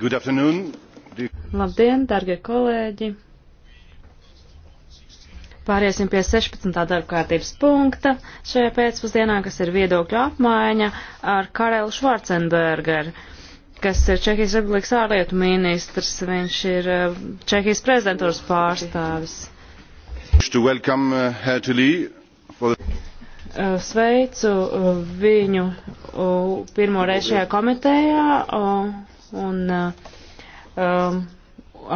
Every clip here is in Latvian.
Good afternoon. Labdien, dargie kolēģi! Pāriesim pie 16. darba kārtības punkta šajā pēcpusdienā, kas ir viedokļu apmaiņa ar Karelu Švarcenbergeru, kas ir Čehijas Republikas ārlietu ministrs. Viņš ir eh, Čehijas prezidentūras pārstāvis. Uh, eh, sveicu eh, viņu pirmo reizi šajā komitejā un um,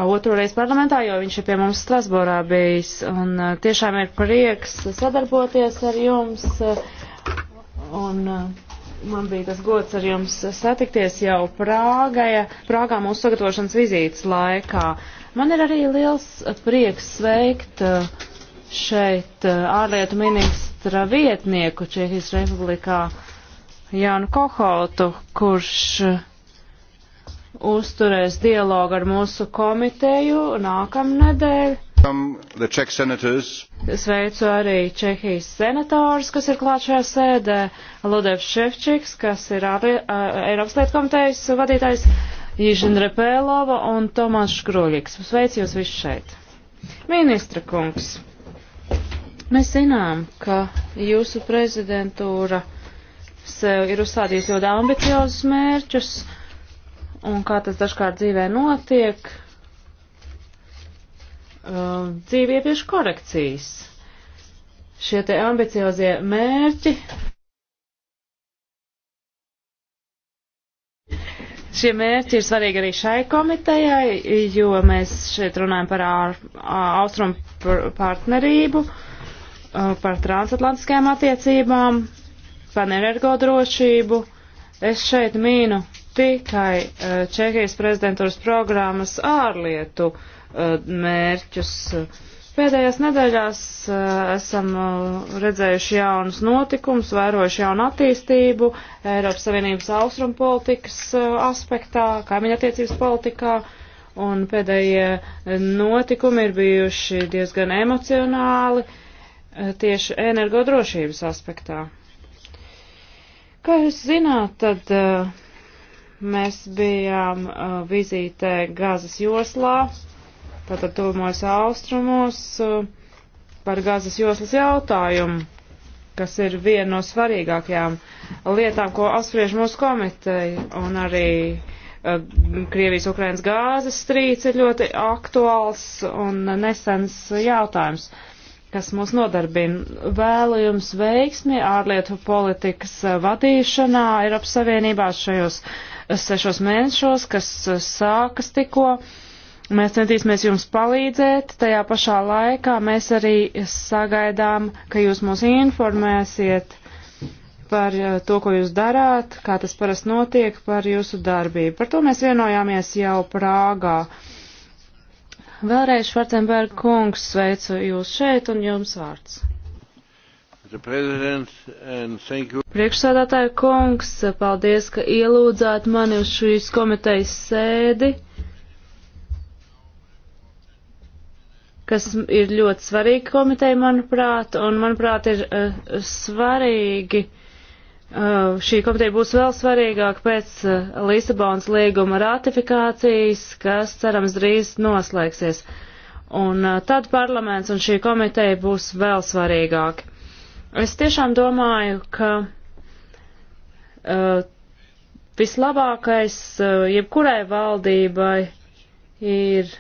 otru reizi parlamentā, jo viņš ir pie mums Strasbūrā bijis. Un uh, tiešām ir prieks sadarboties ar jums. Un uh, man bija tas gods ar jums satikties jau Prāgaja, Prāgā mūsu sagatavošanas vizītes laikā. Man ir arī liels prieks sveikt uh, šeit uh, ārlietu ministra vietnieku Čehijas Republikā Jānu Kohotu, kurš uh, uzturēs dialogu ar mūsu komiteju nākamnedēļ. Sveicu arī Čehijas senators, kas ir klāt šajā sēdē, Ludevs Šefčiks, kas ir arī, uh, Eiropas lietu komitejas vadītājs, Jižina Repēlova un Tomas Škruļiks. Sveicu jūs visus šeit. Ministra kungs, mēs zinām, ka jūsu prezidentūra sev ir uzstādījusi ļoti ambiciozus mērķus un kā tas dažkārt dzīvē notiek, uh, dzīvē tieši korekcijas. Šie te ambiciozie mērķi. Šie mērķi ir svarīgi arī šai komitejai, jo mēs šeit runājam par austrumu partnerību, uh, par transatlantiskajām attiecībām, par energodrošību. Es šeit mīnu tikai eh, Čehijas prezidentūras programmas ārlietu eh, mērķus. Pēdējās nedēļās eh, esam redzējuši jaunus notikumus, vērojuši jaunu attīstību Eiropas Savienības austrumu politikas aspektā, kaimiņattiecības politikā, un pēdējie notikumi ir bijuši diezgan emocionāli tieši energodrošības aspektā. Kā jūs zināt, tad uh, Mēs bijām uh, vizītē Gazas joslā, tātad tuvumos austrumos, uh, par Gazas joslas jautājumu, kas ir viena no svarīgākajām lietām, ko apspriež mūsu komiteja. Un arī uh, Krievijas-Ukrainas gāzes strīds ir ļoti aktuāls un nesens jautājums. Uh, kas mūs nodarbina. Vēlu jums veiksmi ārlietu politikas uh, vadīšanā Eiropas Savienībā šajos sešos mēnešos, kas eh, sākas tikko. Mēs centīsimies jums palīdzēt, tajā pašā laikā mēs arī sagaidām, ka jūs mūs informēsiet par eh, to, ko jūs darāt, kā tas parasti notiek, par jūsu darbību. Par to mēs vienojāmies jau Prāgā. Vēlreiz Švarcenberga kungs sveicu jūs šeit un jums vārds. Priekšsādātāja kungs, paldies, ka ielūdzāt mani uz šīs komitejas sēdi, kas ir ļoti svarīga komiteja, manuprāt, un, manuprāt, ir uh, svarīgi. Uh, šī komiteja būs vēl svarīgāka pēc uh, Lisabonas līguma ratifikācijas, kas cerams drīz noslēgsies. Un uh, tad parlaments un šī komiteja būs vēl svarīgāki. Es tiešām domāju, ka uh, vislabākais uh, jebkurai valdībai ir.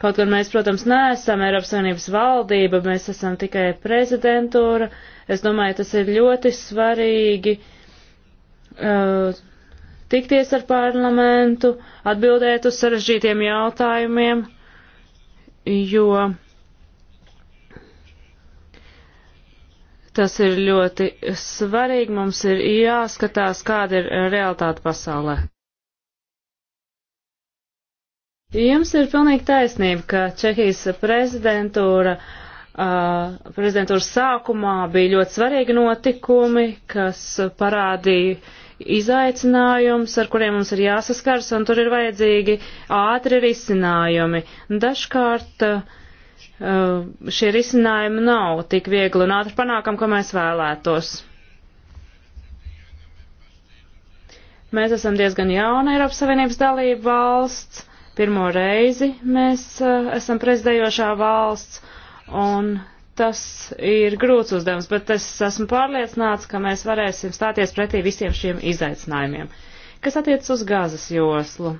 Kaut gan mēs, protams, neesam Eiropas Savienības valdība, mēs esam tikai prezidentūra, es domāju, tas ir ļoti svarīgi uh, tikties ar parlamentu, atbildēt uz sarežģītiem jautājumiem, jo Tas ir ļoti svarīgi. Mums ir jāskatās, kāda ir realitāte pasaulē. Jums ir pilnīgi taisnība, ka Čehijas prezidentūra, uh, prezidentūras sākumā bija ļoti svarīgi notikumi, kas parādīja izaicinājums, ar kuriem mums ir jāsaskars, un tur ir vajadzīgi ātri risinājumi. Dažkārt uh, Eh, šie risinājumi nav tik viegli un ātri panākam, kā mēs vēlētos. Mēs esam diezgan jauna Eiropas Savienības dalība valsts. Pirmo reizi mēs uh, esam prezidējošā valsts, un tas ir grūts uzdevums, bet es esmu pārliecināts, ka mēs varēsim stāties pretī visiem šiem izaicinājumiem. Kas attiecas uz gazas joslu?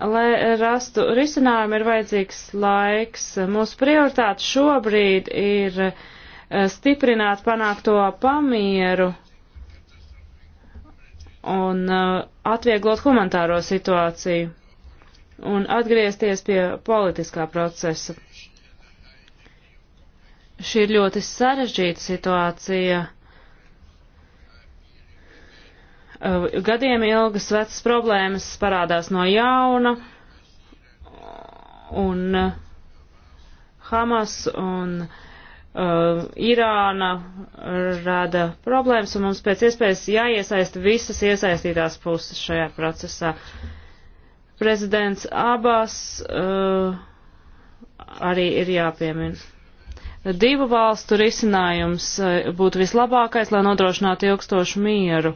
Lai rastu risinājumu, ir vajadzīgs laiks. Mūsu prioritāte šobrīd ir eh, stiprināt panākto pamieru un eh, atvieglot humanitāro situāciju un atgriezties pie politiskā procesa. Šī ir ļoti sarežģīta situācija Uh, gadiem ilgas vecas problēmas parādās no jauna, un uh, Hamas un uh, Irāna rada problēmas, un mums pēc iespējas jāiesaista visas iesaistītās puses šajā procesā. Prezidents Abas uh, arī ir jāpiemina divu valstu risinājums uh, būtu vislabākais, lai nodrošinātu ilgstošu mieru.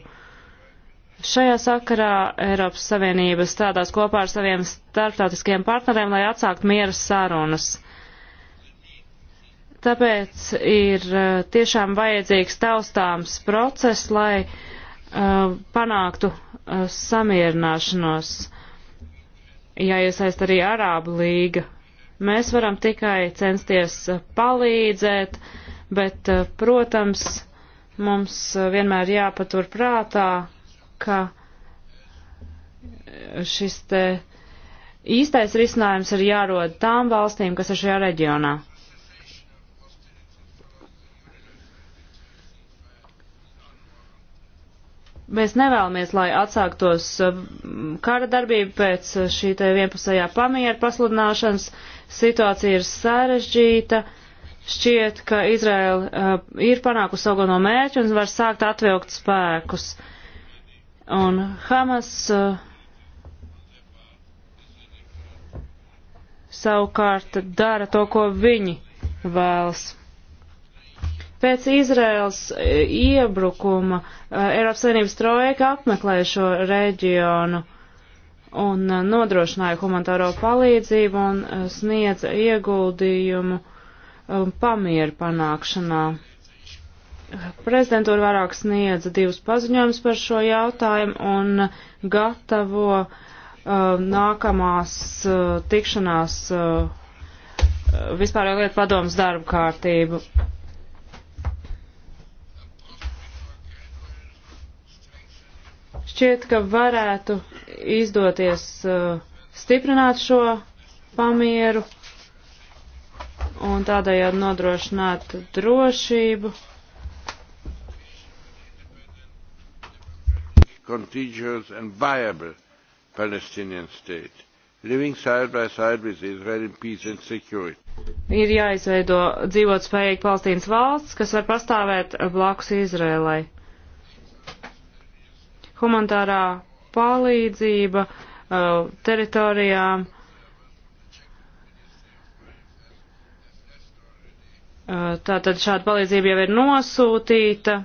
Šajā sakarā Eiropas Savienība strādās kopā ar saviem starptautiskiem partneriem, lai atsākt mieras sarunas. Tāpēc ir e, tiešām vajadzīgs taustāms process, lai uh, panāktu uh, samierināšanos, jāiesaist ja arī Arābu līga. Mēs varam tikai censties palīdzēt, bet, protams, mums vienmēr jāpatur prātā, ka šis te īstais risinājums ir jārod tām valstīm, kas ir šajā reģionā. Mēs nevēlamies, lai atsāktos um, kara darbība pēc šī te vienpusējā pamiera pasludināšanas. Situācija ir sarežģīta. Šķiet, ka Izraela uh, ir panākusi savu galveno mērķi un var sākt atvilkt spēkus. Uh, Un Hamas uh, savukārt dara to, ko viņi vēlas. Pēc Izraels eh, iebrukuma eh, Eiropas Savienības trojka apmeklēja šo reģionu un nodrošināja humanitāro palīdzību un sniedza ieguldījumu pamieru panākšanā. Prezidentūra vairāk sniedza divus paziņojumus par šo jautājumu un gatavo uh, nākamās uh, tikšanās uh, vispārējo lietu padomas darbu kārtību. Šķiet, ka varētu izdoties uh, stiprināt šo pamieru un tādējādi nodrošināt drošību. contiguous and viable Palestinian state, living side by side with Israel in peace and security. Ir jāizveido dzīvot spējīgi Palestīnas valsts, kas var pastāvēt blakus Izrēlai. Humanitārā palīdzība uh, teritorijām uh, Tātad šāda palīdzība jau ir nosūtīta,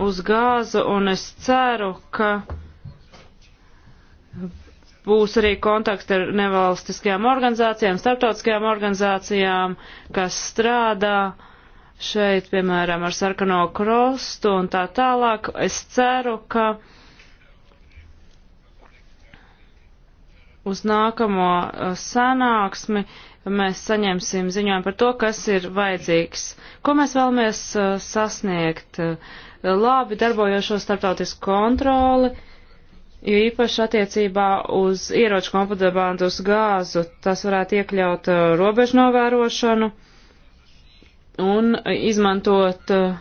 uz gāzu, un es ceru, ka būs arī kontakti ar nevalstiskajām organizācijām, starptautiskajām organizācijām, kas strādā šeit, piemēram, ar sarkano krostu un tā tālāk. Es ceru, ka uz nākamo uh, sanāksmi mēs saņemsim ziņojumu par to, kas ir vajadzīgs, ko mēs vēlamies uh, sasniegt labi darbojošo starptautisku kontroli, jo īpaši attiecībā uz ieroču kontrabandu uz gāzu tas varētu iekļaut uh, robežu novērošanu un izmantot uh,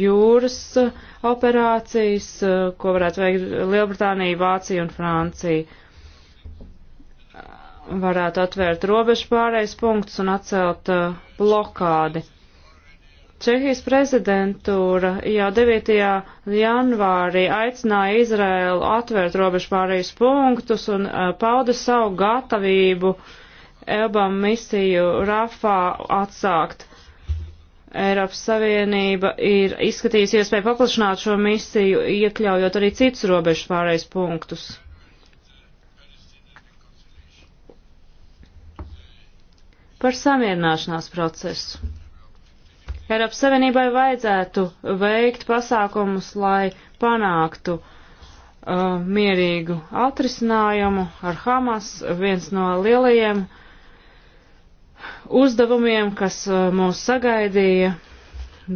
jūras operācijas, uh, ko varētu veikt Lielbritānija, Vācija un Francija. Varētu atvērt robežu pārējais punktus un atcelt blokādi. Čehijas prezidentūra jau 9. janvārī aicināja Izraēlu atvērt robežu pārējus punktus un uh, pauda savu gatavību Elbam misiju Rafā atsākt. Eiropas Savienība ir izskatījusi iespēju paplašināt šo misiju, iekļaujot arī citus robežu pārējus punktus. Par samierināšanās procesu. Eiropas Savienībai vajadzētu veikt pasākumus, lai panāktu uh, mierīgu atrisinājumu ar Hamas, viens no lielajiem uzdevumiem, kas uh, mūs sagaidīja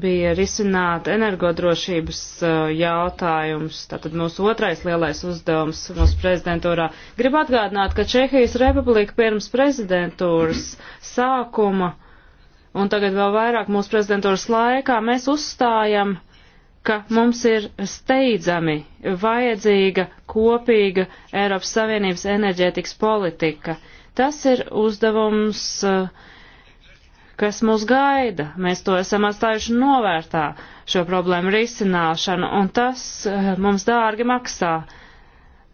bija risināt energodrošības uh, jautājums, tātad mūsu otrais lielais uzdevums mūsu prezidentūrā. Gribu atgādināt, ka Čehijas republika pirms prezidentūras sākuma uh, un tagad vēl vairāk mūsu prezidentūras laikā, mēs uzstājam, ka mums ir steidzami vajadzīga kopīga Eiropas Savienības enerģētikas politika. Tas ir uzdevums, eh, kas mūs gaida. Mēs to esam atstājuši novērtā, šo problēmu risināšanu, un tas eh, mums dārgi maksā.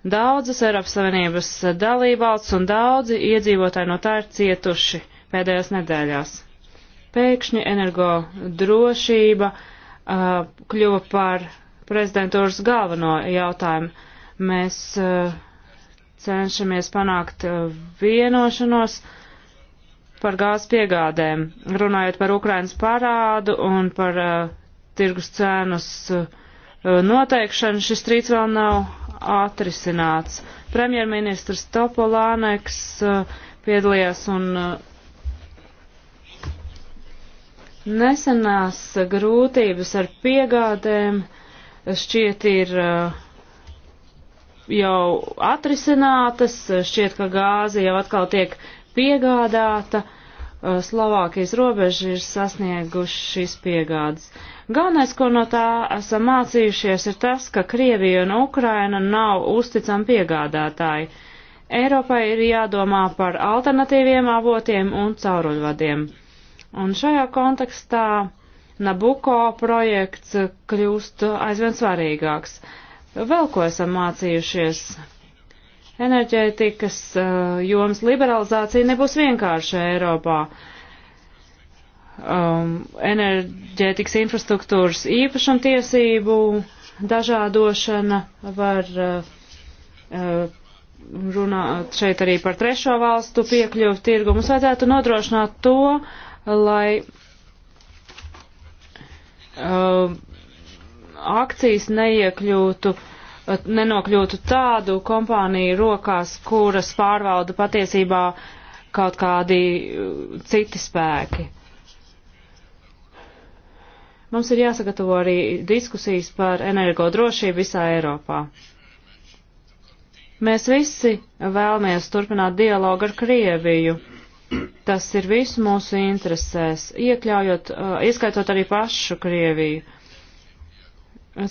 Daudzas Eiropas Savienības dalībvalsts un daudzi iedzīvotāji no tā ir cietuši pēdējās nedēļās pēkšņi energo drošība uh, kļuva par prezidentūras galveno jautājumu. Mēs uh, cenšamies panākt uh, vienošanos par gāzes piegādēm, runājot par Ukrainas parādu un par uh, tirgus cēnus uh, noteikšanu. Šis strīds vēl nav atrisināts. Premjerministrs Topolāneks uh, piedalījās un uh, Nesenās grūtības ar piegādēm šķiet ir eh, jau atrisinātas, šķiet, ka gāze jau atkal tiek piegādāta. Eh, Slovākijas robeža ir sasnieguši šīs piegādes. Galvenais, ko no tā esam mācījušies, ir tas, ka Krievija un Ukraina nav uzticami piegādātāji. Eiropai ir jādomā par alternatīviem avotiem un cauruļvadiem. Un šajā kontekstā Nabuko projekts kļūst aizvien svarīgāks. Vēl ko esam mācījušies? Enerģētikas eh, jomas liberalizācija nebūs vienkārša Eiropā um, enerģētikas infrastruktūras īpašumtiesību dažādošana var uh, eh, eh, runāt šeit arī par trešo valstu piekļuvu tirgu. Mums vajadzētu nodrošināt to, lai uh, akcijas neiekļūtu, uh, nenokļūtu tādu kompāniju rokās, kuras pārvalda patiesībā kaut kādi uh, citi spēki. Mums ir jāsagatavo arī diskusijas par energodrošību visā Eiropā. Mēs visi vēlamies turpināt dialogu ar Krieviju Tas ir visu mūsu interesēs, iekļaujot, uh, ieskaitot arī pašu Krieviju.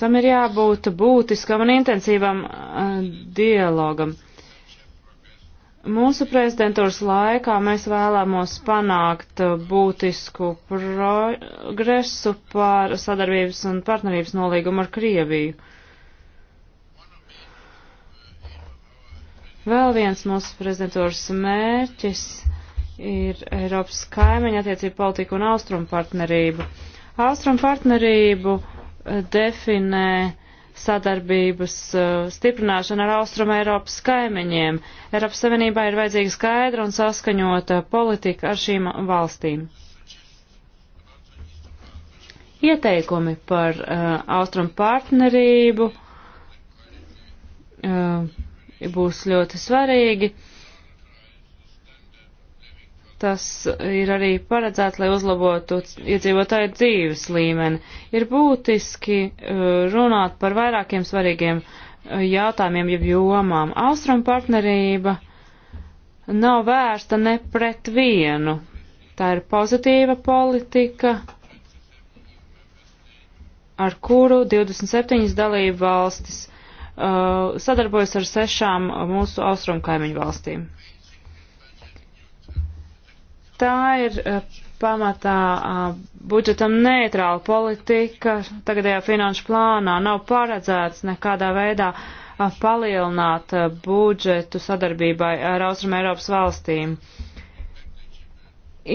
Tam ir jābūt būtiskam un intensīvam uh, dialogam. Mūsu prezidentūras laikā mēs vēlamos panākt uh, būtisku progresu par sadarbības un partnerības nolīgumu ar Krieviju. Vēl viens mūsu prezidentūras mērķis ir Eiropas kaimiņa attiecība politika un austrumu partnerību. Austrumu partnerību eh, definē sadarbības eh, stiprināšana ar Austrum Eiropas kaimiņiem. Eiropas Savienībā ir vajadzīga skaidra un saskaņota politika ar šīm valstīm. Ieteikumi par uh, eh, Austrum partnerību uh, būs ļoti svarīgi. Uh, Tas ir arī paredzēts, lai uzlabotu iedzīvotāju dzīves līmeni. Ir būtiski uh, runāt par vairākiem svarīgiem uh, jautājumiem, jeb jomām. Austrum partnerība nav vērsta ne pret vienu. Tā ir pozitīva politika, ar kuru 27 dalību valstis uh, sadarbojas ar sešām mūsu austrumu kaimiņu valstīm. Tā ir e, pamatā budžetam neitrāla politika. Tagadējā finanšu plānā nav paredzēts nekādā veidā palielināt budžetu sadarbībai ar Austrum Eiropas valstīm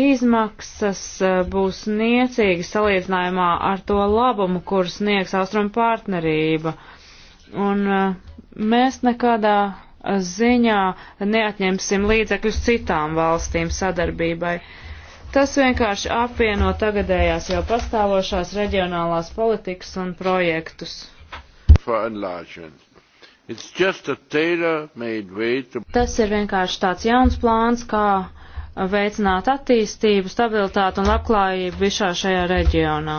izmaksas būs niecīgas salīdzinājumā ar to labumu, kur sniegs austrumu partnerība. Un mēs nekādā ziņā neatņemsim līdzekļus citām valstīm sadarbībai. Tas vienkārši apvieno tagadējās jau pastāvošās reģionālās politikas un projektus. Tas ir vienkārši tāds jauns plāns, kā veicināt attīstību, stabilitātu un labklājību visā šajā reģionā.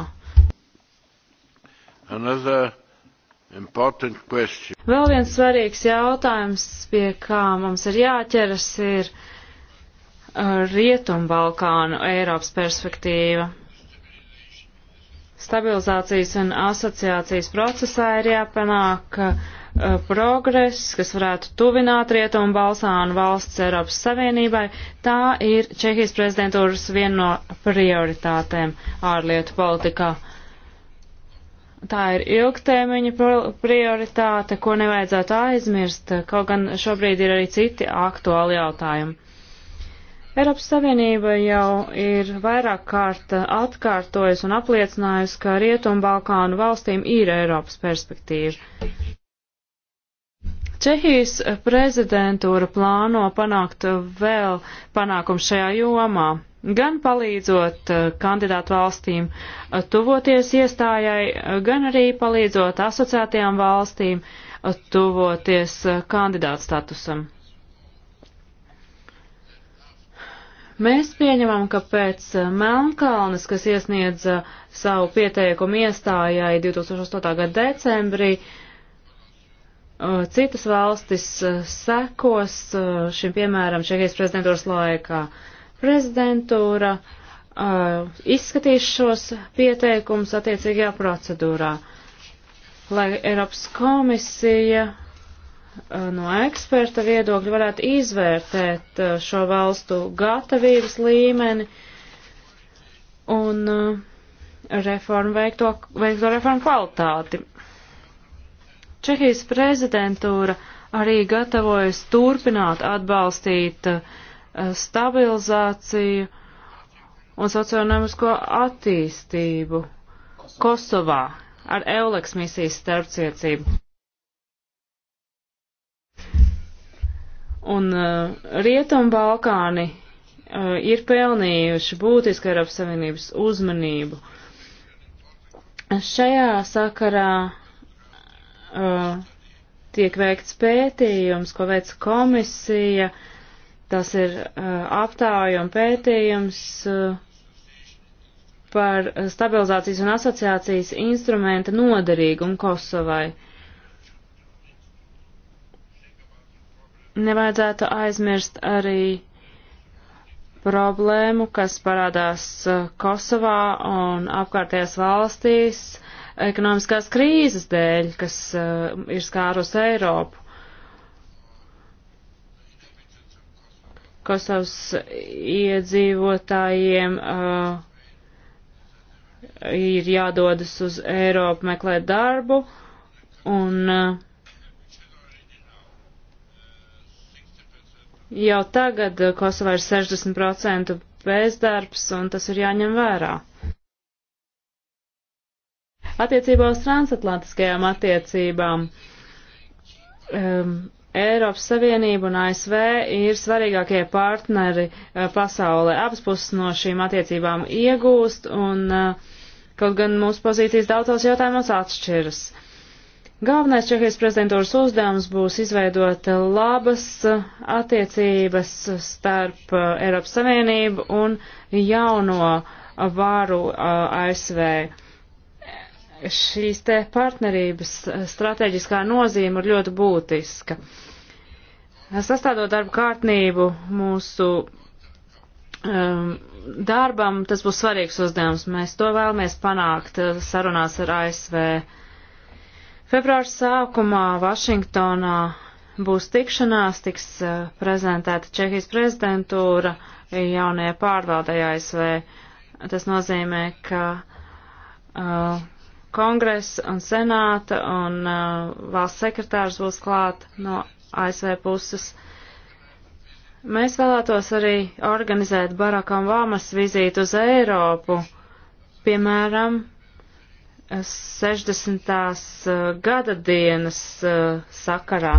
Another Vēl viens svarīgs jautājums, pie kā mums ir jāķeras, ir uh, Rietumbalkānu Eiropas perspektīva. Stabilizācijas un asociācijas procesā ir jāpanāk uh, progress, kas varētu tuvināt Rietumu Balsānu valsts Eiropas Savienībai. Tā ir Čehijas prezidentūras viena no prioritātēm ārlietu politikā. Tā ir ilgtermiņa prioritāte, ko nevajadzētu aizmirst, kaut gan šobrīd ir arī citi aktuāli jautājumi. Eiropas Savienība jau ir vairāk kārt atkārtojusi un apliecinājusi, ka Rietumbalkānu valstīm ir Eiropas perspektīva. Čehijas prezidentūra plāno panākt vēl panākums šajā jomā gan palīdzot uh, kandidātu valstīm uh, tuvoties iestājai, uh, gan arī palīdzot asociētajām valstīm tuvoties kandidātu statusam. Mēs pieņemam, ka pēc Melnkalnes, kas iesniedza savu pieteikumu iestājai 2008. gada decembrī, citas valstis sekos šim piemēram Čehijas prezidentūras laikā. Uh, Prezidentūra uh, izskatīs šos pieteikumus attiecīgajā procedūrā, lai Eiropas komisija uh, no eksperta viedokļa varētu izvērtēt uh, šo valstu gatavības līmeni un uh, reformu veikto, veikto reformu kvalitāti. Čehijas prezidentūra arī gatavojas turpināt atbalstīt uh, Eh, stabilizāciju un socioekonomisko attīstību Kosovā ar Euleks misijas starpciecību. Un uh, Rietumbalkāni uh, ir pelnījuši būtisku Eiropas Savienības uzmanību. Šajā sakarā uh, tiek veikts pētījums, ko veic komisija uh, Tas ir aptāju un pētījums par stabilizācijas un asociācijas instrumenta noderīgumu Kosovai. Nevajadzētu aizmirst arī problēmu, kas parādās Kosovā un apkārtējās valstīs ekonomiskās krīzes dēļ, kas ir skārus Eiropu. Kosovas iedzīvotājiem uh, ir jādodas uz Eiropu meklēt darbu, un uh, jau tagad Kosovā ir 60% bezdarbs, un tas ir jāņem vērā. Attiecībā uz transatlantiskajām attiecībām. Um, Eiropas Savienība un ASV ir svarīgākie partneri eh, pasaulē. Abas puses no šīm attiecībām iegūst, un eh, kaut gan mūsu pozīcijas daudzos jautājumos atšķiras. Galvenais Čehijas prezidentūras uzdevums būs izveidot eh, labas attiecības starp Eiropas Savienību un jauno varu ASV šīs te partnerības eh, strateģiskā nozīme ir ļoti būtiska. Sastādot darbu kārtnību mūsu um, darbam, tas būs svarīgs uzdevums. Mēs to vēlamies panākt eh, sarunās ar ASV. Februāra sākumā Vašingtonā būs tikšanās, tiks uh, prezentēta Čehijas prezidentūra jaunajai pārvaldai ASV. Tas nozīmē, ka uh, kongresa un senāta un uh, valsts sekretārs būs klāt no ASV puses. Mēs vēlētos arī organizēt Barakam Vamas vizītu uz Eiropu, piemēram, 60. Uh, gada dienas uh, sakarā.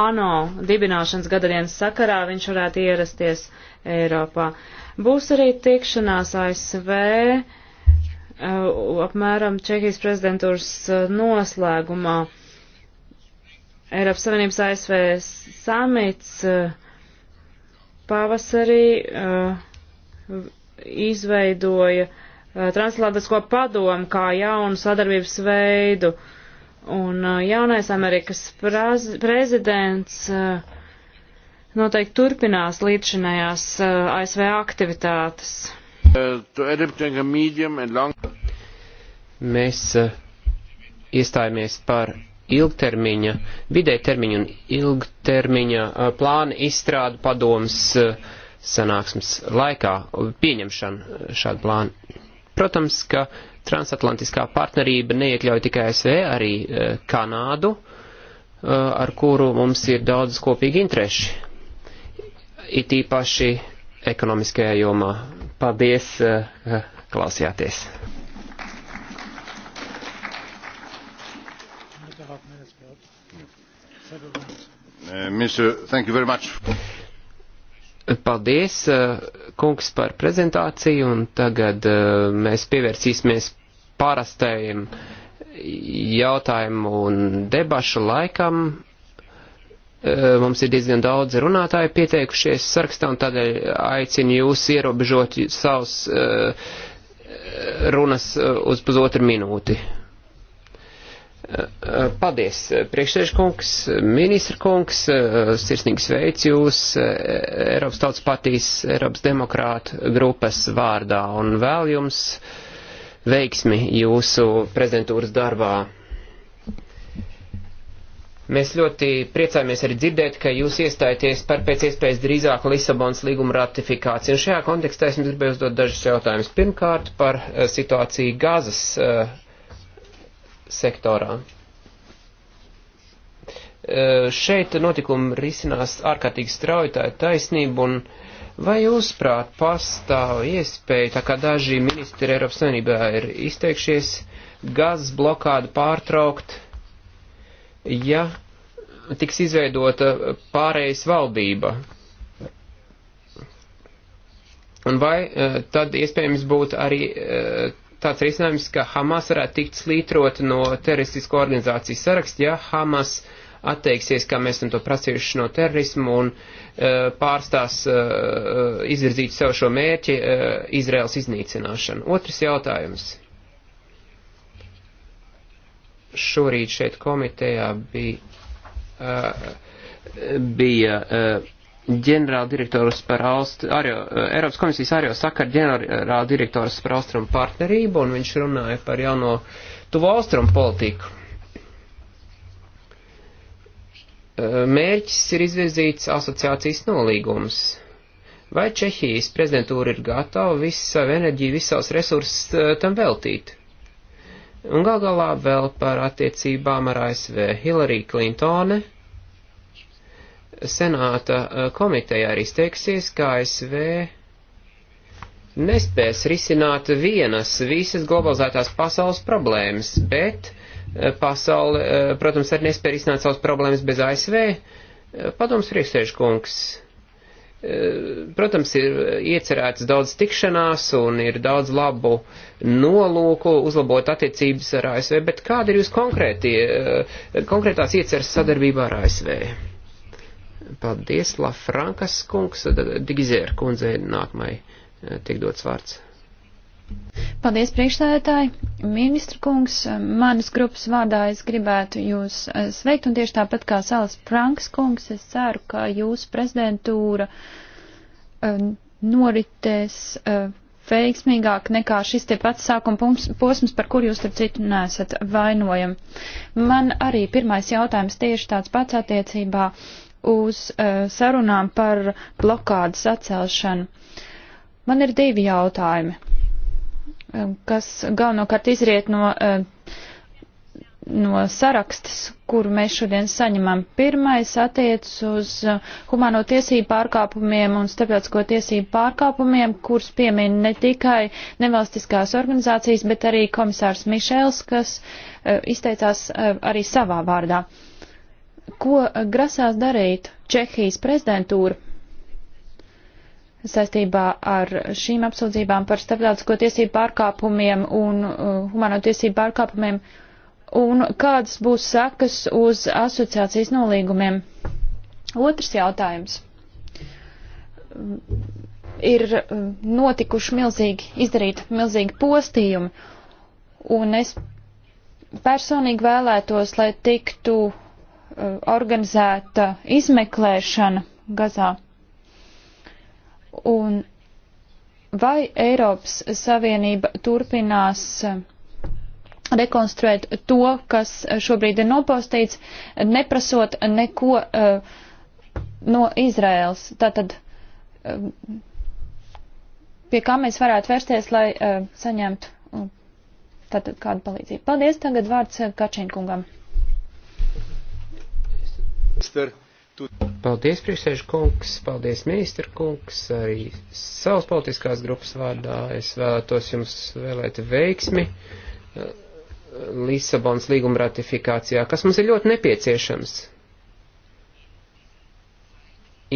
ANO dibināšanas gadadienas sakarā viņš varētu ierasties Eiropā. Būs arī tikšanās ASV Uh, apmēram Čehijas prezidentūras uh, noslēgumā. Eiropas Savienības ASV samits uh, pavasarī izveidoja Transatlantisko padomu kā jaunu sadarbības veidu. Un jaunais Amerikas prezidents noteikti turpinās līdzinājās ASV aktivitātes. Mēs eh, iestājāmies par ilgtermiņa, vidē termiņa un ilgtermiņa eh, plāna izstrādu padomas eh, sanāksmes laikā, pieņemšanu šādu plānu. Protams, ka transatlantiskā partnerība neiekļauj tikai ASV, arī Kanādu, ar kuru mums ir daudz kopīgi intereši, it īpaši ekonomiskajā jomā, Paldies, ka eh, klausījāties! Eh, Paldies, eh, kungs, par prezentāciju, un tagad mēs pievērsīsimies parastajiem jautājumu un debašu laikam. Eh, mums ir diezgan daudz runātāju pieteikušies sarakstā, un tādēļ aicinu jūs ierobežot savus eh, runas eh, uz pusotru minūti. Paldies, priekšsēžkungs, ministra kungs, sirsnīgi sveic jūs Eiropas tautas patīs, Eiropas demokrātu grupas vārdā un vēl jums veiksmi jūsu prezidentūras darbā. Mēs ļoti priecājamies arī dzirdēt, ka jūs iestājaties par pēc iespējas drīzāku Lisabonas līguma ratifikāciju. Un šajā kontekstā es jums gribēju uzdot dažus jautājumus. Pirmkārt, par eh, situāciju gazas uh, sektorā. Uh, šeit notikumi risinās ārkārtīgi strauji, tā ir taisnība, un vai jūsprāt pastāv iespēja, tā kā daži ministri Eiropas Savienībā ir izteikšies, gazas blokādu pārtraukt? ja tiks izveidota pārējais valdība. Un vai e, tad iespējams būtu arī e, tāds risinājums, ka Hamas varētu tikt slītrot no teroristisko organizāciju saraksta, ja Hamas atteiksies, kā mēs esam to prasījuši no terorismu un e, pārstās izvirzīt sev šo mērķi Izraels iznīcināšanu. Otrs jautājums šorīt šeit komitejā bija, uh, bija uh, ģenerāldirektors par Alst, Arjo, Eiropas komisijas ārjo sakaru ģenerāldirektors par austrumu partnerību, un viņš runāja par jauno tuvo austrumu politiku. Mērķis ir izvirzīts asociācijas nolīgums. Vai Čehijas prezidentūra ir gatava visu savu enerģiju, visus savus resursus tam veltīt? Un gal galā vēl par attiecībām ar ASV Hillary Clintone. Senāta eh, komiteja arī izteiksies, ka ASV nespēs risināt vienas visas globalizētās pasaules problēmas, bet eh, pasaule, eh, protams, arī nespēja risināt savas problēmas bez ASV. Padoms priekšsēžkungs Eh, protams, ir iecerēts daudz tikšanās un ir daudz labu nolūku uzlabot attiecības ar ASV, bet kāda ir jūs eh, konkrētās ieceras sadarbībā ar ASV? Paldies, Lafrankas kungs, Digizēra kundzei nākamai eh, tiek dots vārds. Paldies, priekšsēdētāji. Ministra kungs, manas grupas vārdā es gribētu jūs eh, sveikt un tieši tāpat kā Salas Franks kungs, es ceru, ka jūsu prezidentūra eh, noritēs eh, veiksmīgāk nekā šis te pats sākuma posms, par kur jūs, starp citu, nesat vainojami. Man arī pirmais jautājums tieši tāds pats attiecībā uz sarunām par blokādas atcelšanu. Man ir divi jautājumi. Um, kas galvenokārt izriet no, um, no sarakstas, kuru mēs šodien saņemam. Pirmais attiec uz uh, humano tiesību pārkāpumiem un starptautisko tiesību pārkāpumiem, kurus piemin ne tikai nevalstiskās organizācijas, bet arī komisārs Mišels, kas uh, izteicās uh, arī savā vārdā ko grasās darīt Čehijas prezidentūra saistībā ar šīm apsūdzībām par starptautisko tiesību pārkāpumiem un uh, humano tiesību pārkāpumiem un kādas būs sekas uz asociācijas nolīgumiem. Otrs jautājums. Ir uh, notikuši milzīgi, izdarīti milzīgi postījumi, un es personīgi vēlētos, lai tiktu uh, organizēta izmeklēšana Gazā. Un vai Eiropas Savienība turpinās eh, rekonstruēt to, kas šobrīd ir nopostīts, neprasot neko uh, no Izraels. Tātad, uh, pie kā mēs varētu vērsties, lai uh, saņemtu mm, tātad kādu palīdzību. Paldies, tagad vārds Kačinkungam. Mister. Paldies, priekšsēžu kungs, paldies, ministra kungs, arī savas politiskās grupas vārdā es vēlētos jums vēlēt veiksmi eh, Lisabons līguma ratifikācijā, kas mums ir ļoti nepieciešams.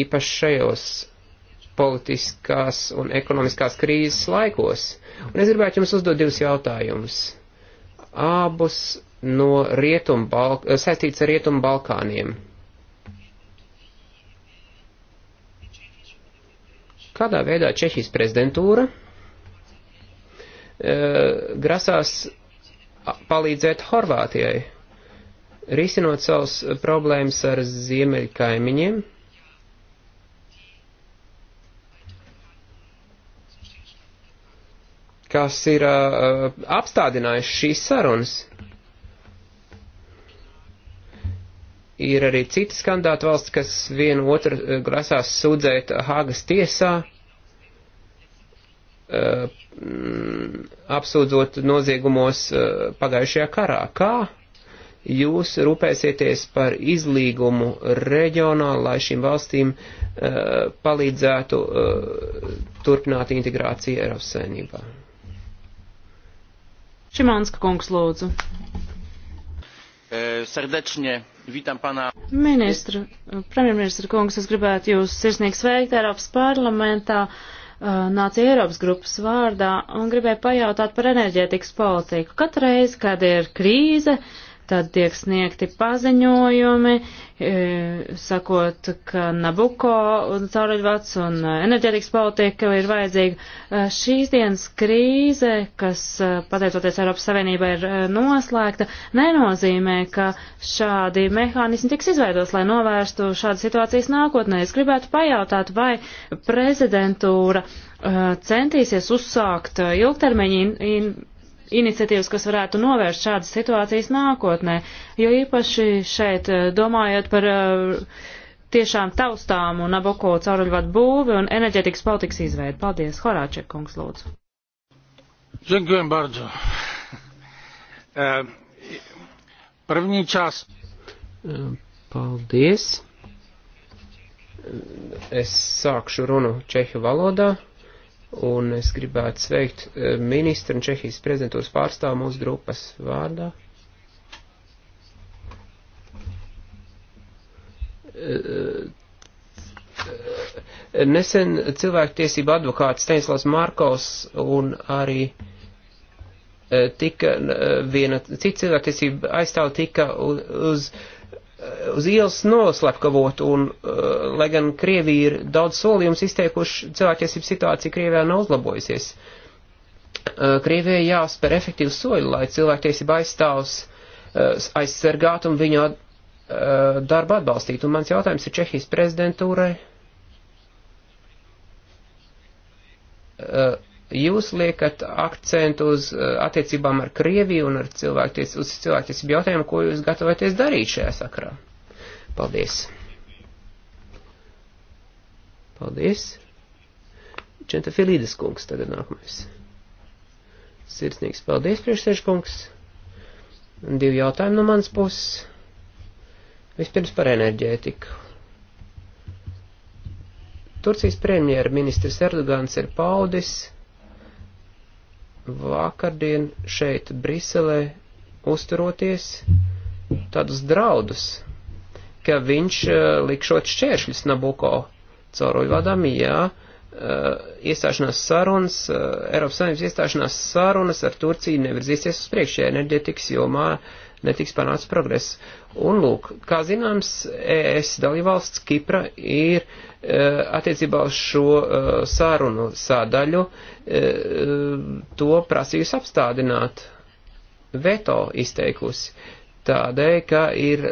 Īpaši šajos politiskās un ekonomiskās krīzes laikos. Un es gribētu jums uzdot divus jautājumus. Abus no rietum, saistīts ar Rietumu Balkāniem. Kādā veidā Čehijas prezidentūra e, grasās palīdzēt Horvātijai, risinot savus problēmas ar ziemeļkaimiņiem. kas ir uh, apstādinājuši šīs sarunas. ir arī citas kandidātu valsts, kas vienu otru eh, grasās sūdzēt Hāgas tiesā, eh, apsūdzot noziegumos eh, pagājušajā karā. Kā jūs rūpēsieties par izlīgumu reģionā, lai šīm valstīm palīdzētu turpināt integrāciju Eiropas saimnībā? Šimanska kungs lūdzu. E, Serdecznie witam pana. Ministru, premjerministra kungs, es gribētu jūs sirsnīgi sveikt Eiropas parlamentā, e, nācija Eiropas grupas vārdā un gribēju pajautāt par enerģētikas politiku. Katreiz, kad ir krīze, uh, Tad tiek sniegti paziņojumi, e, sakot, ka Nabuko cauruļvats un e, enerģētikas politika ir vajadzīga. E, šīs dienas krīze, kas pateicoties Eiropas Savienībai ir noslēgta, nenozīmē, ka šādi mehānismi tiks izveidos, lai novērstu šādas situācijas nākotnē. Es gribētu pajautāt, vai prezidentūra centīsies uzsākt ilgtermiņa iniciatīvas, kas varētu novērst šādas situācijas nākotnē, jo īpaši šeit eh, domājot par eh, tiešām taustām un aboko cauruļvadu būvi un enerģetikas politikas izveidu. Paldies, Horāček kungs, lūdzu. Dziękujem bardzo. E, první čas. E, paldies. E, es sākšu runu čehu valodā. Un es gribētu sveikt eh, ministru un Čehijas prezidentūras pārstāvu mūsu grupas vārdā. Eh, eh, nesen cilvēktiesība advokāts Steinslavs Markovs un arī tika viena cita cilvēktiesība aizstāv tika uz, uz Eh, uz ielas noslepkavot, un, uh, lai gan Krievija ir daudz solījums izteikuši, cilvēktiesību situācija Krievijā nav uzlabojusies. Uh, Krievijai jāspēr efektīvi soļi, lai cilvēktiesība aizstāvs uh, aizsargāt un viņu uh, darbu atbalstīt. Un mans jautājums ir Čehijas prezidentūrai. Uh, Jūs liekat akcentu uz eh, attiecībām ar Krieviju un ar cilvēkties, uz cilvēktiesību jautājumu, ko jūs gatavoties darīt šajā sakrā. Paldies. Paldies. Čenta Filīdes kungs tagad nākamais. Sirsnīgs paldies, priekšsēžkungs. Divi jautājumi no manas puses. Vispirms par enerģētiku. Turcijas premjerministrs Erdogans ir paudis, vakardien šeit Briselē uzturoties tādus draudus, ka viņš uh, likšot šķēršļus Nabuko cauruļvadam, jā, uh, iestāšanās sarunas, uh, Eiropas Savienības iestāšanās sarunas ar Turciju nevirzīsies uz priekšējā enerģetikas jomā netiks panāts progress. Un lūk, kā zināms, ES dalībvalsts Kipra ir e, attiecībā uz šo e, sārunu sādaļu e, to prasījusi apstādināt, veto izteikusi, tādēļ, ka ir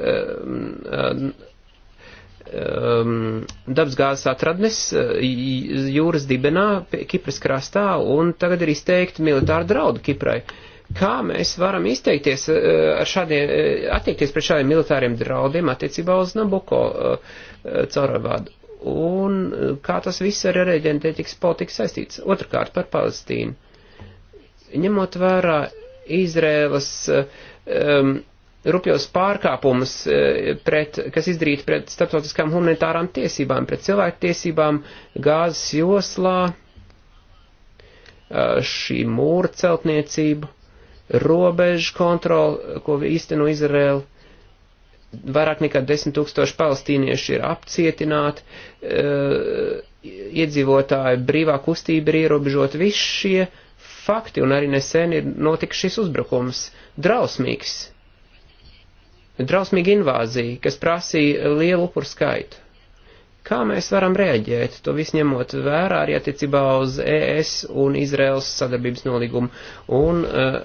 um, dabasgāzes atradnes jūras dibenā, Kipras krastā, un tagad ir izteikti militāri draudi Kiprai. Uh, Kā mēs varam izteikties eh, ar šādiem, eh, attiekties pret šādiem militāriem draudiem attiecībā uz Nabuko eh, caurvādu? Un kā tas viss ar reģentētikas politiku saistīts? Otrakārt par Palestīnu. Ņemot vērā Izrēlas um, rupjos pārkāpumus, pret, kas izdarīti pret starptautiskām humanitārām tiesībām, pret cilvēktiesībām, gāzes joslā, šī mūra celtniecība robežu kontroli, ko īsteno Izraela. Vairāk nekā desmit tūkstoši palestīnieši ir apcietināti, eh, iedzīvotāju brīvā kustība ir ierobežota. Visi šie fakti un arī nesen ir notiks šis uzbrukums. Drausmīgs. Drausmīga invāzija, kas prasīja lielu upuru skaitu. Kā mēs varam reaģēt, to visu ņemot vērā arī attiecībā uz ES un Izraels sadarbības nolīgumu un uh,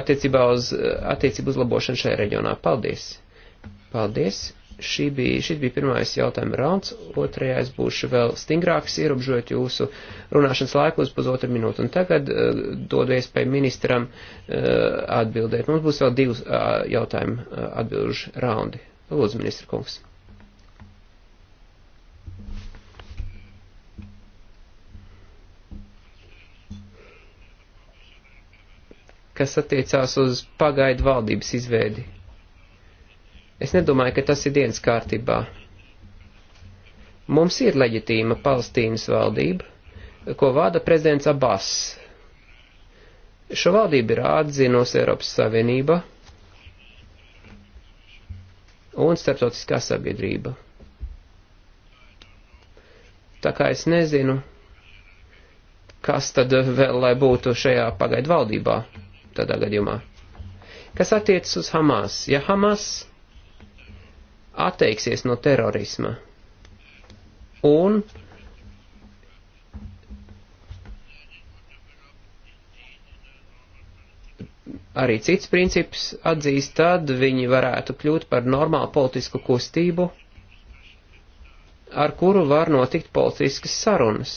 attiecībā uz eh, attiecību uzlabošanu šajā reģionā? Paldies! Paldies! Šī bija, šis bija pirmais jautājuma rauns, otrajais būšu vēl stingrāks, ierobžot jūsu runāšanas laiku uz pusotru minūtu. Un tagad uh, dodu iespēju ministram uh, atbildēt. Mums būs vēl divi uh, jautājumu uh, atbilžu raundi. Lūdzu, ministra kungs. kas attiecās uz pagaidu valdības izveidi. Es nedomāju, ka tas ir dienas kārtībā. Mums ir leģitīma Palestīnas valdība, ko vada prezidents Abbas. Šo valdību ir atzinusi Eiropas Savienība un starptautiskā sabiedrība. Tā kā es nezinu, kas tad vēl lai būtu šajā pagaidu valdībā tādā gadījumā. Kas attiecas uz Hamas? Ja Hamas atteiksies no terorisma un arī cits princips atzīst, tad viņi varētu kļūt par normālu politisku kustību, ar kuru var notikt politiskas sarunas.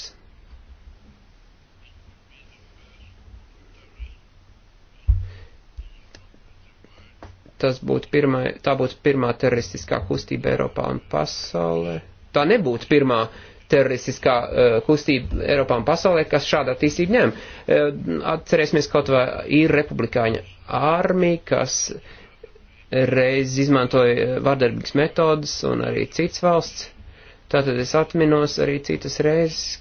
tas būtu pirmā, tā būtu pirmā teroristiskā kustība Eiropā un pasaulē. Tā nebūtu pirmā teroristiskā uh, kustība Eiropā un pasaulē, kas šādu attīstību ņem. Uh, atcerēsimies kaut vai ir republikāņa armija, kas reiz izmantoja eh, vardarbīgas metodas un arī cits valsts. Tātad es atminos arī citas reizes,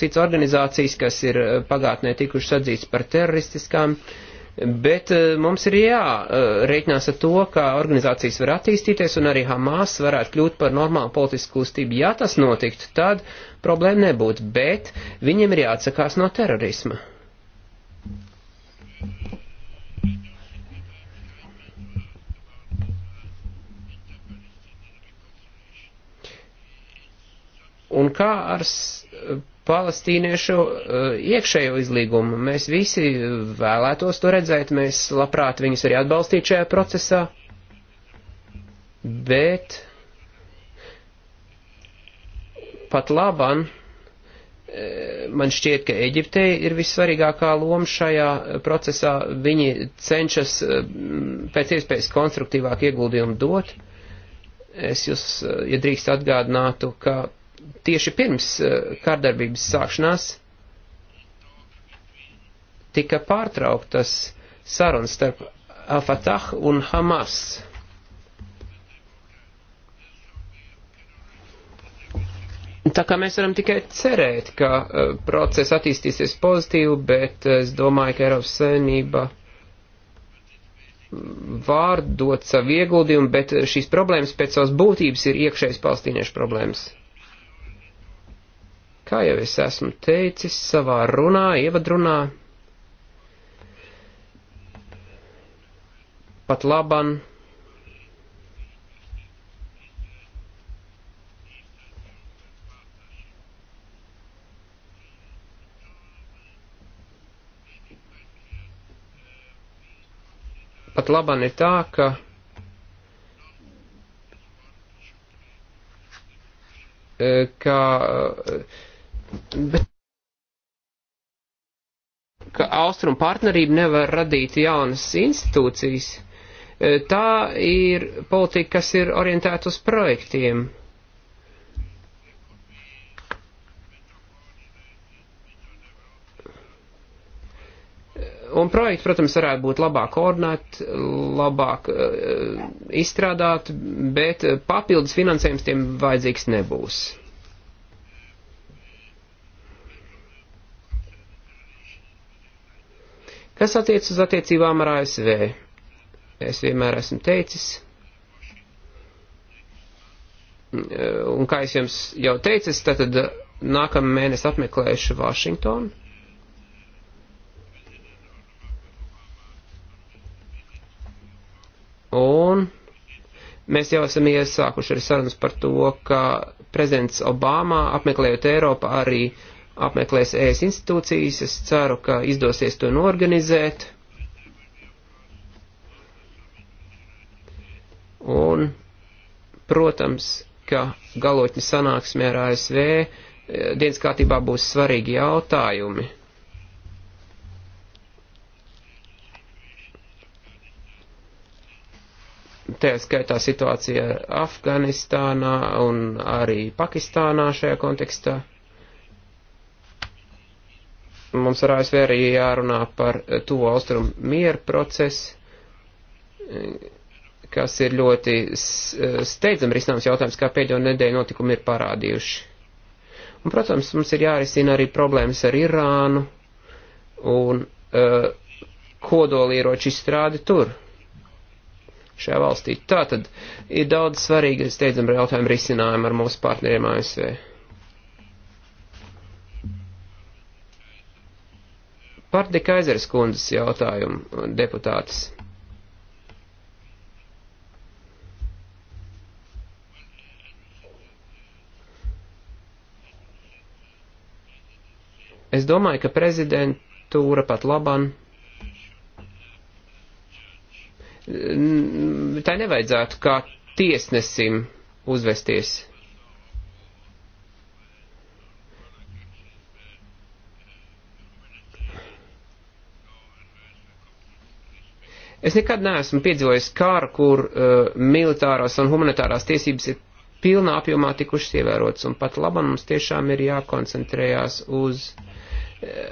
cits organizācijas, kas ir pagātnē tikušas atzīts par teroristiskām. Uh, Bet eh, mums ir jārēķinās eh, ar to, ka organizācijas var attīstīties un arī Hamas varētu kļūt par normālu politisku kustību. Ja tas notiktu, tad problēma nebūtu, bet viņiem ir jāatsakās no terorisma. Un kā ar palestīniešu eh, iekšējo izlīgumu. Mēs visi eh, vēlētos to redzēt, mēs labprāt viņus arī atbalstīt šajā procesā, bet pat laban eh, man šķiet, ka Eģiptei ir vissvarīgākā loma šajā procesā. Viņi cenšas pēc iespējas konstruktīvāk ieguldījumu dot. Es jūs, ja drīkst, atgādinātu, ka tieši pirms eh, kārdarbības sākšanās tika pārtrauktas sarunas starp Al-Fatah un Hamas. Tā kā mēs varam tikai cerēt, ka uh, process attīstīsies pozitīvi, bet uh, es domāju, ka Eiropas Savienība mm, var dot savu ieguldījumu, bet šīs problēmas pēc savas būtības ir iekšējas palestīniešu problēmas. Kā jau es esmu teicis savā runā, ievadrunā, pat laban pat labāk ir tā, ka ka Bet ka austrum partnerība nevar radīt jaunas institūcijas, e, tā ir politika, kas ir orientēta uz projektiem. un projekti, protams, varētu būt labāk koordinēti, labāk uh, e, izstrādāti, bet papildus finansējums tiem vajadzīgs nebūs. Kas attiec uz attiecībām ar ASV? Es vienmēr esmu teicis, mm, eh, un kā es jums jau teicu, es tad eh, nākamā mēnesi apmeklēšu Vašingtonu. Un mēs jau esam iesākuši arī sarunas par to, ka prezidents Obama apmeklējot Eiropu arī uh, apmeklēs ES institūcijas. Es ceru, ka izdosies to norganizēt. Un, protams, ka galotņa sanāksmē ar ASV eh, dienas kārtībā būs svarīgi jautājumi. Te skaitā situācija Afganistānā un arī Pakistānā šajā kontekstā. Mums ar ASV arī jārunā par tuvo austrumu mieru procesu, kas ir ļoti steidzam risināms jautājums, kā pēdējo nedēļu notikumi ir parādījuši. Un, protams, mums ir jārisina arī problēmas ar Irānu un uh, kodolieroču izstrādi tur, šajā valstī. Tātad ir daudz svarīgi, steidzam, jautājumu risinājumu ar mūsu partneriem ASV. Par Dekaizeres kundzes jautājumu deputātis. Es domāju, ka prezidentūra pat laban. Tai nevajadzētu kā tiesnesim uzvesties. Es nekad neesmu piedzīvojis kāru, kur uh, militārās un humanitārās tiesības ir pilnā apjomā tikušas ievērotas, un pat labam mums tiešām ir jākoncentrējās uz uh,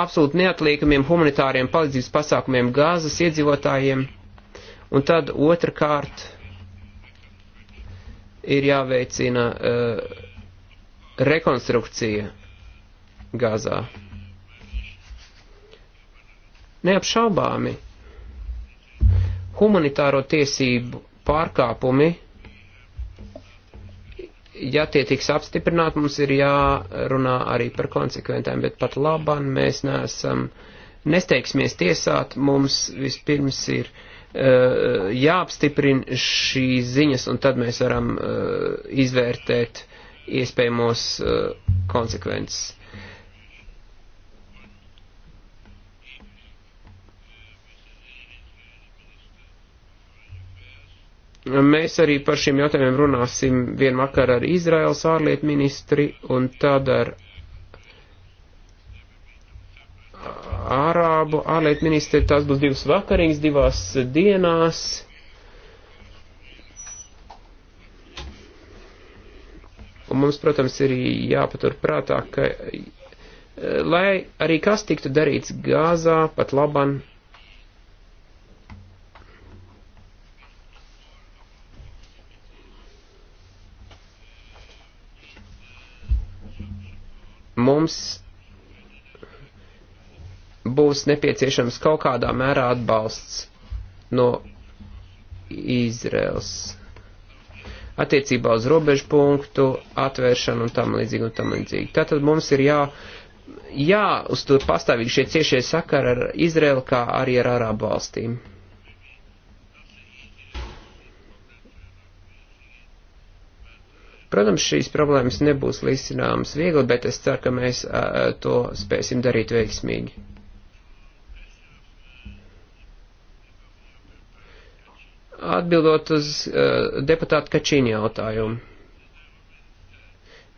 absolūti neatliekamiem humanitāriem palīdzības pasākumiem gāzes iedzīvotājiem, un tad otrkārt ir jāveicina uh, rekonstrukcija gāzā. Neapšaubāmi humanitāro tiesību pārkāpumi, ja tie tiks apstiprināti, mums ir jārunā arī par konsekventēm, bet pat labam mēs neesam, nesteiksimies tiesāt, mums vispirms ir uh, jāapstiprina šīs ziņas, un tad mēs varam uh, izvērtēt iespējamos uh, konsekvences. Mēs arī par šiem jautājumiem runāsim vien vakar ar Izraels ārlietu ministri un tad ar Ārābu ārlietu ministri. Tās būs divas vakariņas, divās dienās. Un mums, protams, ir jāpatur prātā, ka lai arī kas tiktu darīts Gāzā, pat laban mums būs nepieciešams kaut kādā mērā atbalsts no Izraels attiecībā uz robežu punktu atvēršanu un tam līdzīgi un tam līdzīgi. Tātad mums ir jā, jā, uz to pastāvīgi šie ciešie sakari ar Izraelu, kā arī ar Arābu valstīm. Protams, šīs problēmas nebūs līdzināmas viegli, bet es ceru, ka mēs uh, to spēsim darīt veiksmīgi. Atbildot uz uh, deputātu Kačīņa jautājumu.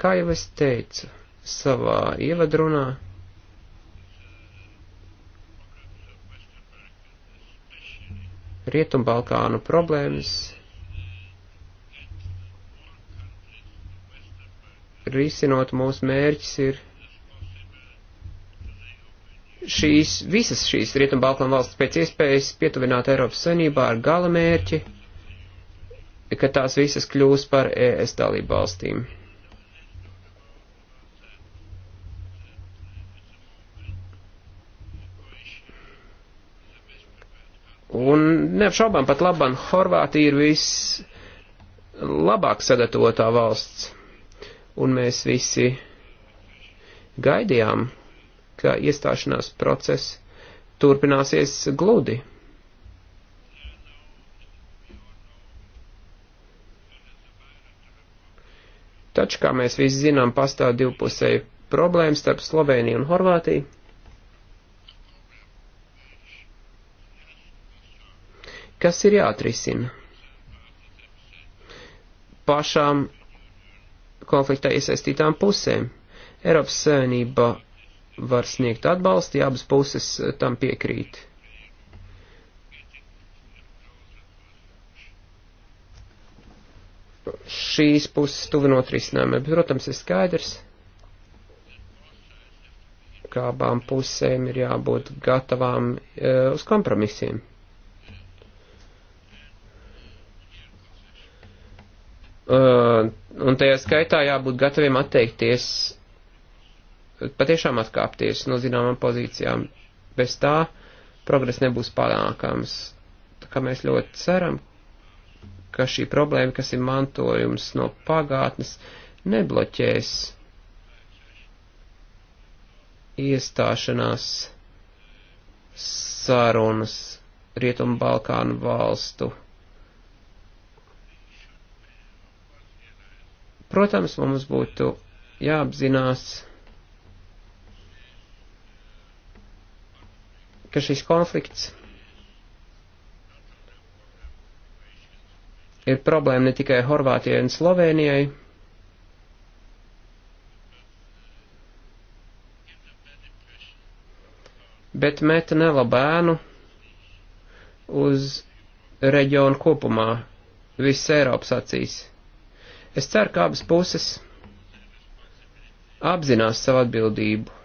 Kā jau es teicu savā ievadrunā, Rietumbalkānu problēmas risinot mūsu mērķis ir šīs, visas šīs Rietumbalkanu valsts pēc iespējas pietuvināt Eiropas Savienībā ar gala mērķi, ka tās visas kļūs par ES dalību valstīm. Un neapšaubām pat labam Horvātija ir vislabāk sagatavotā valsts un mēs visi gaidījām, ka iestāšanās process turpināsies gludi. Taču, kā mēs visi zinām, pastāv divpusēji problēmas starp Sloveniju un Horvātiju. Kas ir jāatrisina? Pašām konfliktā iesaistītām pusēm. Eiropas Savienība var sniegt atbalstu, ja abas puses eh, tam piekrīt. Šīs puses tuvinot risinājumiem, bet, protams, ir skaidrs, ka abām pusēm ir jābūt gatavām uh, uz kompromisiem. Uh, un tajā skaitā jābūt gataviem atteikties, patiešām atkāpties no zināmām pozīcijām. Bez tā progress nebūs panākams. Tā kā mēs ļoti ceram, ka šī problēma, kas ir mantojums no pagātnes, nebloķēs iestāšanās sarunas Rietumu Balkānu valstu Protams, mums būtu jāapzinās, ka šis konflikts ir problēma ne tikai Horvātijai un Slovenijai, bet meta nelabēnu uz reģionu kopumā, visas Eiropas acīs. Es ceru, ka abas puses apzinās savu atbildību.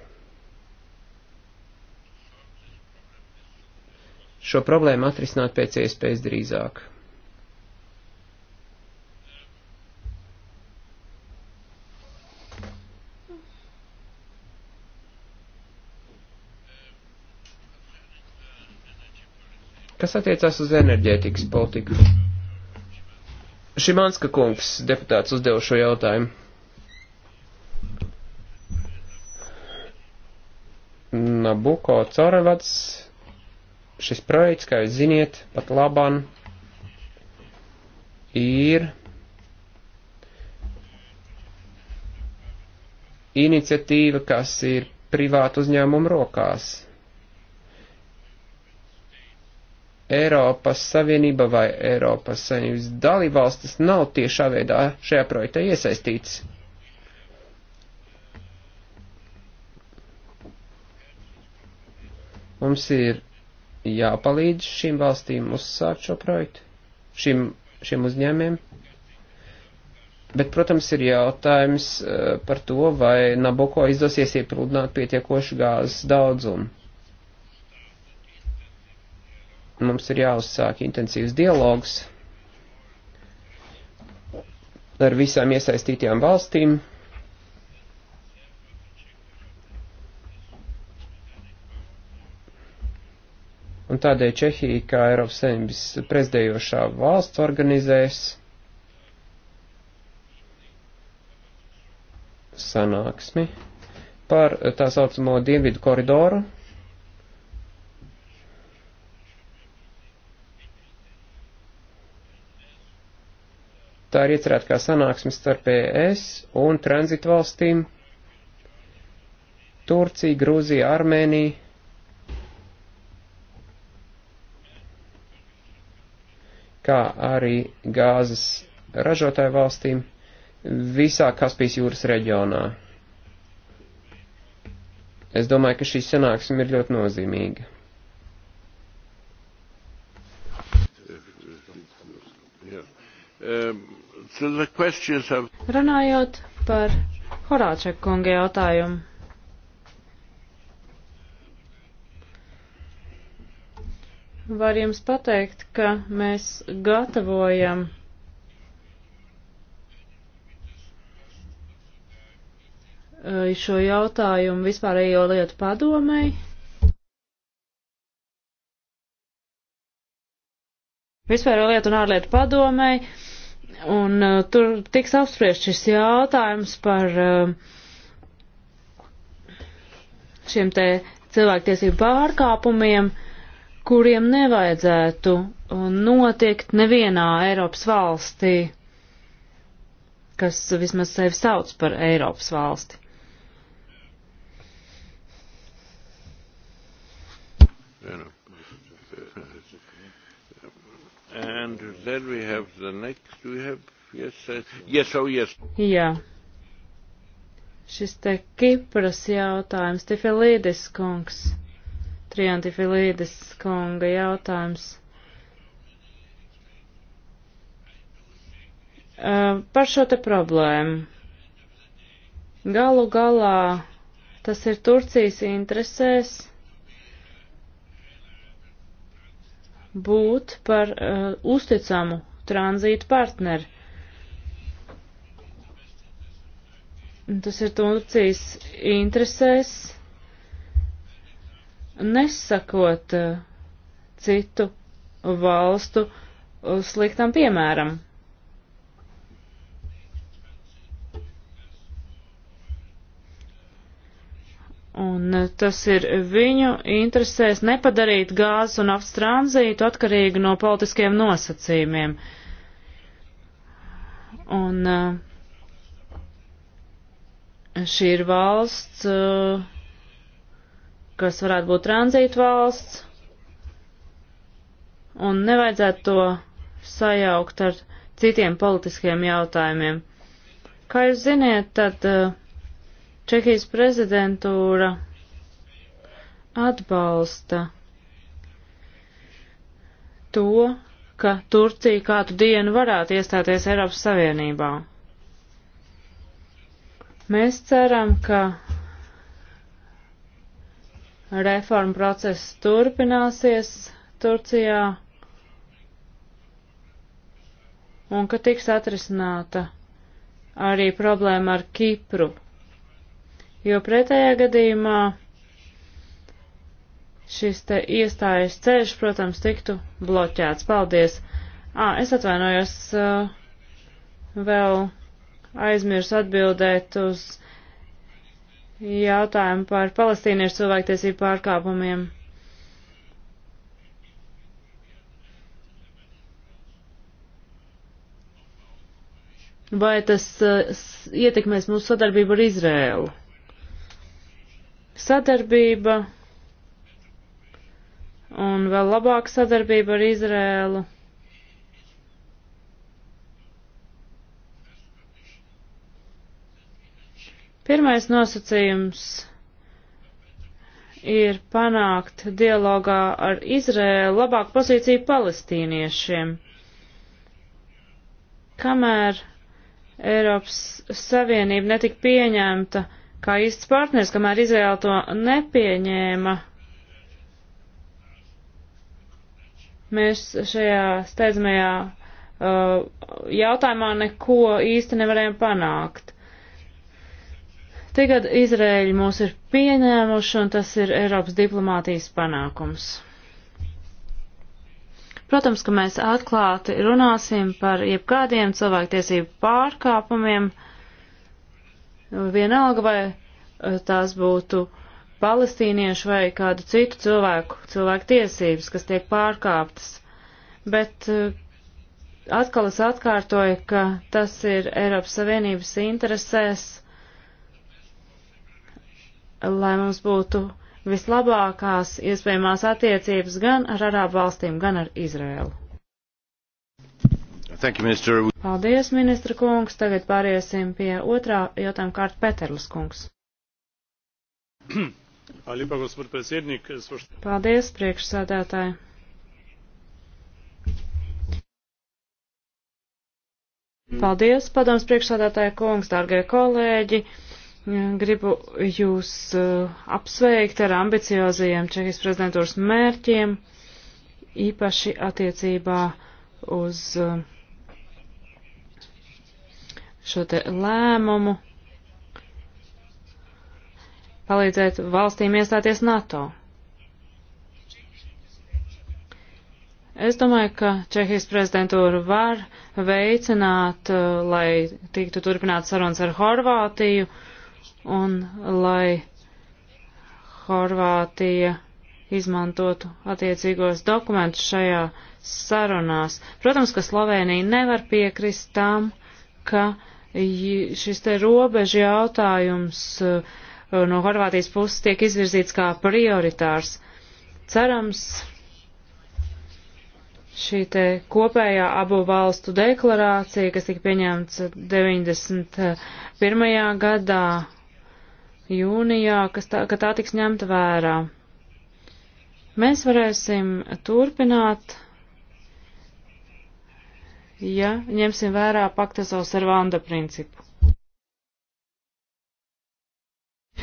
Šo problēmu atrisināt pēc iespējas drīzāk. Kas attiecās uz enerģētikas politiku? Šimanska kungs, deputāts, uzdeva šo jautājumu. Nabuko Cauravads, šis projekts, kā jūs ziniet, pat labam ir iniciatīva, kas ir privātu uzņēmumu rokās. Eiropas Savienība vai Eiropas Savienības dalībvalstis nav tiešā veidā šajā projektā iesaistīts. Mums ir jāpalīdz šīm valstīm uzsākt šo projektu, šim, šiem uzņēmiem. Bet, protams, ir jautājums eh, par to, vai Naboko izdosies iepludināt pietiekošu gāzes daudzumu. Mums ir jāuzsāk intensīvs dialogs ar visām iesaistītajām valstīm. Un tādēļ Čehija, kā Eiropas Savienības prezidējošā valsts, organizēs sanāksmi par tā saucamo Dienvidu koridoru, Tā ir iecerēta kā sanāksme starp ES un tranzitu valstīm - Turcija, Grūzija, Armēnija. kā arī gāzes ražotāju valstīm visā Kaspijas jūras reģionā. Es domāju, ka šī sanāksme ir ļoti nozīmīga. Um, Have... Runājot par Horāčeku kunga jautājumu. Var jums pateikt, ka mēs gatavojam šo jautājumu vispārējo lietu padomei. Vispārējo lietu un ārlietu padomei. Un uh, tur tiks apspriest šis jautājums par uh, šiem te cilvēktiesību pārkāpumiem, kuriem nevajadzētu uh, notiekt nevienā Eiropas valstī, kas vismaz sevi sauc par Eiropas valsti. Vienu. And then we have the next, we have, yes, uh, yes, oh yes. Jā. Šis te Kipras jautājums, Tifilīdis kungs, Triantifilīdis kunga jautājums. Uh, par šo te problēmu. Galu galā tas ir Turcijas interesēs būt par uh, uzticamu tranzītu partneri. Tas ir Turcijas interesēs, nesakot uh, citu valstu uh, eh, sliktam piemēram. Un eh, tas ir viņu interesēs nepadarīt gāzes un naftas tranzītu atkarīgu no politiskiem nosacījumiem. Un eh, šī ir valsts, eh, kas varētu būt tranzītu valsts, un nevajadzētu to sajaukt ar citiem politiskiem jautājumiem. Kā jūs ziniet, tad uh, Čehijas prezidentūra atbalsta to, ka Turcija kādu dienu varētu iestāties Eiropas Savienībā. Mēs ceram, ka reforma process turpināsies Turcijā un ka tiks atrisināta arī problēma ar Kipru jo pretējā gadījumā šis te iestājas ceļš, protams, tiktu bloķēts. Paldies! Ā, es atvainojos, vēl aizmirsu atbildēt uz jautājumu par palestīniešu cilvēktiesību pārkāpumiem. Vai tas ietekmēs mūsu sadarbību ar Izrēlu? sadarbība un vēl labāka sadarbība ar Izrēlu. Pirmais nosacījums ir panākt dialogā ar Izrēlu labāku pozīciju palestīniešiem. Kamēr Eiropas Savienība netika pieņemta, kā īsts partners, kamēr Izraela to nepieņēma. Mēs šajā steidzamajā uh, jautājumā neko īsti nevarējām panākt. Tagad Izraēļi mūs ir pieņēmuši, un tas ir Eiropas diplomātijas panākums. Protams, ka mēs atklāti runāsim par jebkādiem cilvēktiesību pārkāpumiem. Uh, Vienalga, vai e, tās būtu palestīniešu vai kādu citu cilvēku, cilvēku tiesības, kas tiek pārkāptas. Bet e, atkal es atkārtoju, ka tas ir Eiropas Savienības interesēs, lai mums būtu vislabākās iespējamās attiecības gan ar Arābu valstīm, gan ar Izraēlu. Thank you, minister. Paldies, ministra kungs. Tagad pāriesim pie otrā jautājuma kārta Peterlis kungs. Paldies, priekšsādātāji. Paldies, padoms priekšsādātāja kungs, dārgie kolēģi. Gribu jūs uh, apsveikt ar ambiciozajiem Čehijas prezidentūras mērķiem, īpaši attiecībā uz uh, šo te lēmumu palīdzēt valstīm iestāties NATO. Es domāju, ka Čehijas prezidentūra var veicināt, uh, lai tiktu turpināt sarunas ar Horvātiju un lai Horvātija izmantotu attiecīgos dokumentus šajā sarunās. Protams, ka Slovēnija nevar piekrist tam, ka uh, šis te robežu jautājums eh, no Horvātijas puses tiek izvirzīts kā prioritārs. Cerams, šī te kopējā abu valstu deklarācija, kas tika pieņemts 91. gadā jūnijā, kas tā, ka tā tiks ņemta vērā. Mēs varēsim turpināt ja ņemsim vērā paktasos ar vanda principu.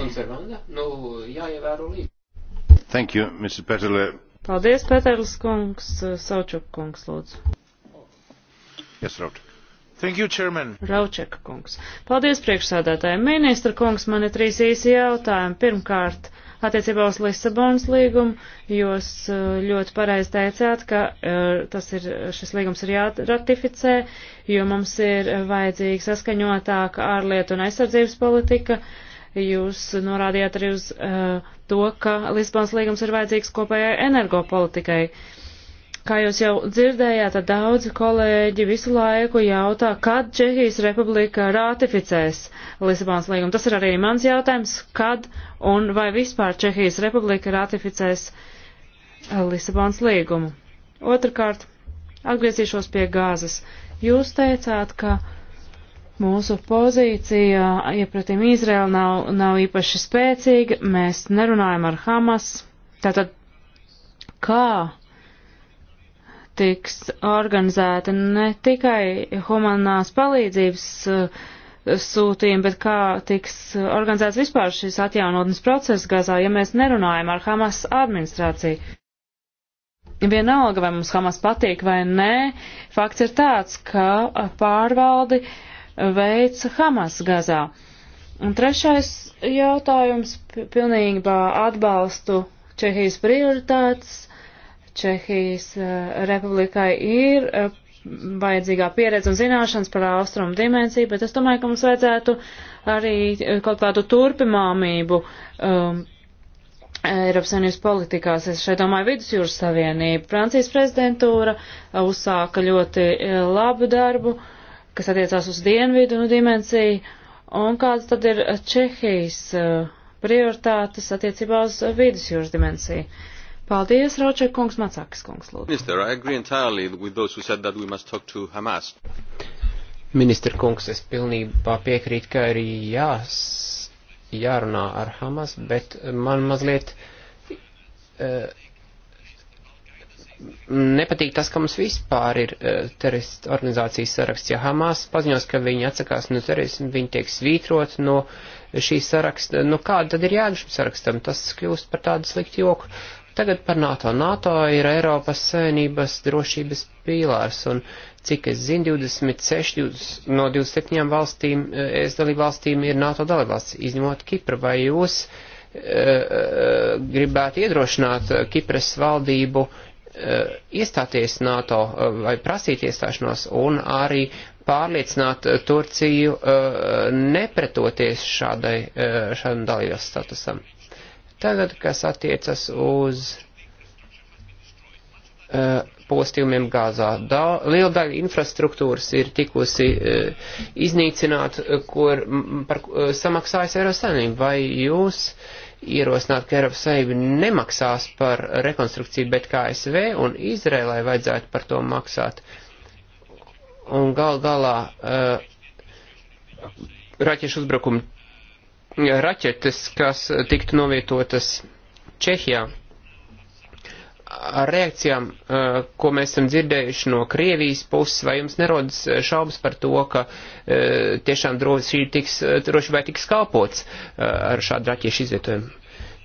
Konservanda? Nu, jāievēro līdzi. Thank you, Mr. Peterle. Paldies, Peterlis kungs, Saučuk kungs, lūdzu. Yes, Raučuk. Thank you, Chairman. Raučeka kungs. Paldies, priekšsādātāji. Ministra kungs, man ir trīs īsi jautājumi. Pirmkārt, uh, attiecībā uz Lisabonas līgumu. Jūs uh, ļoti pareizi teicāt, ka uh, tas ir, šis līgums ir jāratificē, jo mums ir vajadzīga saskaņotāka ārlietu un aizsardzības politika. Jūs norādījāt arī uz uh, to, ka Lisabonas līgums ir vajadzīgs kopējai energopolitikai. Uh, Kā jūs jau dzirdējāt, tad daudzi kolēģi visu laiku jautā, kad Čehijas republika ratificēs Lisabonas līgumu. Tas ir arī mans jautājums, kad un vai vispār Čehijas republika ratificēs eh, Lisabonas līgumu. Otrakārt, atgriezīšos pie gāzes. Jūs teicāt, ka mūsu pozīcija iepratīm ja Izraela nav, nav īpaši spēcīga, mēs nerunājam ar Hamas. Tātad, kā tiks organizēta ne tikai humanās palīdzības eh, sūtījumi, bet kā tiks organizēts vispār šis atjaunotnes process Gazā, ja mēs nerunājam ar Hamas administrāciju. Vienalga, vai mums Hamas patīk vai nē, fakts ir tāds, ka pārvaldi veids Hamas Gazā. Un trešais jautājums pilnībā atbalstu Čehijas prioritātes Čehijas eh, republikai ir eh, vajadzīgā pieredze un zināšanas par austrumu dimensiju, bet es domāju, ka mums vajadzētu arī eh, kaut kādu turpināmību um, Eiropas Savienības politikās. Es šeit domāju Vidusjūras Savienību. Francijas prezidentūra uzsāka ļoti labu darbu, kas attiecās uz dienvidu nu, dimensiju. Un kādas tad ir Čehijas prioritātes attiecībā uz Vidusjūras dimensiju? Uh, Paldies, Roček kungs, Macakis kungs, lūdzu. Minister, Ministra kungs, es pilnībā piekrītu, ka arī jās, jārunā ar Hamas, bet man mazliet uh, nepatīk tas, ka mums vispār ir uh, teroristu organizācijas saraksts. Ja Hamas paziņos, ka viņi atsakās no terorismu, viņi tiek svītrot no šī saraksta, nu kāda tad ir jāņem šim sarakstam? Tas kļūst par tādu sliktu joku. Uh, Tagad par NATO. NATO ir Eiropas Savienības drošības pīlārs, un cik es zinu, 26 20, no 27 valstīm, eh, es dalību valstīm ir NATO dalībvalsts, izņemot Kipru. Vai jūs uh, gribētu iedrošināt eh, Kipras valdību uh, iestāties NATO uh, vai prasīt iestāšanos un arī pārliecināt Turciju nepretoties šādai, šādam dalībvalsts statusam? Tagad, kas attiecas uz uh, postījumiem Gāzā. Da, liela daļa infrastruktūras ir tikusi uh, eh, iznīcināta, uh, eh, kur par, uh, samaksājas Eiropas Savienība. Vai jūs ierosināt, ka Eiropas Savienība nemaksās par rekonstrukciju, bet KSV un Izrēlai vajadzētu par to maksāt? Un gal galā uh, raķešu uzbrukumi raķetes, kas tiktu novietotas Čehijā. Ar reakcijām, uh, ko mēs esam dzirdējuši no Krievijas puses, vai jums nerodas šaubas par to, ka uh, tiešām droši, tiks, uh, droši vai tiks kalpots ar šādu raķiešu izvietojumu?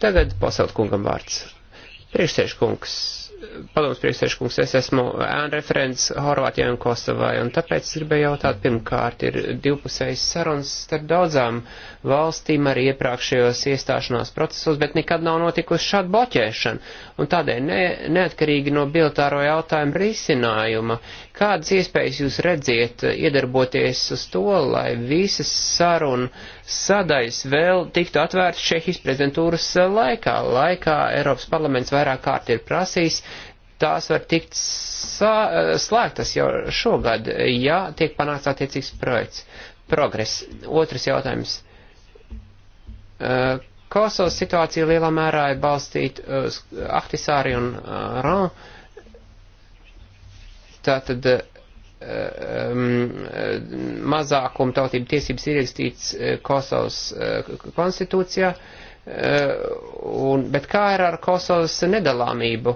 Tagad pasaut kungam vārds. Priekšsēžkungs padomus priekšsēškungs, es esmu ēna referents Horvātijai un Kosovai, un tāpēc gribēju jautāt, pirmkārt, ir divpusējs sarunas starp daudzām valstīm arī iepriekšējos iestāšanās procesos, bet nekad nav notikusi šāda bloķēšana. Un tādēļ ne, neatkarīgi no bilitāro jautājumu risinājuma, kādas iespējas jūs redziet eh, iedarboties uz to, lai visas sarunu sadaļas vēl tiktu atvērtas Čehijas prezidentūras eh, laikā, laikā Eiropas parlaments vairāk kārt ir prasījis, tās var tikt slēgtas jau šogad, ja tiek panāks attiecīgs projekts. Progress. Otrs jautājums. Kosovas situācija lielā mērā ir balstīta uz Ahtisāri un Ran. Tātad mazākuma tautību tiesības ir ierakstīts Kosovas konstitūcijā. Uh, Eh, un, bet kā ir ar Kosovas nedalāmību?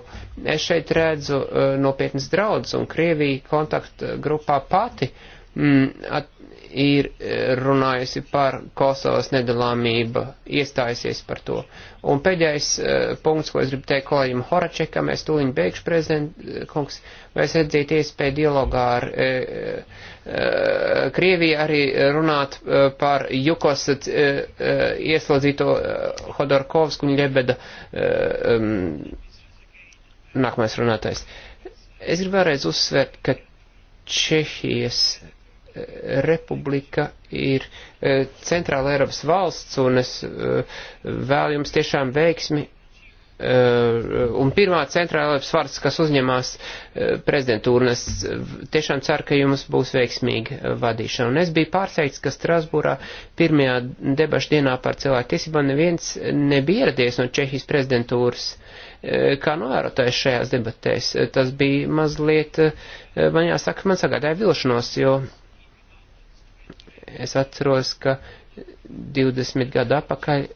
Es šeit redzu uh, nopietnas draudz un Krievija kontaktgrupā pati mm, at, ir eh, runājusi par Kosovas nedalāmību, iestājusies par to. Un pēdējais uh, punkts, ko es gribu teikt kolēģim Horačekam, es tūliņ beigšu prezident, kungs, vai es redzētu iespēju dialogā ar uh, Krievija arī runāt eh, par Jukos eh, eh, ieslodzīto Hodorkovsku un Ļebeda nākamais runātais. Es gribu vēlreiz uzsvērt, ka Čehijas republika ir centrāla Eiropas valsts, un es vēlu jums tiešām veiksmi un pirmā centrālais vārds, kas uzņemās eh, prezidentūru, un es eh, tiešām ceru, ka jums būs veiksmīga eh, vadīšana. Un es biju pārsteigts, ka Strasbūrā pirmajā debašu dienā par cilvēku tiesībām neviens nebija ieradies no Čehijas prezidentūras kā novērotājs šajās debatēs. Tas bija mazliet, man jāsaka, man sagādāja vilšanos, jo es atceros, ka 20 gadu apakaļ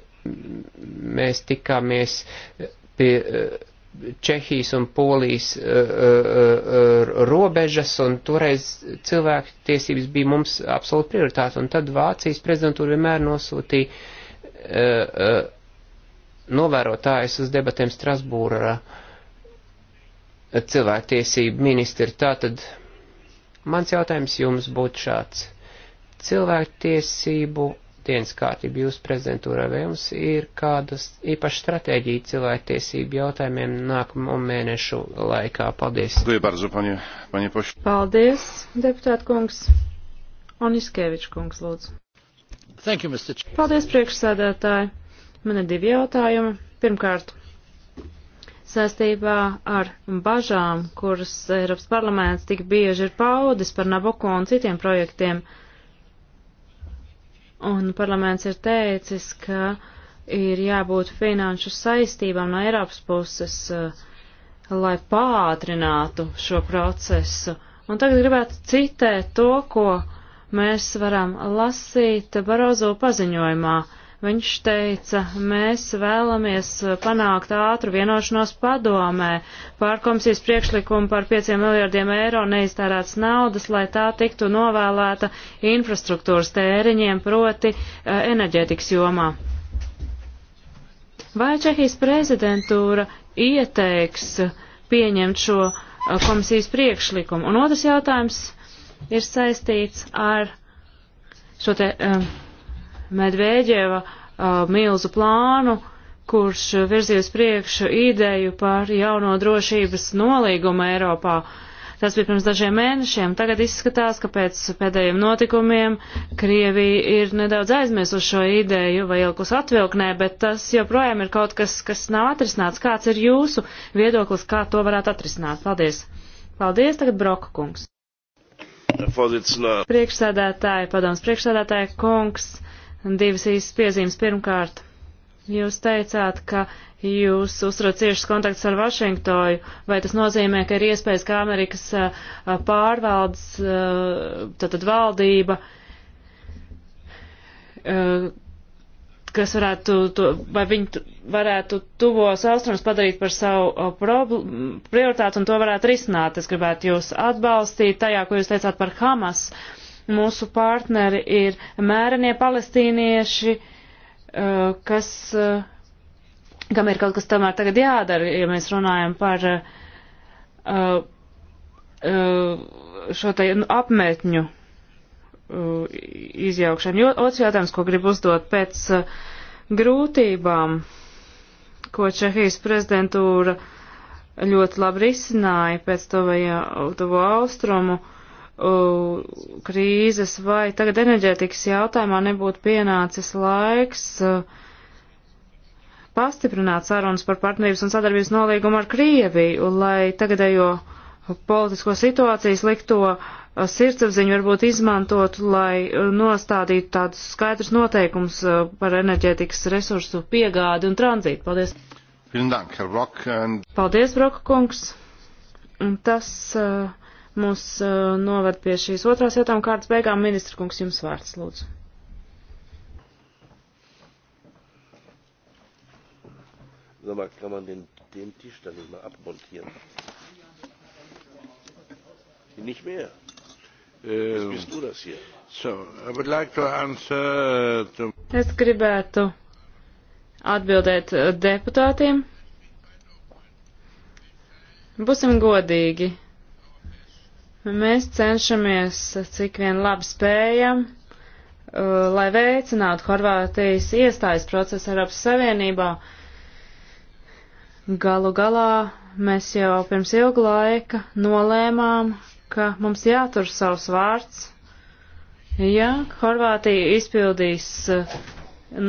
mēs tikāmies pie eh, Čehijas un Polijas eh, eh, robežas, un toreiz cilvēku tiesības bija mums absolūta prioritāte, un tad Vācijas prezidentūra vienmēr nosūtīja novērotājus uz debatēm Strasbūrā cilvēktiesību ministri. Tātad mans jautājums jums būtu šāds. Cilvēktiesību dienas kārtību jūsu prezidentūrā, vai jums ir kādas īpaša stratēģija cilvēktiesību jautājumiem nākamo mēnešu laikā? Paldies! Paldies, deputāt kungs! Oniskevičs kungs, lūdzu. Thank you, Mr. Č. Paldies, priekšsēdētāji! Man ir divi jautājumi. Pirmkārt, saistībā ar bažām, kuras Eiropas parlaments tik bieži ir paudis par Nabuko un citiem projektiem. Uh, Un parlaments ir teicis, ka ir jābūt finanšu saistībām no Eiropas puses, eh, lai pātrinātu šo procesu. Un tagad gribētu citēt to, ko mēs varam lasīt Barozo paziņojumā. Uh, Viņš teica, mēs vēlamies panākt ātru vienošanos padomē. Pār komisijas priekšlikumu par 5 miljardiem eiro neiztērēts naudas, lai tā tiktu novēlēta infrastruktūras tēriņiem, proti eh, enerģētikas jomā. Vai Čehijas prezidentūra ieteiks pieņemt šo eh, komisijas priekšlikumu? Un otrs jautājums ir saistīts ar šo te. Uh, Medvēģeva uh, milzu plānu, kurš virzīja uz priekšu ideju par jauno drošības nolīgumu Eiropā. Tas bija pirms dažiem mēnešiem. Tagad izskatās, ka pēc pēdējiem notikumiem Krievija ir nedaudz aizmirsuši šo ideju vai ilgus atvilknē, bet tas joprojām ir kaut kas, kas nav atrisināts. Kāds ir jūsu viedoklis, kā to varētu atrisināt? Paldies! Paldies, tagad Broka kungs. Priekšsēdētāji, padoms priekšsēdētāji kungs, Divas īstas piezīmes. Pirmkārt, jūs teicāt, ka jūs uzturat ciešas kontaktus ar Vašingtoju, vai tas nozīmē, ka ir iespējas, ka Amerikas pārvaldes, tātad valdība, kas varētu, to, vai viņi varētu tuvos austrums padarīt par savu prioritātu un to varētu risināt. Es gribētu jūs atbalstīt tajā, ko jūs teicāt par Hamas. Uh, Mūsu partneri ir mērenie palestīnieši, eh, kas, eh, kam ir kaut kas tomēr tagad jādara, ja mēs runājam par eh, šo te apmetņu izjaukšanu. Jo, otrs jautājums, ko gribu uzdot pēc grūtībām, ko Čehijas prezidentūra ļoti labi risināja pēc to vai tuvo austrumu krīzes, vai tagad enerģētikas jautājumā nebūtu pienācis laiks uh, pastiprināt sarunas par partnerības un sadarbības nolīgumu ar Krieviju, lai tagadējo politisko situācijas likto uh, sirdsapziņu varbūt izmantot, lai uh, nostādītu tādus skaidrus noteikumus par enerģētikas resursu piegādi un tranzītu. Paldies! Paldies, Broka kungs! Tas uh, mūs uh, noved pie šīs otrās jautājuma kārtas beigām. Ministra kungs, jums vārds, lūdzu. Sag mal, kann man den, den Tisch dann nicht mal abmontieren? Nicht mehr. Jetzt bist du das hier. So, I would like to answer uh, to... Es gribētu atbildēt uh, deputātiem. Būsim godīgi. Mēs cenšamies, cik vien labi spējam, uh, lai veicinātu Horvātijas iestājas procesu Eiropas Savienībā. Galu galā mēs jau pirms ilga laika nolēmām, ka mums jātur savs vārds. Ja Horvātija izpildīs uh,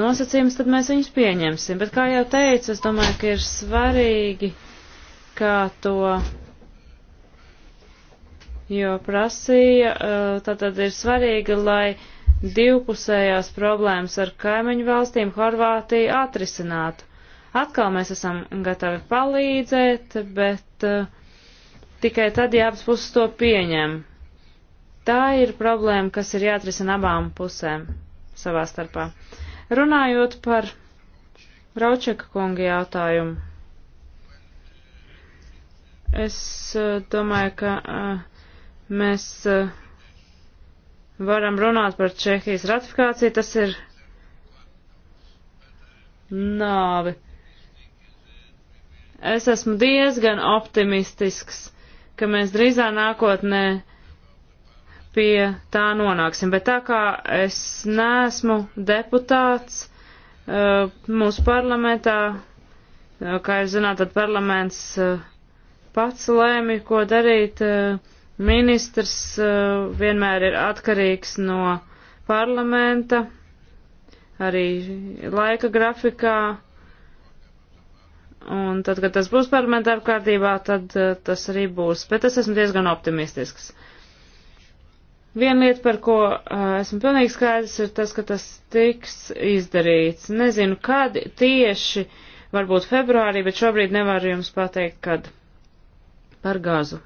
nosacījumus, tad mēs viņus pieņemsim. Bet, kā jau teicu, es domāju, ka ir svarīgi, kā to jo prasīja, tātad eh, ir svarīgi, lai divpusējās problēmas ar kaimiņu valstīm Horvātiju atrisinātu. Atkal mēs esam gatavi palīdzēt, bet eh, tikai tad, ja abas puses to pieņem. Tā ir problēma, kas ir jāatrisina abām pusēm savā starpā. Runājot par Raučeka kunga jautājumu, es eh, domāju, ka uh, Mēs eh, varam runāt par Čehijas ratifikāciju, tas ir nāvi. Es esmu diezgan optimistisks, ka mēs drīzā nākotnē pie tā nonāksim, bet tā kā es neesmu deputāts eh, mūsu parlamentā, eh, kā jūs zināt, tad parlaments pats lēmi, ko darīt. Uh, Ministrs eh, vienmēr ir atkarīgs no parlamenta, arī laika grafikā. Un tad, kad tas būs parlamentāra kārtībā, tad uh, tas arī būs. Bet es esmu diezgan optimistisks. Viena lieta, par ko uh, esmu pilnīgi skaidrs, ir tas, ka tas tiks izdarīts. Nezinu, kad tieši, varbūt februārī, bet šobrīd nevaru jums pateikt, kad par gāzu.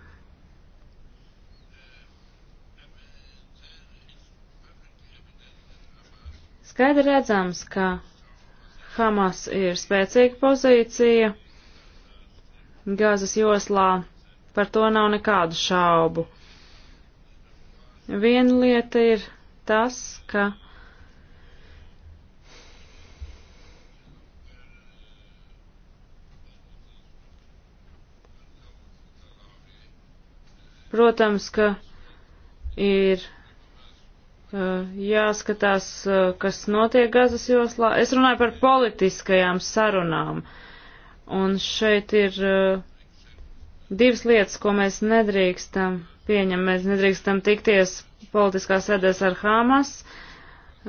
Skaidri redzams, ka Hamas ir spēcīga pozīcija Gāzes joslā, par to nav nekādu šaubu. Viena lieta ir tas, ka Protams, ka ir Eh, jāskatās, eh, kas notiek Gazas joslā. Es runāju par politiskajām sarunām. Un šeit ir eh, divas lietas, ko mēs nedrīkstam pieņemt. Mēs nedrīkstam tikties politiskās sēdēs ar Hamas.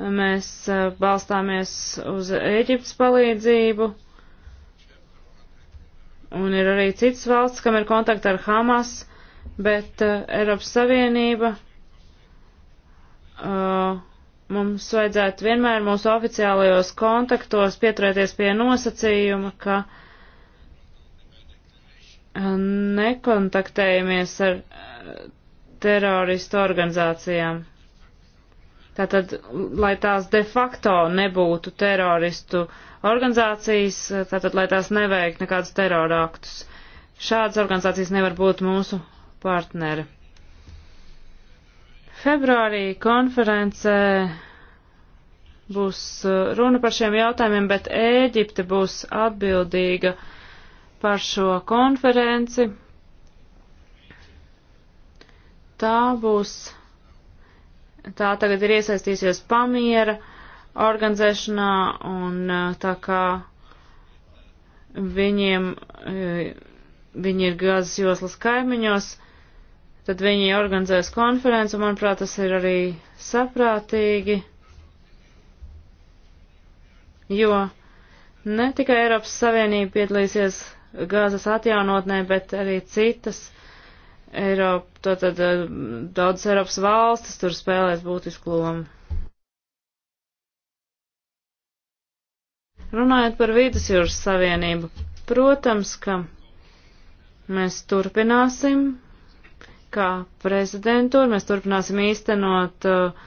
Mēs balstāmies uz Ēģiptes palīdzību. Un ir arī citas valsts, kam ir kontakti ar Hamas, bet Eiropas Savienība uh, mums vajadzētu vienmēr mūsu oficiālajos kontaktos pieturēties pie nosacījuma, ka uh, nekontaktējamies ar uh, teroristu organizācijām. Tātad, lai tās de facto nebūtu teroristu organizācijas, uh, tātad, lai tās neveikt nekādus terorāktus. Šādas organizācijas nevar būt mūsu partneri. Februārī konferencē būs uh, runa par šiem jautājumiem, bet Ēģipte būs atbildīga par šo konferenci. Tā būs, tā tagad ir iesaistīsies pamiera organizēšanā un uh, tā kā viņiem, uh, viņi ir gazas joslas kaimiņos, tad viņi organizēs konferenci, un manuprāt, tas ir arī saprātīgi, jo ne tikai Eiropas Savienība piedalīsies gāzes atjaunotnē, bet arī citas Eiropa, tātad eh, daudzas Eiropas valstis tur spēlēs būtisku lomu. Runājot par Vidusjūras Savienību, protams, ka mēs turpināsim kā prezidentūra mēs turpināsim īstenot uh,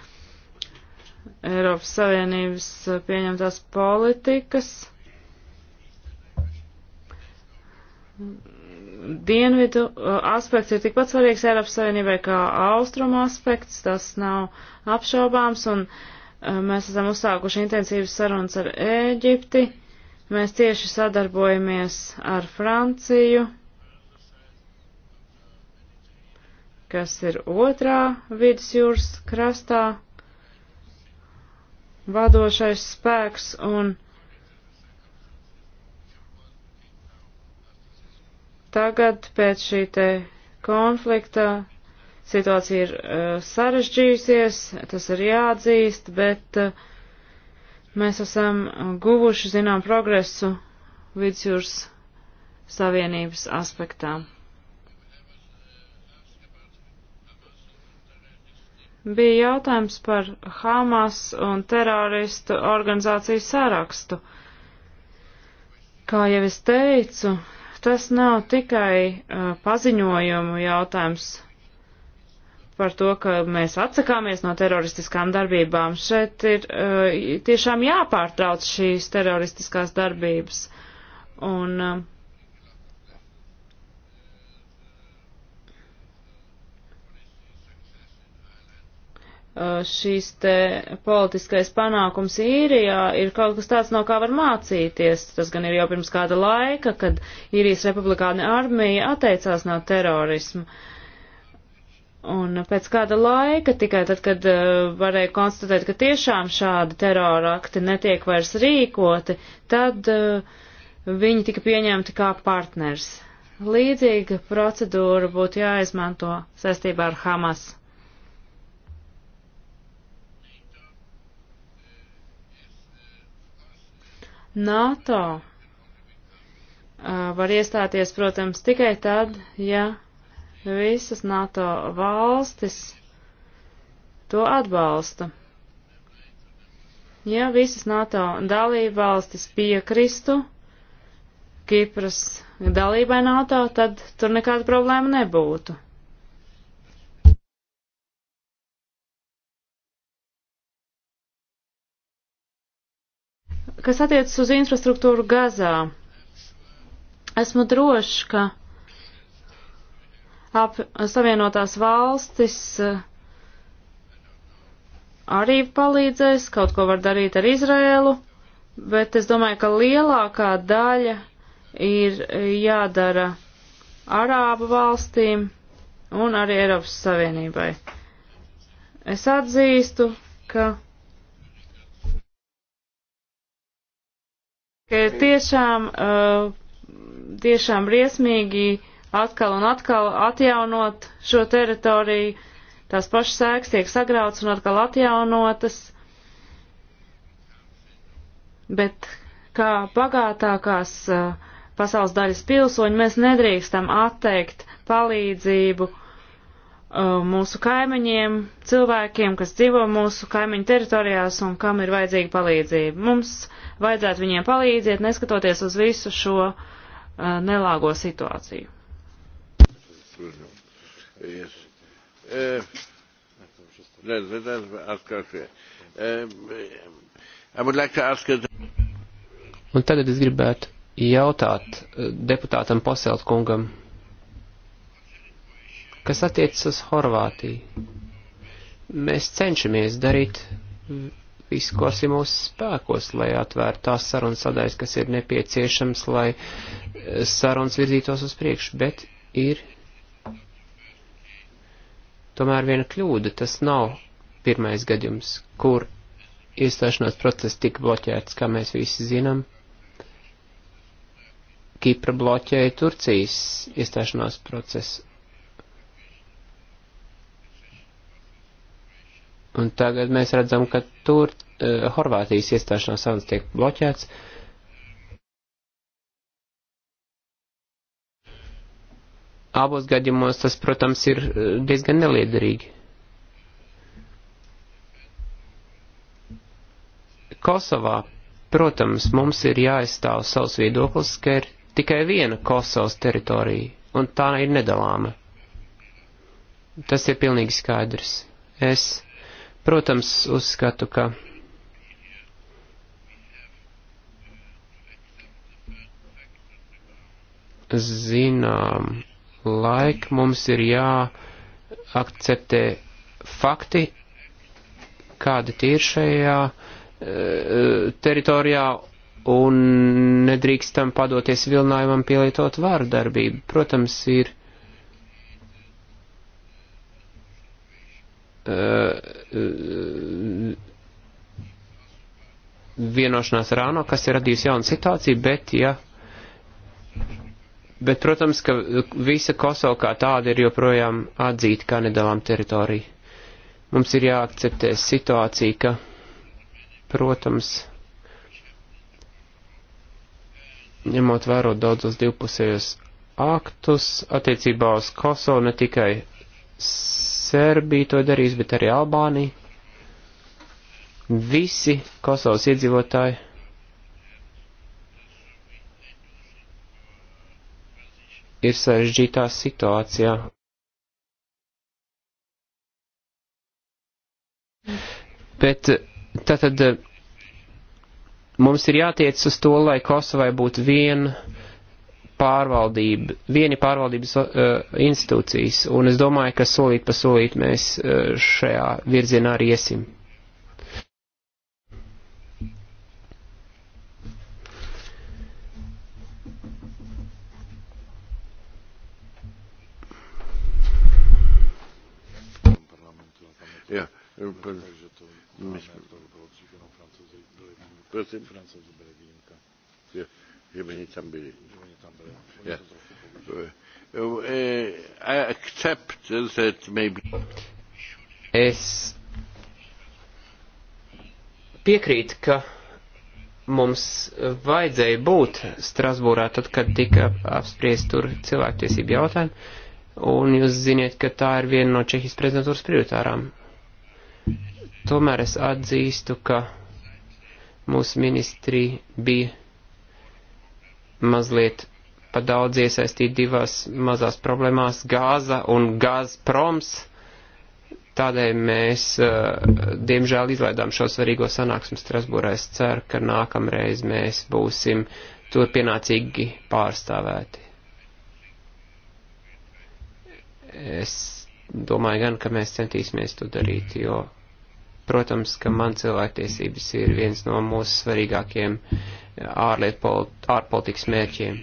Eiropas Savienības uh, pieņemtās politikas. Dienvidu uh, aspekts ir tikpat svarīgs Eiropas Savienībai kā austrumu aspekts, tas nav apšaubāms, un uh, mēs esam uzsākuši intensīvas sarunas ar Ēģipti, mēs cieši sadarbojamies ar Franciju, kas ir otrā vidusjūras krastā vadošais spēks un tagad pēc šī te konflikta situācija ir uh, sarežģījusies, tas ir jāatzīst, bet uh, mēs esam guvuši zinām progresu vidusjūras savienības aspektām. bija jautājums par Hamas un teroristu organizāciju sarakstu. Kā jau es teicu, tas nav tikai uh, paziņojumu jautājums par to, ka mēs atsakāmies no teroristiskām darbībām. Šeit ir uh, tiešām jāpārtrauc šīs teroristiskās darbības. Un, uh, šīs te politiskais panākums īrijā ir kaut kas tāds, no kā var mācīties. Tas gan ir jau pirms kāda laika, kad īrijas republikāna armija atteicās no terorismu. Un pēc kāda laika, tikai tad, kad uh, varēja konstatēt, ka tiešām šādi terora akti netiek vairs rīkoti, tad uh, viņi tika pieņemti kā partners. Līdzīga procedūra būtu jāizmanto saistībā ar Hamas. NATO uh, var iestāties, protams, tikai tad, ja visas NATO valstis to atbalsta. Ja visas NATO dalība valstis piekristu Kipras dalībai NATO, tad tur nekāda problēma nebūtu. Kas attiecas uz infrastruktūru Gazā, esmu drošs, ka ap Savienotās valstis eh, arī palīdzēs, kaut ko var darīt ar Izrēlu, bet es domāju, ka lielākā daļa ir jādara Arābu valstīm un arī Eiropas Savienībai. Es atzīstu, ka ka ir tiešām, eh, tiešām briesmīgi atkal un atkal atjaunot šo teritoriju, tās pašas sēks tiek sagrauts un atkal atjaunotas, bet kā bagātākās eh, pasaules daļas pilsoņi mēs nedrīkstam atteikt palīdzību Uh, mūsu kaimiņiem, cilvēkiem, kas dzīvo mūsu kaimiņu teritorijās un kam ir vajadzīga palīdzība. Mums vajadzētu viņiem palīdzēt, neskatoties uz visu šo uh, nelāgo situāciju. Yes. Uh, that, that, that, uh, like a... Un tagad es gribētu jautāt uh, deputātam Paselt kungam. Kas attiecas uz Horvātiju, mēs cenšamies darīt visu, kas ir mūsu spēkos, lai atvērtu tās sarunas sadaļas, kas ir nepieciešams, lai eh, sarunas virzītos uz priekšu, bet ir tomēr viena kļūda, tas nav pirmais gadījums, kur iestāšanās process tika bloķēts, kā mēs visi zinām. Kipra bloķēja Turcijas iestāšanās procesu, Un tagad mēs redzam, ka tur uh, Horvātijas iestāšanās sarunas tiek bloķēts. Abos gadījumos tas, protams, ir eh, diezgan neliederīgi. Kosovā, protams, mums ir jāizstāv savs viedoklis, ka ir tikai viena Kosovas teritorija, un tā ir nedalāma. Tas ir pilnīgi skaidrs. Es Protams, uzskatu, ka zinām laika mums ir jāakceptē fakti, kādi tie ir šajā eh, teritorijā un nedrīkstam padoties vilinājumam pielietot vārdarbību. Protams, ir Uh, uh, vienošanās ar ANO, kas ir radījusi jaunu situāciju, bet, ja, bet, protams, ka visa Kosova kā tāda ir joprojām atzīta kā nedalām teritorija. Mums ir jāakceptē situācija, ka, protams, ņemot vērot daudzos divpusējos aktus attiecībā uz Kosovu, ne tikai Serbija to darīs, bet arī Albānija. Visi Kosovas iedzīvotāji. ir sarežģītā situācijā. Bet tātad mums ir jātiec uz to, lai Kosovai būtu viena pārvaldība, vieni pārvaldības uh, institūcijas, un es domāju, ka solīt pa solīt mēs uh, šajā virzienā arī iesim. Ja, Prosím? Francouzi byli výjimka. Jo, že by tam byli. Yeah. Uh, I accept that maybe. Es piekrītu, ka mums vajadzēja būt Strasbūrā tad, kad tika apspriest tur cilvēktiesību jautājumu, un jūs ziniet, ka tā ir viena no Čehijas prezidentūras prioritārām. Tomēr es atzīstu, ka mūsu ministri bija mazliet pa daudz iesaistīt divās mazās problēmās - Gāza un Gazproms. Tādēļ mēs, uh, diemžēl, izlaidām šo svarīgo sanāksmu Strasbūrā. Es ceru, ka nākamreiz mēs būsim tur pienācīgi pārstāvēti. Es domāju gan, ka mēs centīsimies to darīt, jo, protams, ka man cilvēktiesības ir viens no mūsu svarīgākiem ārpolitikas mērķiem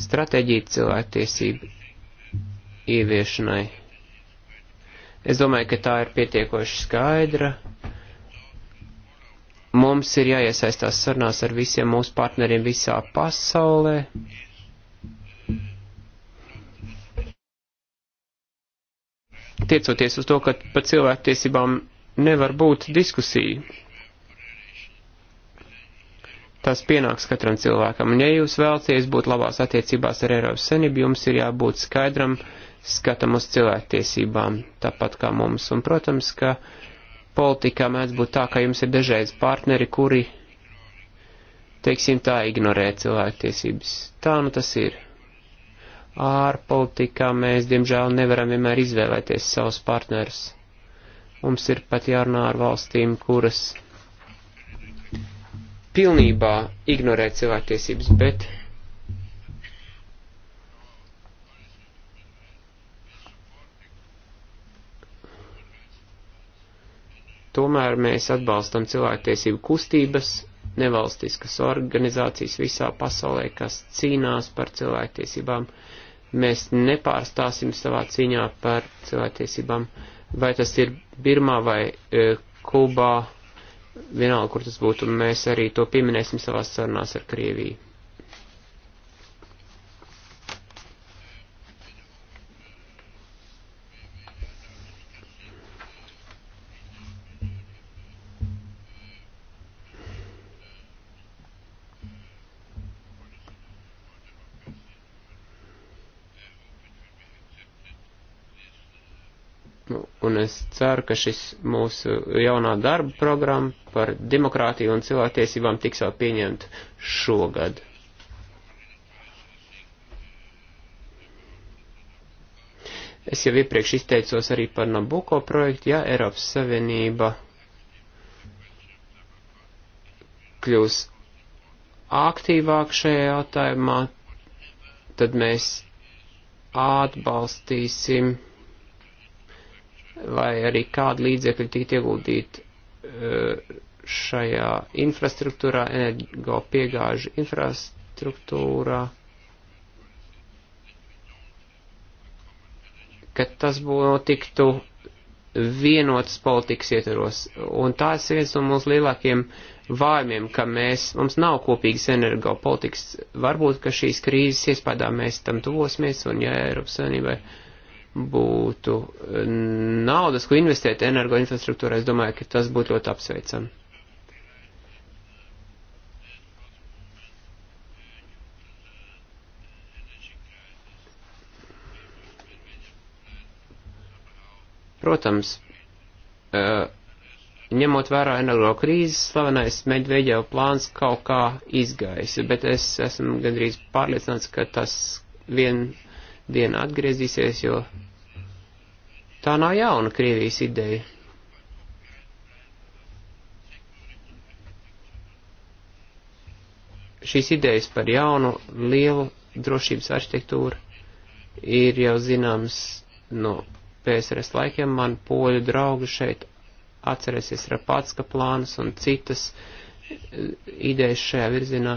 stratēģiju cilvēktiesību ieviešanai. Es domāju, ka tā ir pietiekoši skaidra. Mums ir jāiesaistās sarunās ar visiem mūsu partneriem visā pasaulē. Tiecoties uz to, ka par cilvēktiesībām nevar būt diskusija tas pienāks katram cilvēkam. Un ja jūs vēlaties būt labās attiecībās ar Eiropas senību, jums ir jābūt skaidram skatam uz cilvēktiesībām, tāpat kā mums. Un, protams, ka politikā mēdz būt tā, ka jums ir dažreiz partneri, kuri, teiksim tā, ignorē cilvēktiesības. Tā nu tas ir. Ārpolitikā mēs, diemžēl, nevaram vienmēr izvēlēties savus partnerus. Mums ir pat jārunā ar valstīm, kuras pilnībā ignorēt cilvēktiesības, bet tomēr mēs atbalstam cilvēktiesību kustības, nevalstiskas organizācijas visā pasaulē, kas cīnās par cilvēktiesībām. Mēs nepārstāsim savā cīņā par cilvēktiesībām, vai tas ir Birmā vai e, Kubā vienalga, kur tas būtu, mēs arī to pieminēsim savās sarunās ar Krieviju. Nu, un es ceru, ka šis mūsu jaunā darba programma par demokrātiju un cilvēktiesībām tiks vēl pieņemta šogad. Es jau iepriekš izteicos arī par Nabuko projektu, ja Eiropas Savienība kļūs aktīvāk šajā jautājumā, tad mēs atbalstīsim vai arī kādi līdzekļi tikt ieguldīti eh, šajā infrastruktūrā, energo piegāžu infrastruktūrā, ka tas notiktu vienotas politikas ietvaros. Un tas ir viens no mūsu lielākiem vājumiem, ka mēs, mums nav kopīgas energo politikas. Varbūt, ka šīs krīzes iespējā mēs tam tuvosimies un ja Eiropas Savienībai. Uh, būtu e, naudas, ko investēt energoinfrastruktūrā, es domāju, ka tas būtu ļoti apsveicami. Protams, e, ņemot vērā energo krīzes, slavenais Medveģeva plāns kaut kā izgaisa, bet es esmu gandrīz pārliecināts, ka tas vien diena atgriezīsies, jo tā nav jauna Krievijas ideja. Šīs idejas par jaunu, lielu drošības arhitektūru ir jau zināms no PSRS laikiem. Man poļu draugi šeit atcerēsies Rapatska plānus un citas eh, idejas šajā virzienā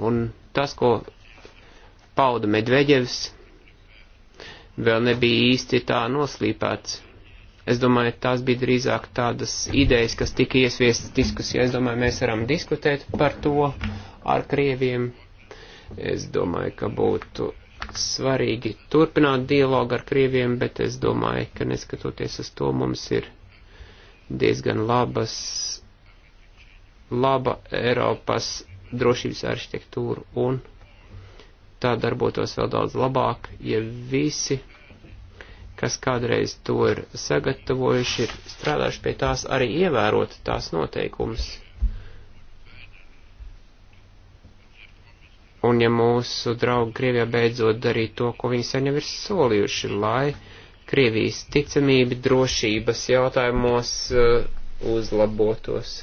Un tas, ko pauda Medveģevs, vēl nebija īsti tā noslīpēts. Es domāju, tās bija drīzāk tādas idejas, kas tika iesviestas diskusijā. Es domāju, mēs varam diskutēt par to ar krieviem. Es domāju, ka būtu svarīgi turpināt dialogu ar krieviem, bet es domāju, ka neskatoties uz to, mums ir diezgan labas, laba Eiropas drošības arhitektūru un tā darbotos vēl daudz labāk, ja visi, kas kādreiz to ir sagatavojuši, ir strādājuši pie tās arī ievērot tās noteikumus. Un ja mūsu draugi Krievijā beidzot darītu to, ko viņi sen jau ir solījuši, lai Krievijas ticamība drošības jautājumos uh, uzlabotos.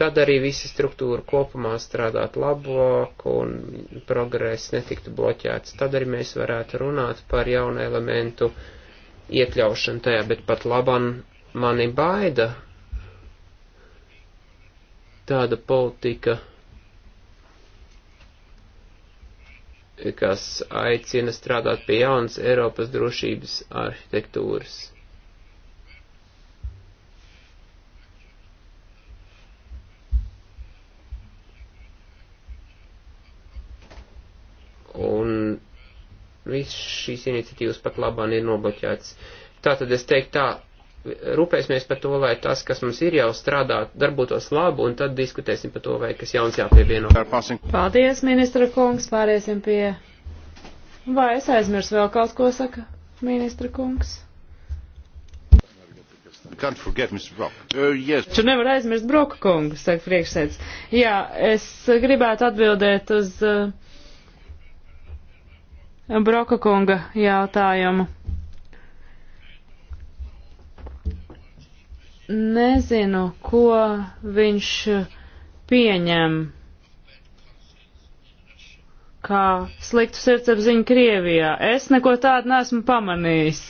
Tad arī visa struktūra kopumā strādāt labāk un progress netiktu bloķēts. Tad arī mēs varētu runāt par jaunu elementu iekļaušanu tajā, bet pat laban mani baida tāda politika, kas aicina strādāt pie jaunas Eiropas drošības arhitektūras. Un viss šīs iniciatīvas pat labāk ir nobloķēts. Tātad es teiktu tā, rūpēsimies par to, lai tas, kas mums ir jau strādā, darbotos labi, un tad diskutēsim par to, vai kas jauns jāpievieno. Paldies, ministra kungs, pāriesim pie. Vai es aizmirsu vēl kaut ko, saka ministra kungs? Can't forget, Mr. Brock. Uh, yes. Taču nevar aizmirst Broka kungu, saka priekšsēdz. Jā, es gribētu atbildēt uz uh, Broka kunga jautājumu. Nezinu, ko viņš pieņem kā sliktu sirdsapziņu Krievijā. Es neko tādu neesmu pamanījis.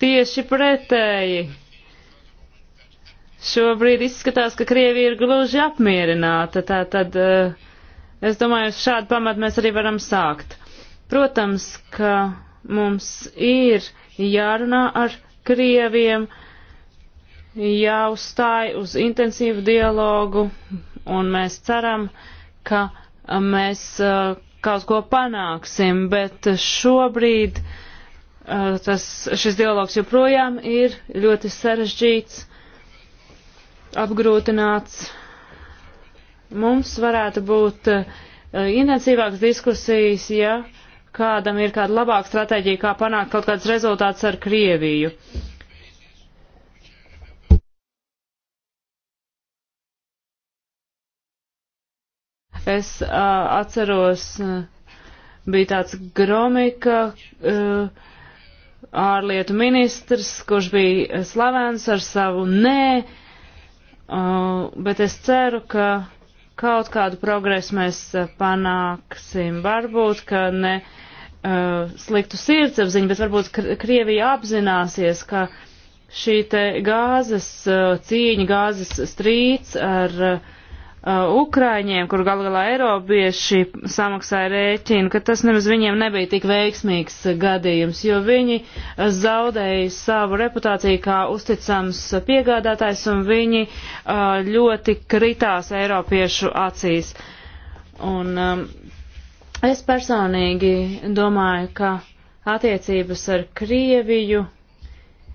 Tieši pretēji. Šobrīd izskatās, ka Krievija ir gluži apmierināta, tātad eh, es domāju, uz šādu pamatu mēs arī varam sākt. Protams, ka mums ir jārunā ar Krieviem, jāuzstāj uz intensīvu dialogu, un mēs ceram, ka mēs uh, kaut ko panāksim, bet šobrīd uh, tas, šis dialogs joprojām ir ļoti sarežģīts, apgrūtināts. Mums varētu būt uh, intensīvākas diskusijas, ja kādam ir kāda labāka stratēģija, kā panākt kaut kāds rezultāts ar Krieviju. Es uh, atceros, uh, bija tāds Gromika uh, ārlietu ministrs, kurš bija slavens ar savu nē, uh, bet es ceru, ka uh, kaut kādu progresu mēs eh, panāksim. Varbūt, ka ne uh, sliktu sirdsapziņu, bet varbūt Krievija apzināsies, ka šī te gāzes uh, cīņa, gāzes strīds ar uh, uh, Ukraiņiem, kur galu galā Eiropieši samaksāja rēķinu, ka tas nemaz viņiem nebija tik veiksmīgs gadījums, jo viņi zaudēja savu reputāciju kā uzticams piegādātājs un viņi uh, ļoti kritās Eiropiešu acīs. Un um, es personīgi domāju, ka attiecības ar Krieviju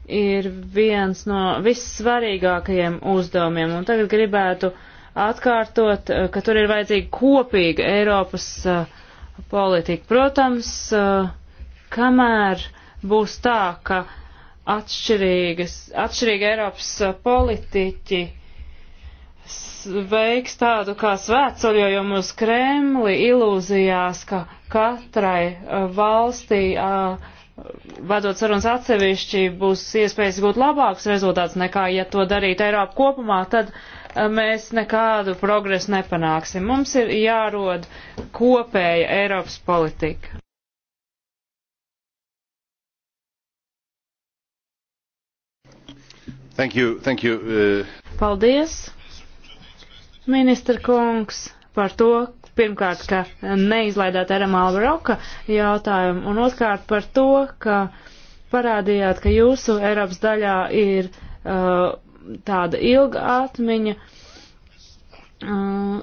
ir viens no vissvarīgākajiem uzdevumiem, un tagad gribētu uh, atkārtot, eh, ka tur ir vajadzīga kopīga Eiropas eh, politika. Protams, eh, kamēr būs tā, ka atšķirīgi Eiropas politiķi veiks tādu kā svētceļojumu uz Kremli ilūzijās, ka katrai valstī, vadot sarunas atsevišķi, būs iespējas gūt labāks rezultāts nekā, ja to darītu Eiropu kopumā, tad uh, mēs nekādu progresu nepanāksim. Mums ir jārod kopēja Eiropas politika. Thank you, thank you, uh... Paldies, ministra kungs, par to, pirmkārt, ka neizlaidāt Eram Alvaroka jautājumu, un otrkārt par to, ka parādījāt, ka jūsu Eiropas daļā ir uh, tāda ilga atmiņa, uh,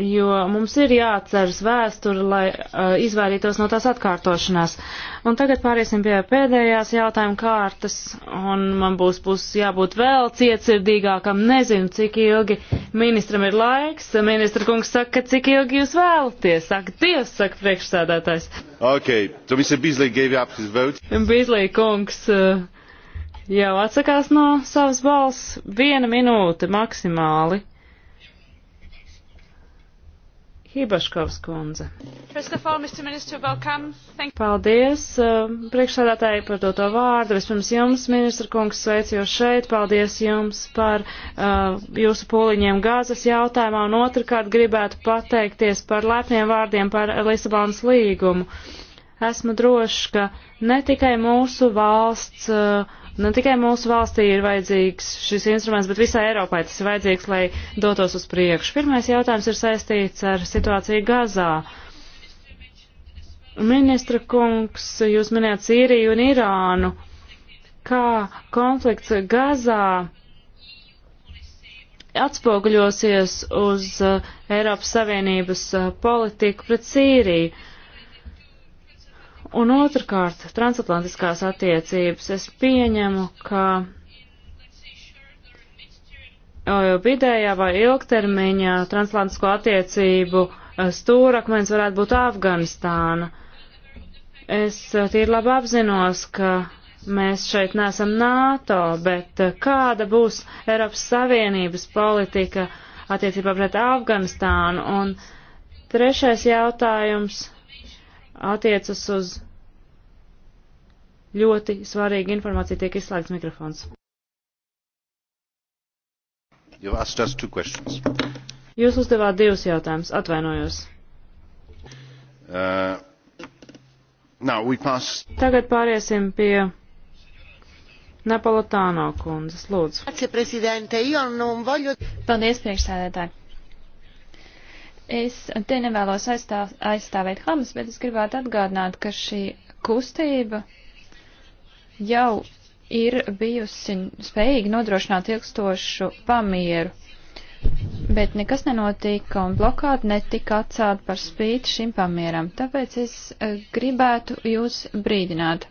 jo mums ir jāatceras vēsturi, lai uh, izvairītos no tās atkārtošanās. Un tagad pāriesim pie pēdējās jautājuma kārtas, un man būs, būs jābūt vēl cietsirdīgākam. Nezinu, cik ilgi ministram ir laiks. Ministra kungs saka, cik ilgi jūs vēlaties. Saka, Dievs, saka priekšsēdētājs. Ok, to Mr. Beasley gave up his vote. Beasley kungs. Uh, jau atsakās no savas balss. Viena minūte maksimāli. Hibaškovs kundze. Paldies uh, um, priekšsādātāji par doto vārdu. Vispirms jums, ministra kungs, sveicu jūs šeit. Paldies jums par uh, jūsu pūliņiem gāzes jautājumā. Un otrkārt gribētu pateikties par lepniem vārdiem par Lisabonas līgumu. Esmu drošs, ka ne tikai mūsu valsts uh, Ne tikai mūsu valstī ir vajadzīgs šis instruments, bet visai Eiropai tas ir vajadzīgs, lai dotos uz priekšu. Pirmais jautājums ir saistīts ar situāciju Gazā. Ministra kungs, jūs minējāt Sīriju un Irānu. Kā konflikts Gazā atspoguļosies uz uh, Eiropas Savienības uh, politiku pret Sīriju? Un otrkārt, transatlantiskās attiecības. Es pieņemu, ka vidējā vai ilgtermiņā transatlantisko attiecību e, stūrakmens varētu būt Afganistāna. Es e, tīri labi apzinos, ka mēs šeit nesam NATO, bet e, kāda būs Eiropas Savienības politika attiecībā pret Afganistānu? Un trešais jautājums attiecas uz ļoti svarīgu informāciju, tiek izslēgts mikrofons. Jūs uzdevāt divus jautājumus, atvainojos. Uh, pass... Tagad pāriesim pie Napolitāno kundzes, lūdzu. Paldies, priekšsēdētāji. Es te nevēlos aizstāv, aizstāvēt Hamas, bet es gribētu atgādināt, ka šī kustība jau ir bijusi spējīga nodrošināt ilgstošu pamieru. Bet nekas nenotika un blokāda netika atcēta par spīti šim pamieram. Tāpēc es e, gribētu jūs brīdināt.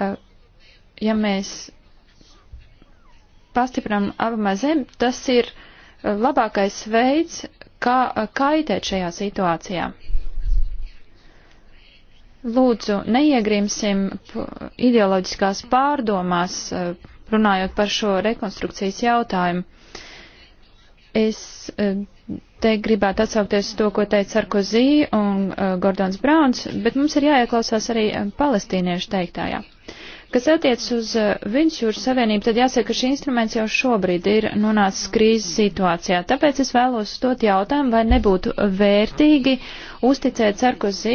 E, ja mēs pastipram abamā zem, tas ir labākais veids, kā eh, kaitēt šajā situācijā. Lūdzu, neiegrimsim ideoloģiskās pārdomās, eh, runājot par šo rekonstrukcijas jautājumu. Es eh, te gribētu atsaukties to, ko teica Sarkozī un Gordons Brauns, bet mums ir jāieklausās arī palestīniešu teiktajā. Ja. Kas attiec uz eh, Viņšjūras Savienību, tad jāsaka, ka šī instruments jau šobrīd ir nonācis krīzes situācijā. Tāpēc es vēlos stot jautājumu, vai nebūtu vērtīgi uzticēt Sarkozī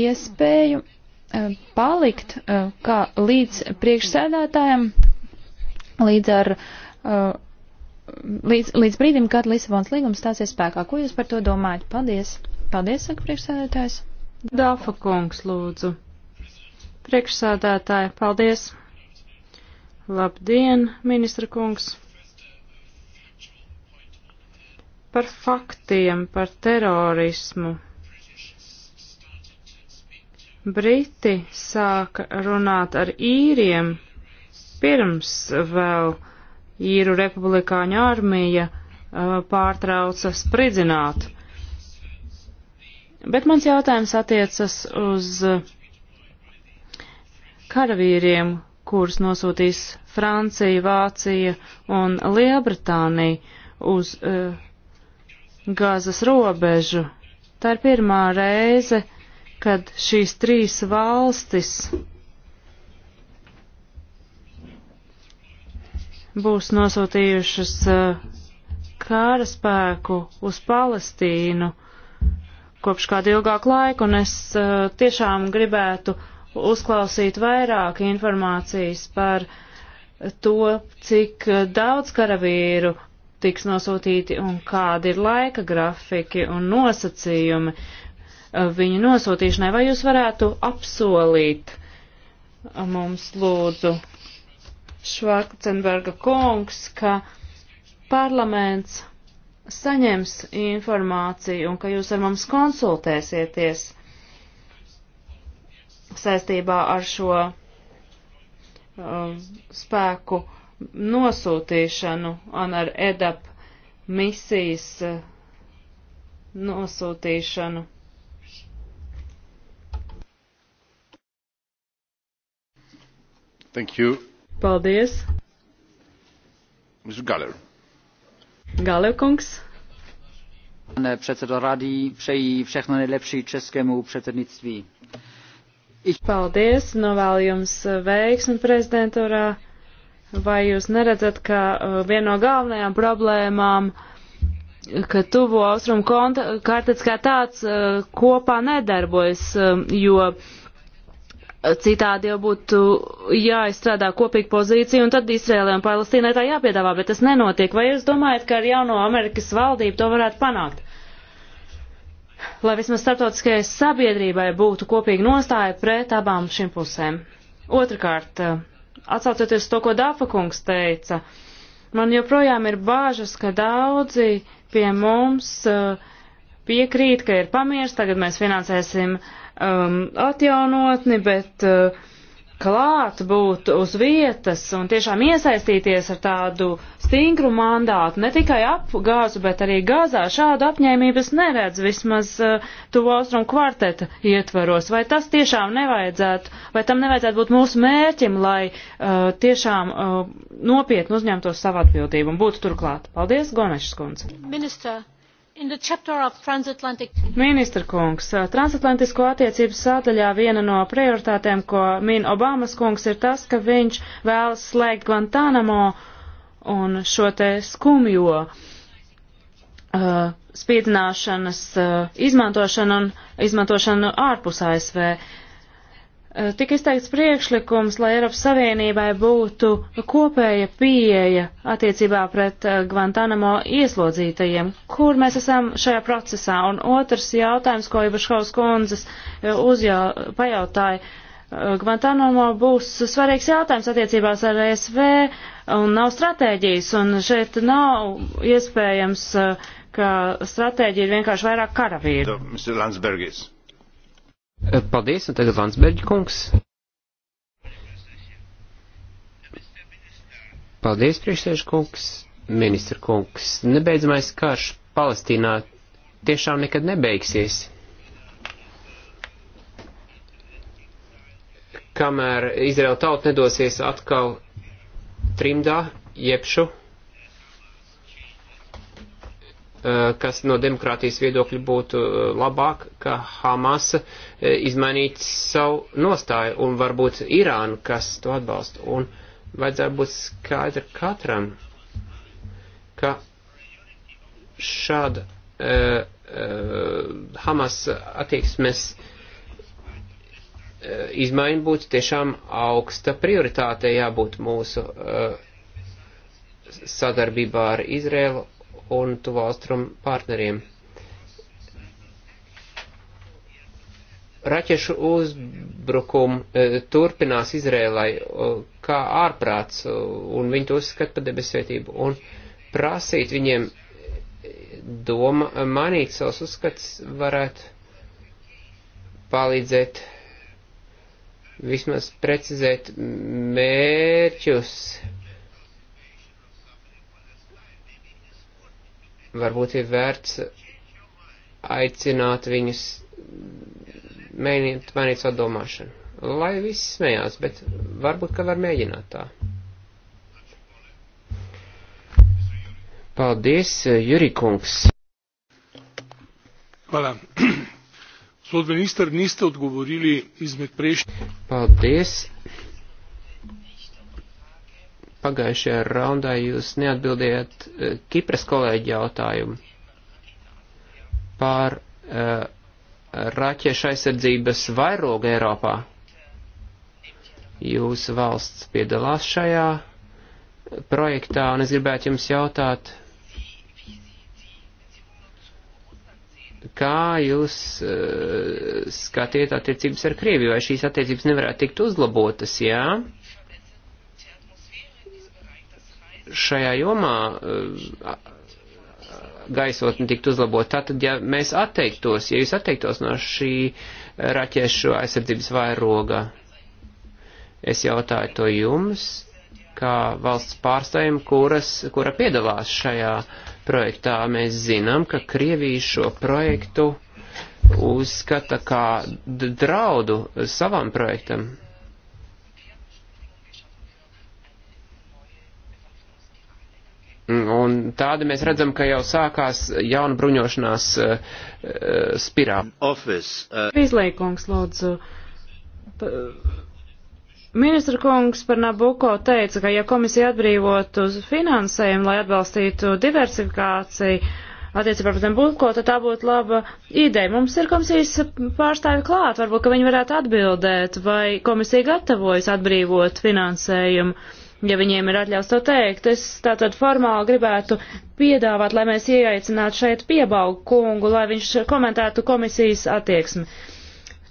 iespēju eh, palikt eh, kā līdz priekšsēdētājam līdz ar. Līdz, līdz brīdim, kad Lisabons līgums stāsies spēkā. Ko jūs par to domājat? Paldies! Paldies, saka priekšsēdētājs. Dāfa kungs, lūdzu. Priekšsādātāji, paldies! Labdien, ministra kungs! Par faktiem, par terorismu. Briti sāka runāt ar īriem pirms vēl īru republikāņu armija uh, pārtrauca spridzināt. Bet mans jautājums attiecas uz uh, karavīriem, kurus nosūtīs Francija, Vācija un Lielbritānija uz uh, eh, Gāzes robežu. Tā ir pirmā reize, kad šīs trīs valstis būs nosūtījušas uh, eh, kāra spēku uz Palestīnu kopš kādu ilgāku laiku, un es uh, tiešām gribētu uh, uzklausīt vairāk informācijas par to, cik daudz karavīru tiks nosūtīti un kādi ir laika grafiki un nosacījumi viņu nosūtīšanai. Vai jūs varētu apsolīt mums lūdzu Švarcenberga kungs, ka parlaments saņems informāciju un ka jūs ar mums konsultēsieties saistībā ar šo uh, spēku nosūtīšanu un ar EDAP misijas uh, nosūtīšanu. Thank you. Paldies. Mr. Galler. Galler kungs pane předsedo rady přeji všechno nejlepší českému předsednictví. Paldies, novēlu jums eh, veiksmi prezidentūrā. Vai jūs neredzat, ka eh, viena no galvenajām problēmām, ka tuvo austrumu kārtets kā tāds eh, kopā nedarbojas, jo citādi jau būtu jāizstrādā kopīga pozīcija, un tad Izrēlē un Palestīnai tā jāpiedāvā, bet tas nenotiek. Vai jūs domājat, ka ar jauno Amerikas valdību to varētu panākt? lai vismaz starptautiskajai sabiedrībai būtu kopīga nostāja pret abām šīm pusēm. Otrakārt, atsaucoties to, ko Dāfa kungs teica, man joprojām ir bāžas, ka daudzi pie mums eh, piekrīt, ka ir pamiers, tagad mēs finansēsim um, atjaunotni, bet uh, klāt būt uz vietas un tiešām iesaistīties ar tādu stingru mandātu, ne tikai ap gāzu, bet arī gāzā. Šādu apņēmības neredz vismaz uh, eh, tuvu austrumu kvarteta ietvaros. Vai tas tiešām nevajadzētu, vai tam nevajadzētu būt mūsu mērķim, lai uh, tiešām uh, nopietni uzņemtos savu atbildību un būtu turklāt? Paldies, Gomešs kundze. Ministrā. Transatlantic... Ministra kungs, transatlantisko attiecību sādaļā viena no prioritātēm, ko min Obamas kungs, ir tas, ka viņš vēlas slēgt Guantanamo un šo te skumjo uh, spīdzināšanas uh, izmantošanu un izmantošanu ārpus ASV. Uh, Eh, tika izteikts priekšlikums, lai Eiropas Savienībai būtu kopēja pieeja attiecībā pret eh, Guantanamo ieslodzītajiem. Kur mēs esam šajā procesā? Un otrs jautājums, ko Ibaškaus kundzes eh, uzjau, pajautāja. Guantanamo būs svarīgs jautājums attiecībās ar ASV un nav stratēģijas, un šeit nav iespējams, ka stratēģija ir vienkārši vairāk karavīru. Mr. Landsbergis. Paldies, un tagad Vansberģi kungs. Paldies, priekšsēžu kungs, ministra kungs. Nebeidzamais karš Palestīnā tiešām nekad nebeigsies. Kamēr Izraela tauta nedosies atkal trimdā, jebšu Eh, kas no demokrātijas viedokļa būtu eh, labāk, ka Hamas eh, izmainītu savu nostāju un varbūt Irānu, kas to atbalsta. Un vajadzētu būt skaidri katram, ka šāda uh, uh, Hamas attieksmes uh, izmaiņa būtu tiešām augsta prioritāte jābūt mūsu uh, sadarbībā ar Izrēlu un tuvālstrum partneriem. Raķešu uzbrukumu e, turpinās Izrēlai e, kā ārprāts, e, un viņi to uzskata par debesvētību, un prasīt viņiem e, doma, e, manīt savus uzskats varētu palīdzēt vismaz precizēt mērķus, varbūt ir vērts aicināt viņus mainīt, mainīt savu domāšanu. Lai viss smējās, bet varbūt, ka var mēģināt tā. Paldies, Jurikungs. Hvala. Gospod minister, niste odgovorili izmed prejšnjih. Paldies pagājušajā raundā jūs neatbildējāt eh, Kipras kolēģi jautājumu par uh, raķešu aizsardzības vairogu Eiropā. Jūsu valsts piedalās šajā projektā, un es gribētu jums jautāt, kā jūs uh, eh, skatiet attiecības ar Krieviju, vai šīs attiecības nevarētu tikt uzlabotas, jā? Ja? šajā jomā eh, gaisotni tiktu uzlabot. Tātad, ja mēs atteiktos, ja jūs atteiktos no šī raķešu aizsardzības vairoga, es jautāju to jums, kā valsts pārstāvjiem, kuras, kura piedalās šajā projektā. Mēs zinām, ka Krievija šo projektu uzskata kā draudu savam projektam. Mm, un tāda mēs redzam, ka jau sākās jauna bruņošanās eh, eh, uh, spirā. Vizlīkungs, uh... lūdzu. P Ministra kungs par Nabuko teica, ka ja komisija atbrīvotu finansējumu, lai atbalstītu diversifikāciju, attiecībā par Nabuko, tad tā būtu laba ideja. Mums ir komisijas pārstāvi klāt, varbūt, ka viņi varētu atbildēt, vai komisija gatavojas atbrīvot finansējumu ja viņiem ir atļaus to teikt. Es tātad formāli gribētu piedāvāt, lai mēs ieaicinātu šeit piebalgu kungu, lai viņš komentētu komisijas attieksmi.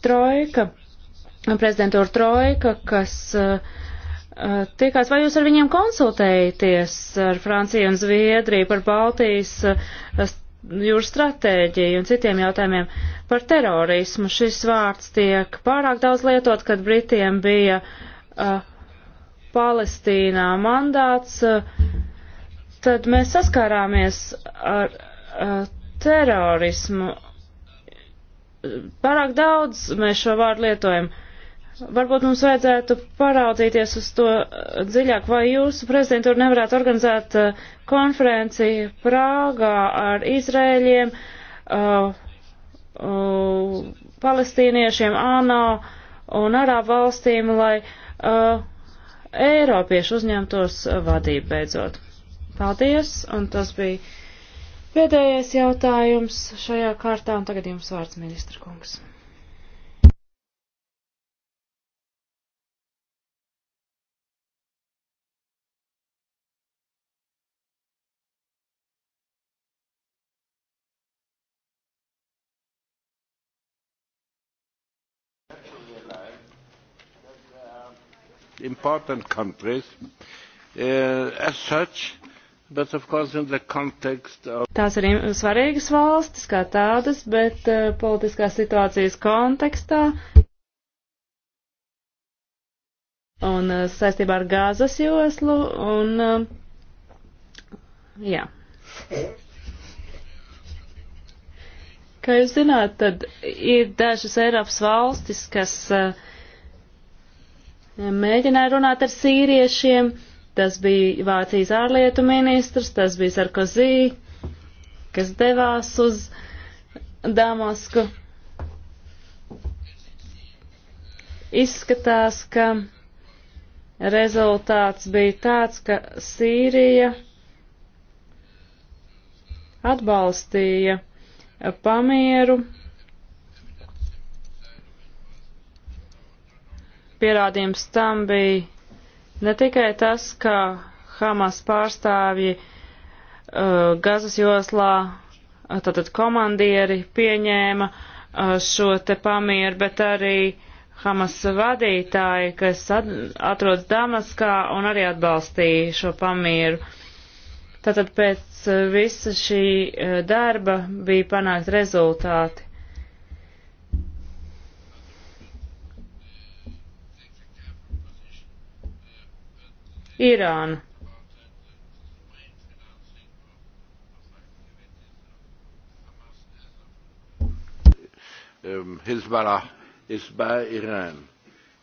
Trojka, prezidentūra Trojka, kas uh, uh tiekās, vai jūs ar viņiem konsultējaties ar Franciju un Zviedriju par Baltijas uh, jūras stratēģiju un citiem jautājumiem par terorismu. Šis vārds tiek pārāk daudz lietot, kad Britiem bija uh, Palestīnā mandāts, eh, tad mēs saskārāmies ar, ar eh, terorismu. Pārāk daudz mēs šo vārdu lietojam. Varbūt mums vajadzētu paraudzīties uz to eh, dziļāk, vai jūsu prezidentūra nevarētu organizēt konferenci Prāgā ar Izrēļiem, uh, uh, palestīniešiem, ANO un Arābu valstīm, lai uh, Eiropiešu uzņemtos vadību beidzot. Paldies, un tas bija pēdējais jautājums šajā kārtā, un tagad jums vārds ministra kungs. important countries uh, as such. Of... Tās ir svarīgas valstis kā tādas, bet uh, politiskās situācijas kontekstā un uh, saistībā ar gāzes joslu un uh, jā. Kā jūs zināt, tad ir dažas Eiropas valstis, kas uh, mēģināja runāt ar sīriešiem, tas bija Vācijas ārlietu ministrs, tas bija Sarkozī, kas devās uz Damasku. Izskatās, ka rezultāts bija tāds, ka Sīrija atbalstīja pamieru pierādījums tam bija ne tikai tas, ka Hamas pārstāvji uh, Gazas joslā, uh, tātad komandieri pieņēma uh, šo te pamieru, bet arī Hamas vadītāji, kas at atrodas Damaskā un arī atbalstīja šo pamieru. Tātad pēc uh, visa šī uh, darba bija panākt rezultāti. Irāna. Um, Hezbollah is by Iran.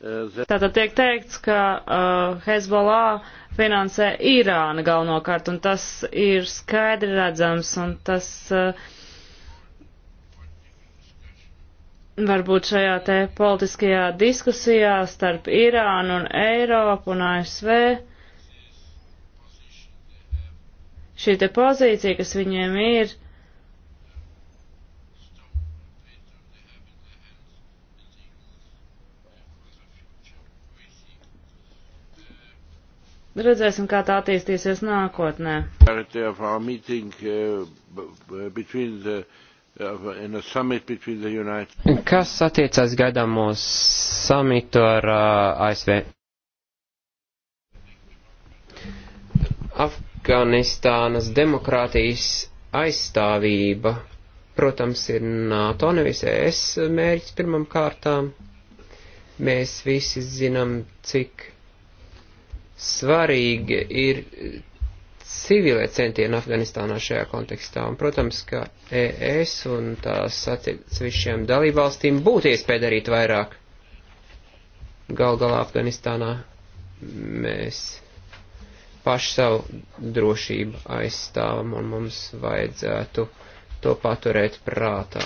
Uh, Tātad tiek teikts, ka uh, Hezbollah finansē Irāna galvenokārt, un tas ir skaidri redzams, un tas uh, varbūt šajā te politiskajā diskusijā starp Irānu un Eiropu un ASV šī te pozīcija, kas viņiem ir, Redzēsim, kā tā attīstīsies nākotnē. Uh, uh, kas attiecās gaidāmo samitu ar uh, ASV? Af Afganistānas demokrātijas aizstāvība, protams, ir NATO, nevis ES mērķis pirmam kārtām. Mēs visi zinām, cik svarīgi ir civilē centieni Afganistānā šajā kontekstā. Un, protams, ka ES un tās atsevišķiem dalībvalstīm būtu iespēja darīt vairāk. Gal galā Afganistānā mēs paši savu drošību aizstāvam un mums vajadzētu to paturēt prātā.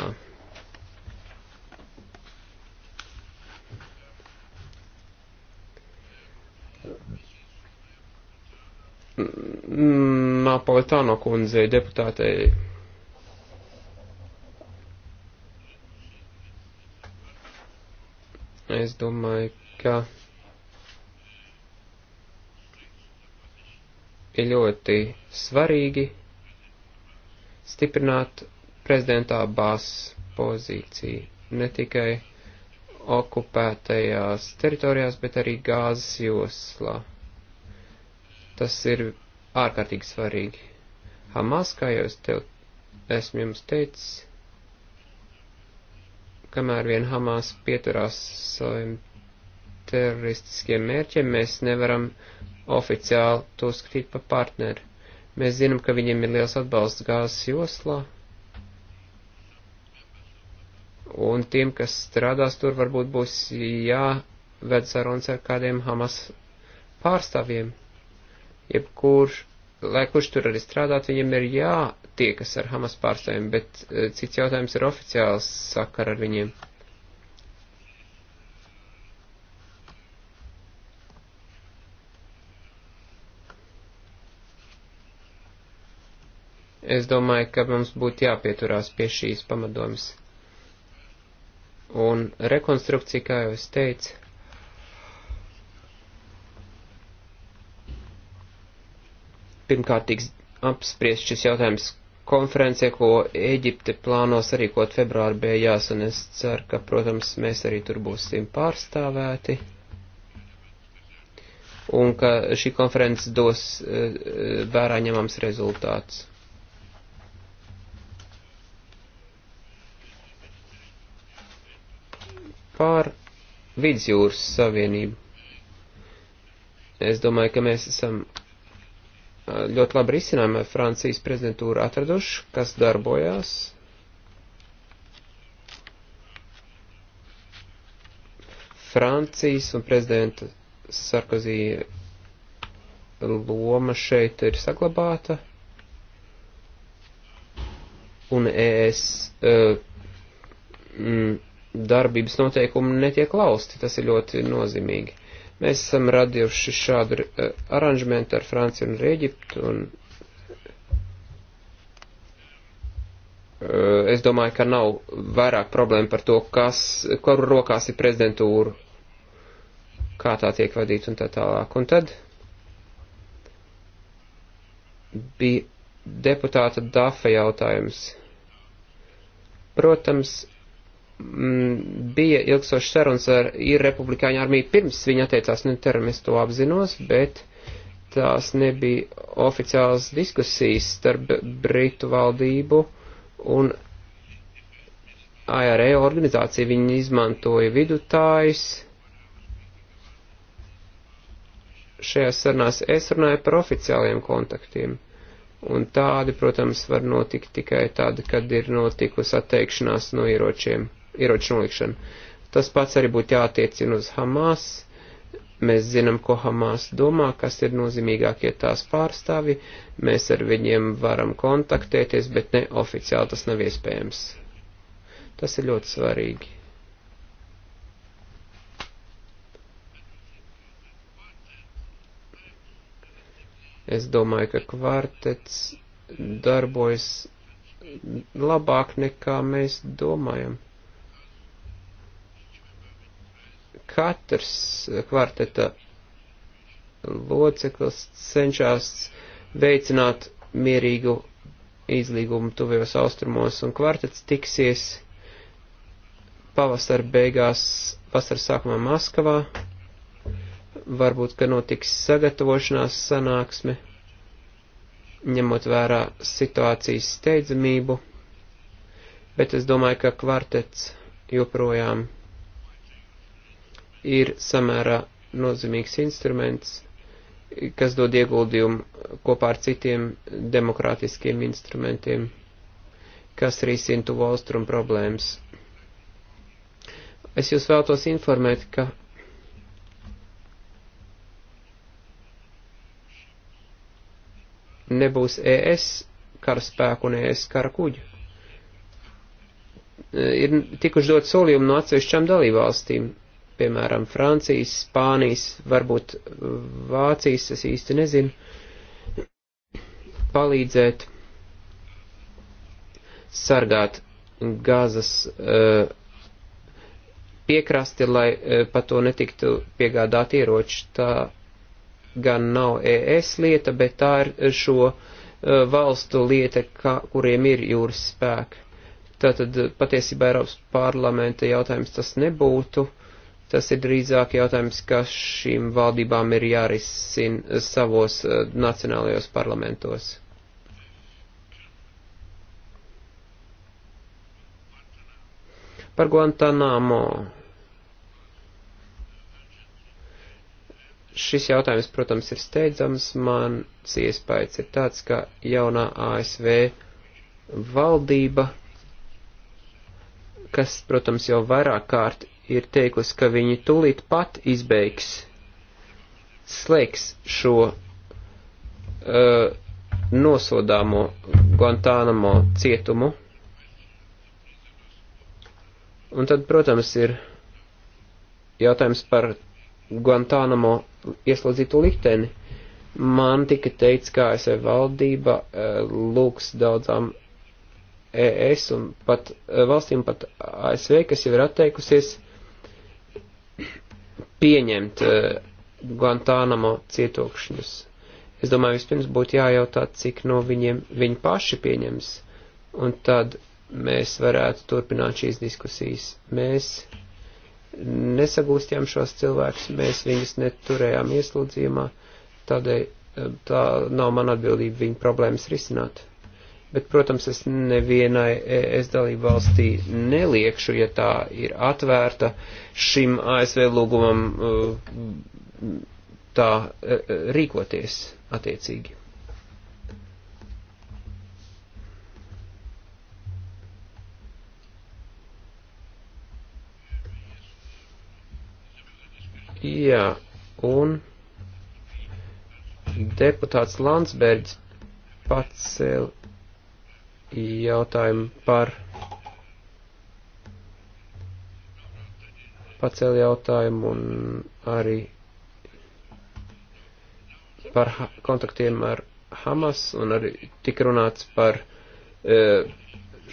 Napolitāno kundzei deputātei es domāju, ka ir ļoti svarīgi stiprināt prezidentā bās pozīciju ne tikai okupētajās teritorijās, bet arī gāzes joslā. Tas ir ārkārtīgi svarīgi. Hamas, kā jau es tev esmu jums teicis, kamēr vien Hamas pieturās saviem teroristiskiem mērķiem, mēs nevaram oficiāli to skatīt par partneri. Mēs zinām, ka viņiem ir liels atbalsts gāzes joslā. Un tiem, kas strādās tur, varbūt būs jāved sarunas ar kādiem Hamas pārstāvjiem. Jebkurš, lai kurš tur arī strādāt, viņiem ir jātiekas ar Hamas pārstāvjiem, bet eh, cits jautājums ir oficiāls sakar ar viņiem. Es domāju, ka mums būtu jāpieturās pie šīs pamadomas. Un rekonstrukcija, kā jau es teicu, pirmkārt tiks apspriest šis jautājums konferencē, ko Eģipte plāno sarīkot februāra beigās, un es ceru, ka, protams, mēs arī tur būsim pārstāvēti. Un ka šī konferences dos eh, vērā ņemams rezultāts. pār vidusjūras savienību. Es domāju, ka mēs esam ļoti labi risinājumu Francijas prezidentūru atraduši, kas darbojās. Francijas un prezidenta Sarkozī loma šeit ir saglabāta. Un es. Uh, mm, darbības noteikumi netiek lausti. Tas ir ļoti nozīmīgi. Mēs esam radījuši šādu uh, aranžmentu ar Franciju un Eģiptu, un uh, es domāju, ka nav vairāk problēma par to, kas, kuru rokās ir prezidentūra, kā tā tiek vadīta un tā tālāk. Un tad bija deputāta Dafa jautājums. Protams, Mm, bija ilgstošas sarunas ar īru republikāņu armiju pirms viņa atteicās no nu, teroristu, to apzinos, bet tās nebija oficiālas diskusijas starp Britu valdību un ARE organizāciju. Viņi izmantoja vidutājs. Šajās sarunās es runāju par oficiāliem kontaktiem. Un tādi, protams, var notikt tikai tādi, kad ir notikusi atteikšanās no ieročiem ieroču nolikšanu. Tas pats arī būtu jātiecina uz Hamas. Mēs zinām, ko Hamas domā, kas ir nozīmīgākie tās pārstāvi. Mēs ar viņiem varam kontaktēties, bet ne oficiāli tas nav iespējams. Tas ir ļoti svarīgi. Es domāju, ka kvartets darbojas labāk nekā mēs domājam. katrs kvarteta loceklis cenšas veicināt mierīgu izlīgumu tuvējos austrumos, un kvartets tiksies pavasara beigās, vasara sākumā Maskavā. Varbūt, ka notiks sagatavošanās sanāksme, ņemot vērā situācijas steidzamību, bet es domāju, ka kvartets joprojām ir samērā nozīmīgs instruments, kas dod ieguldījumu kopā ar citiem demokrātiskiem instrumentiem, kas risina tuvo austrumu problēmas. Es jūs vēlos informēt, ka nebūs ES karaspēku un ES kara kuģu. Ir tikuši dot solījumi no atsevišķām dalībvalstīm, piemēram, Francijas, Spānijas, varbūt uh, Vācijas, es īsti nezinu, palīdzēt sargāt gazas uh, piekrasti, lai uh, pa to netiktu piegādāt ieroči. Tā gan nav ES lieta, bet tā ir šo uh, valstu lieta, kā, kuriem ir jūras spēki. Tātad patiesībā Eiropas parlamenta jautājums tas nebūtu. Uh, Tas ir drīzāk jautājums, kas šīm valdībām ir jārisina savos uh, nacionālajos parlamentos. Par Guantanamo. Šis jautājums, protams, ir steidzams. Mans iespējas ir tāds, ka jaunā ASV valdība, kas, protams, jau vairāk kārt ir teikusi, ka viņi tūlīt pat izbeigs, slēgs šo uh, nosodāmo Guantānamo cietumu. Un tad, protams, ir jautājums par Guantānamo ieslodzīto likteni. Man tika teikts, kā ASV valdība uh, lūgs daudzām ES un pat uh, valstīm, pat ASV, kas jau ir atteikusies pieņemt eh, Guantānamo cietokšņus. Es domāju, vispirms būtu jājautā, cik no viņiem viņi paši pieņems, un tad mēs varētu turpināt šīs diskusijas. Mēs nesagūstījām šos cilvēkus, mēs viņus neturējām ieslodzījumā, tādēļ eh, tā nav mana atbildība viņu problēmas risināt bet, protams, es nevienai es dalību valstī neliekšu, ja tā ir atvērta šim ASV lūgumam uh, tā uh, rīkoties attiecīgi. Jā, un deputāts Landsbergs pacēla jautājumu par pacēlu jautājumu un arī par kontaktiem ar Hamas un arī tika runāts par e,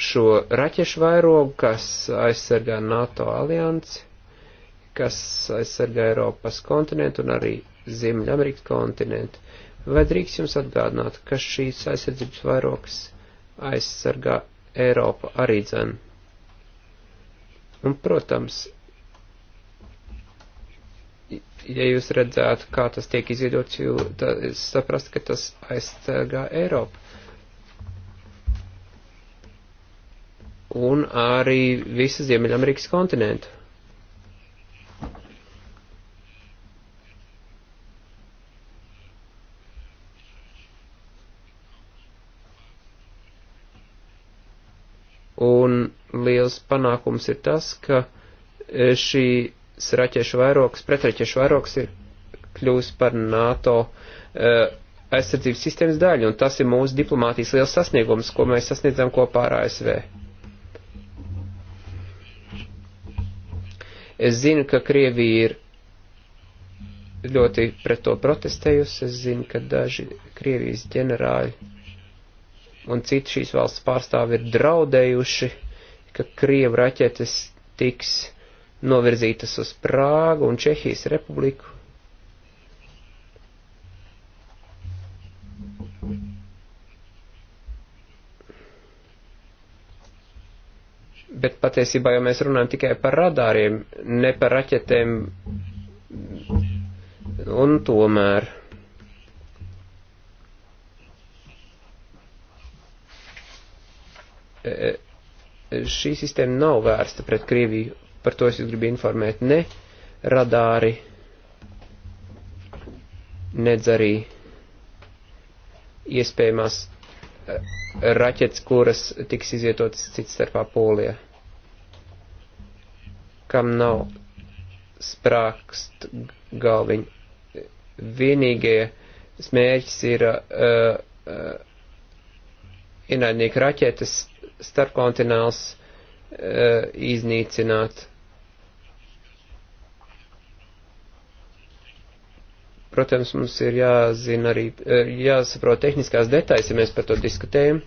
šo raķešu vairogu, kas aizsargā NATO alianci, kas aizsargā Eiropas kontinentu un arī Ziemeļamerikas kontinentu. Vai drīkst jums atgādināt, ka šīs aizsardzības vairogs aizsargā Eiropa arī dzen. Un, protams, ja jūs redzētu, kā tas tiek izveidots, jūs saprast, ka tas aizsargā Eiropu. Un arī visu Ziemeļamerikas kontinentu. Un liels panākums ir tas, ka e, šīs raķešu vairoks, pretraķešu vairoks ir kļūst par NATO uh, aizsardzības sistēmas daļu, un tas ir mūsu diplomātijas liels sasniegums, ko mēs sasniedzam kopā ar ASV. Es zinu, ka Krievija ir ļoti pret to protestējusi, es zinu, ka daži Krievijas ģenerāļi un citi šīs valsts pārstāvi ir draudējuši, ka Krievu raķetes tiks novirzītas uz Prāgu un Čehijas republiku. Bet patiesībā jau mēs runājam tikai par radāriem, ne par raķetēm. Un tomēr. E, e, šī sistēma nav vērsta pret Krieviju, par to es jūs gribu informēt, ne radāri, nedz arī iespējamās e, raķetes, kuras tiks izvietotas cits starpā Polijā, kam nav sprākst galviņu. Vienīgais mērķis ir uh, uh, ienaidnieka raķetes starpkontinēls eh, iznīcināt. Protams, mums ir jāzina arī, eh, jāsaprot tehniskās detaļas, ja mēs par to diskutējam.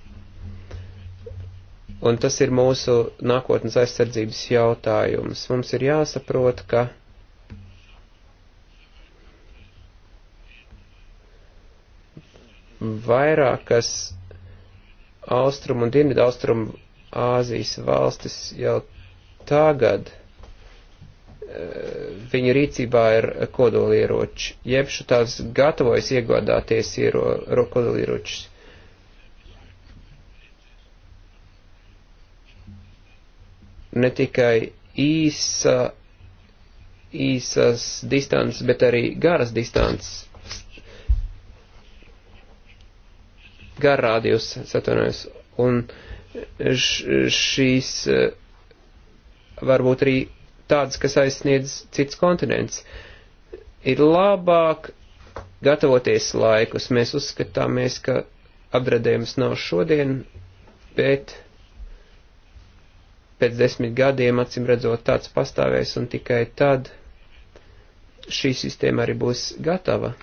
Un tas ir mūsu nākotnes aizsardzības jautājums. Mums ir jāsaprot, ka vairākas Austrum un Dienvidu Austrum Āzijas valstis jau tagad eh, viņu rīcībā ir kodolieroči, jebšu tās gatavojas iegādāties iero, kodolieročus. Ne tikai īsa, īsas distances, bet arī garas distances garrādījus, atvainojos, un š, šīs eh, varbūt arī tādas, kas aizsniedz cits kontinents. Ir labāk gatavoties laikus. Mēs uzskatāmies, ka apdraudējums nav šodien, bet pēc desmit gadiem, acīm redzot, tāds pastāvēs un tikai tad šī sistēma arī būs gatava.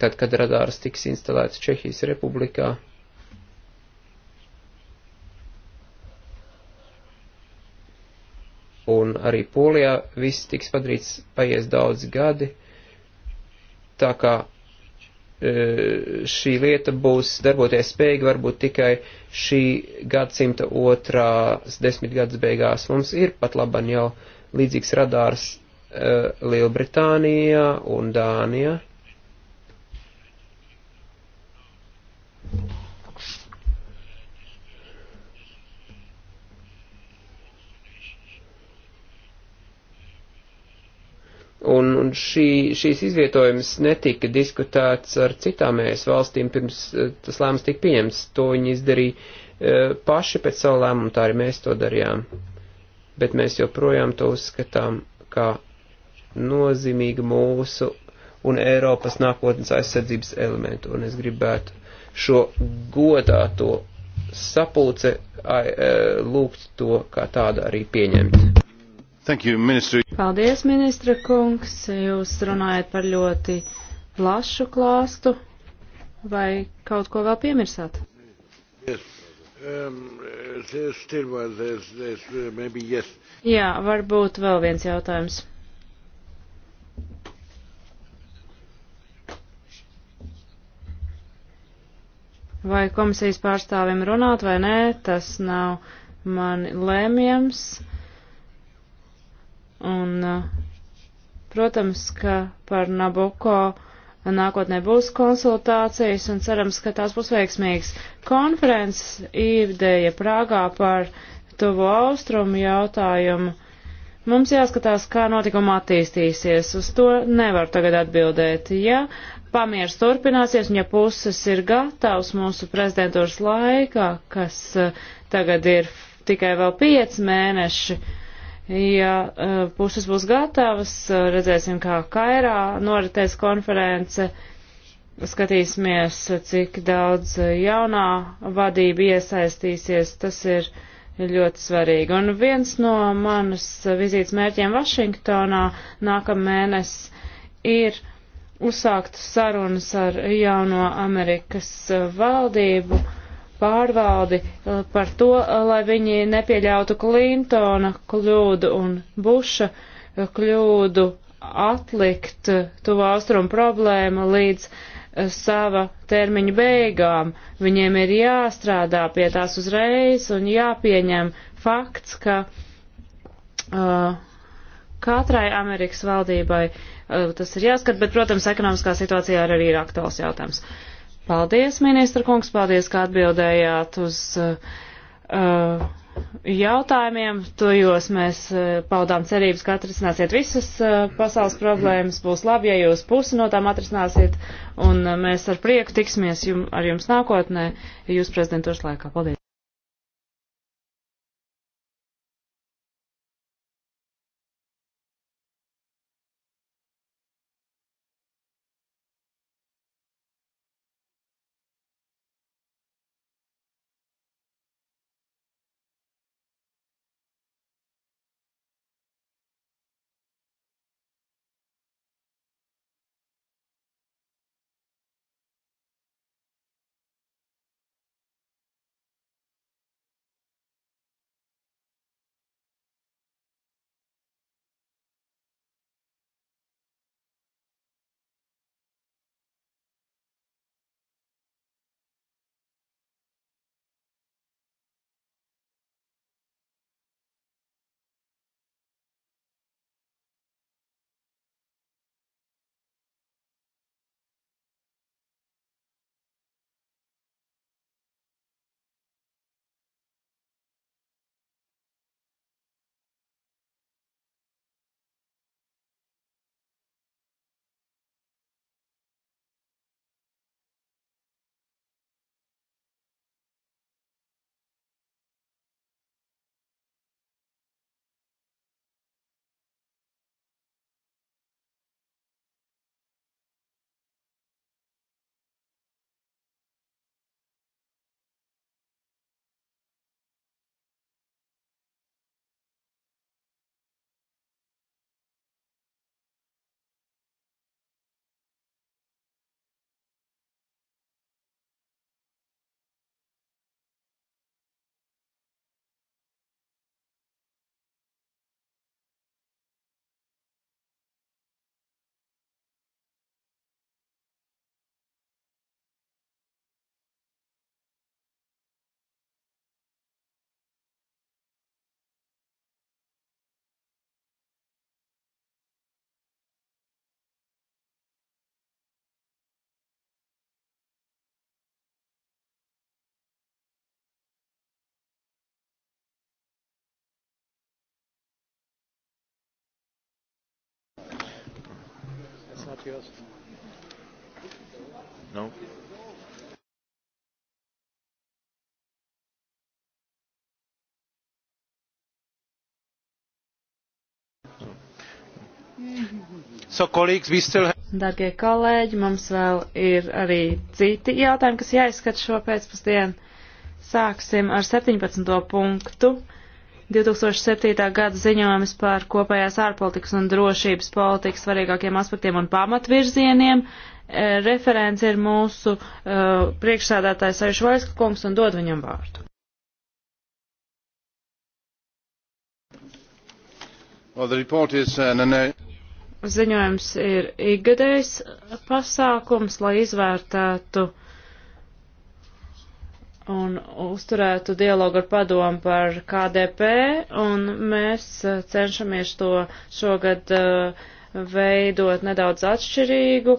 tad, kad radārs tiks instalēts Čehijas republikā. Un arī Polijā viss tiks padarīts paies daudz gadi, tā kā e, šī lieta būs darboties spējīga varbūt tikai šī gadsimta otrās desmitgades beigās. Mums ir pat laban jau līdzīgs radārs uh, Lielbritānijā un Dānijā. Un, un šī, šīs izvietojums netika diskutēts ar citām ES valstīm pirms eh, tas lēmums tika pieņemts. To viņi izdarīja e, paši pēc savu lēmumu, tā arī mēs to darījām. Bet mēs joprojām to uzskatām kā nozīmīgu mūsu un Eiropas nākotnes aizsardzības elementu. Un es gribētu šo godāto sapulce, e, lūgt to kā tādu arī pieņemt. Thank you, ministry. Paldies, ministra kungs. Jūs runājat par ļoti plašu klāstu. Vai kaut ko vēl piemirsāt? Yes. Um, uh, there's still one. There's, there's uh, maybe yes. Jā, varbūt vēl viens jautājums. Vai komisijas pārstāvim runāt vai nē, tas nav man lēmjams. Un, uh, protams, ka par Nabuko nākotnē būs konsultācijas un cerams, ka tās būs veiksmīgas. Konferences īvdēja Prāgā par tuvo austrumu jautājumu. Mums jāskatās, kā notikuma attīstīsies. Uz to nevar tagad atbildēt. Ja pamieris turpināsies, un ja puses ir gatavs mūsu prezidentūras laikā, kas eh, tagad ir tikai vēl pieci mēneši, ja eh, puses būs gatavas, eh, redzēsim, kā Kairā noritēs konference, skatīsimies, cik daudz jaunā vadība iesaistīsies, tas ir ļoti svarīgi. Un viens no manas vizītes mērķiem Vašingtonā nākamēnes ir uzsākt sarunas ar jauno Amerikas valdību pārvaldi eh, par to, eh, lai viņi nepieļautu Klintona kļūdu un Buša eh, kļūdu atlikt tuvu austrumu problēmu līdz sava termiņa beigām. Viņiem ir jāstrādā pie tās uzreiz un jāpieņem fakts, ka uh, katrai Amerikas valdībai uh, Eh, tas ir jāskat, bet, protams, ekonomiskā situācijā arī ir aktuāls jautājums. Paldies, ministra kungs, paldies, ka atbildējāt uz uh, jautājumiem, tojos mēs eh, paudām cerības, ka atrisināsiet visas pasaules problēmas, būs labi, ja jūs pusi no tām atrisināsiet, un mēs ar prieku tiksimies jum, ar jums nākotnē, jūs prezidentūras laikā. Paldies! verkehrs. No. So, still... Dargie kolēģi, mums vēl ir arī citi jautājumi, kas jāizskat šo pēcpusdienu. Sāksim ar 17. punktu. 2007. gada ziņojums par kopējās ārpolitikas un drošības politikas svarīgākiem aspektiem un pamatvirzieniem. E, referents ir mūsu uh, e, priekšsādātājs Ajuš Vaiska kungs un dod viņam vārdu. Well, is, uh, nene... Ziņojums ir ikgadējs pasākums, lai izvērtētu uh, un uzturētu dialogu ar padomu par KDP, un mēs uh, cenšamies to šogad uh, veidot nedaudz atšķirīgu,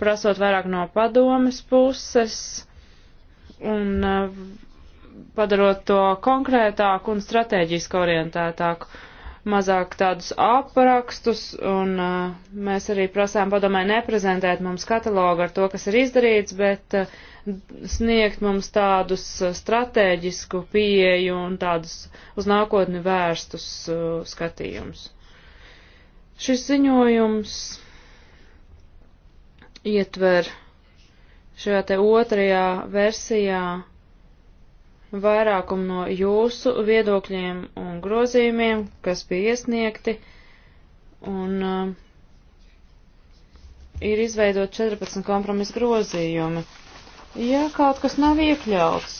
prasot vairāk no padomas puses un uh, padarot to konkrētāku un strateģiski orientētāku mazāk tādus aprakstus, un uh, mēs arī prasām padomē neprezentēt mums katalogu ar to, kas ir izdarīts, bet uh, sniegt mums tādus uh, strateģisku pieeju un tādus uz nākotni vērstus uh, skatījumus. Šis ziņojums ietver šajā te otrajā versijā vairākumu no jūsu viedokļiem un grozījumiem, kas bija iesniegti, un uh, ir izveidot 14 kompromisu grozījumi. Ja kaut kas nav iekļauts,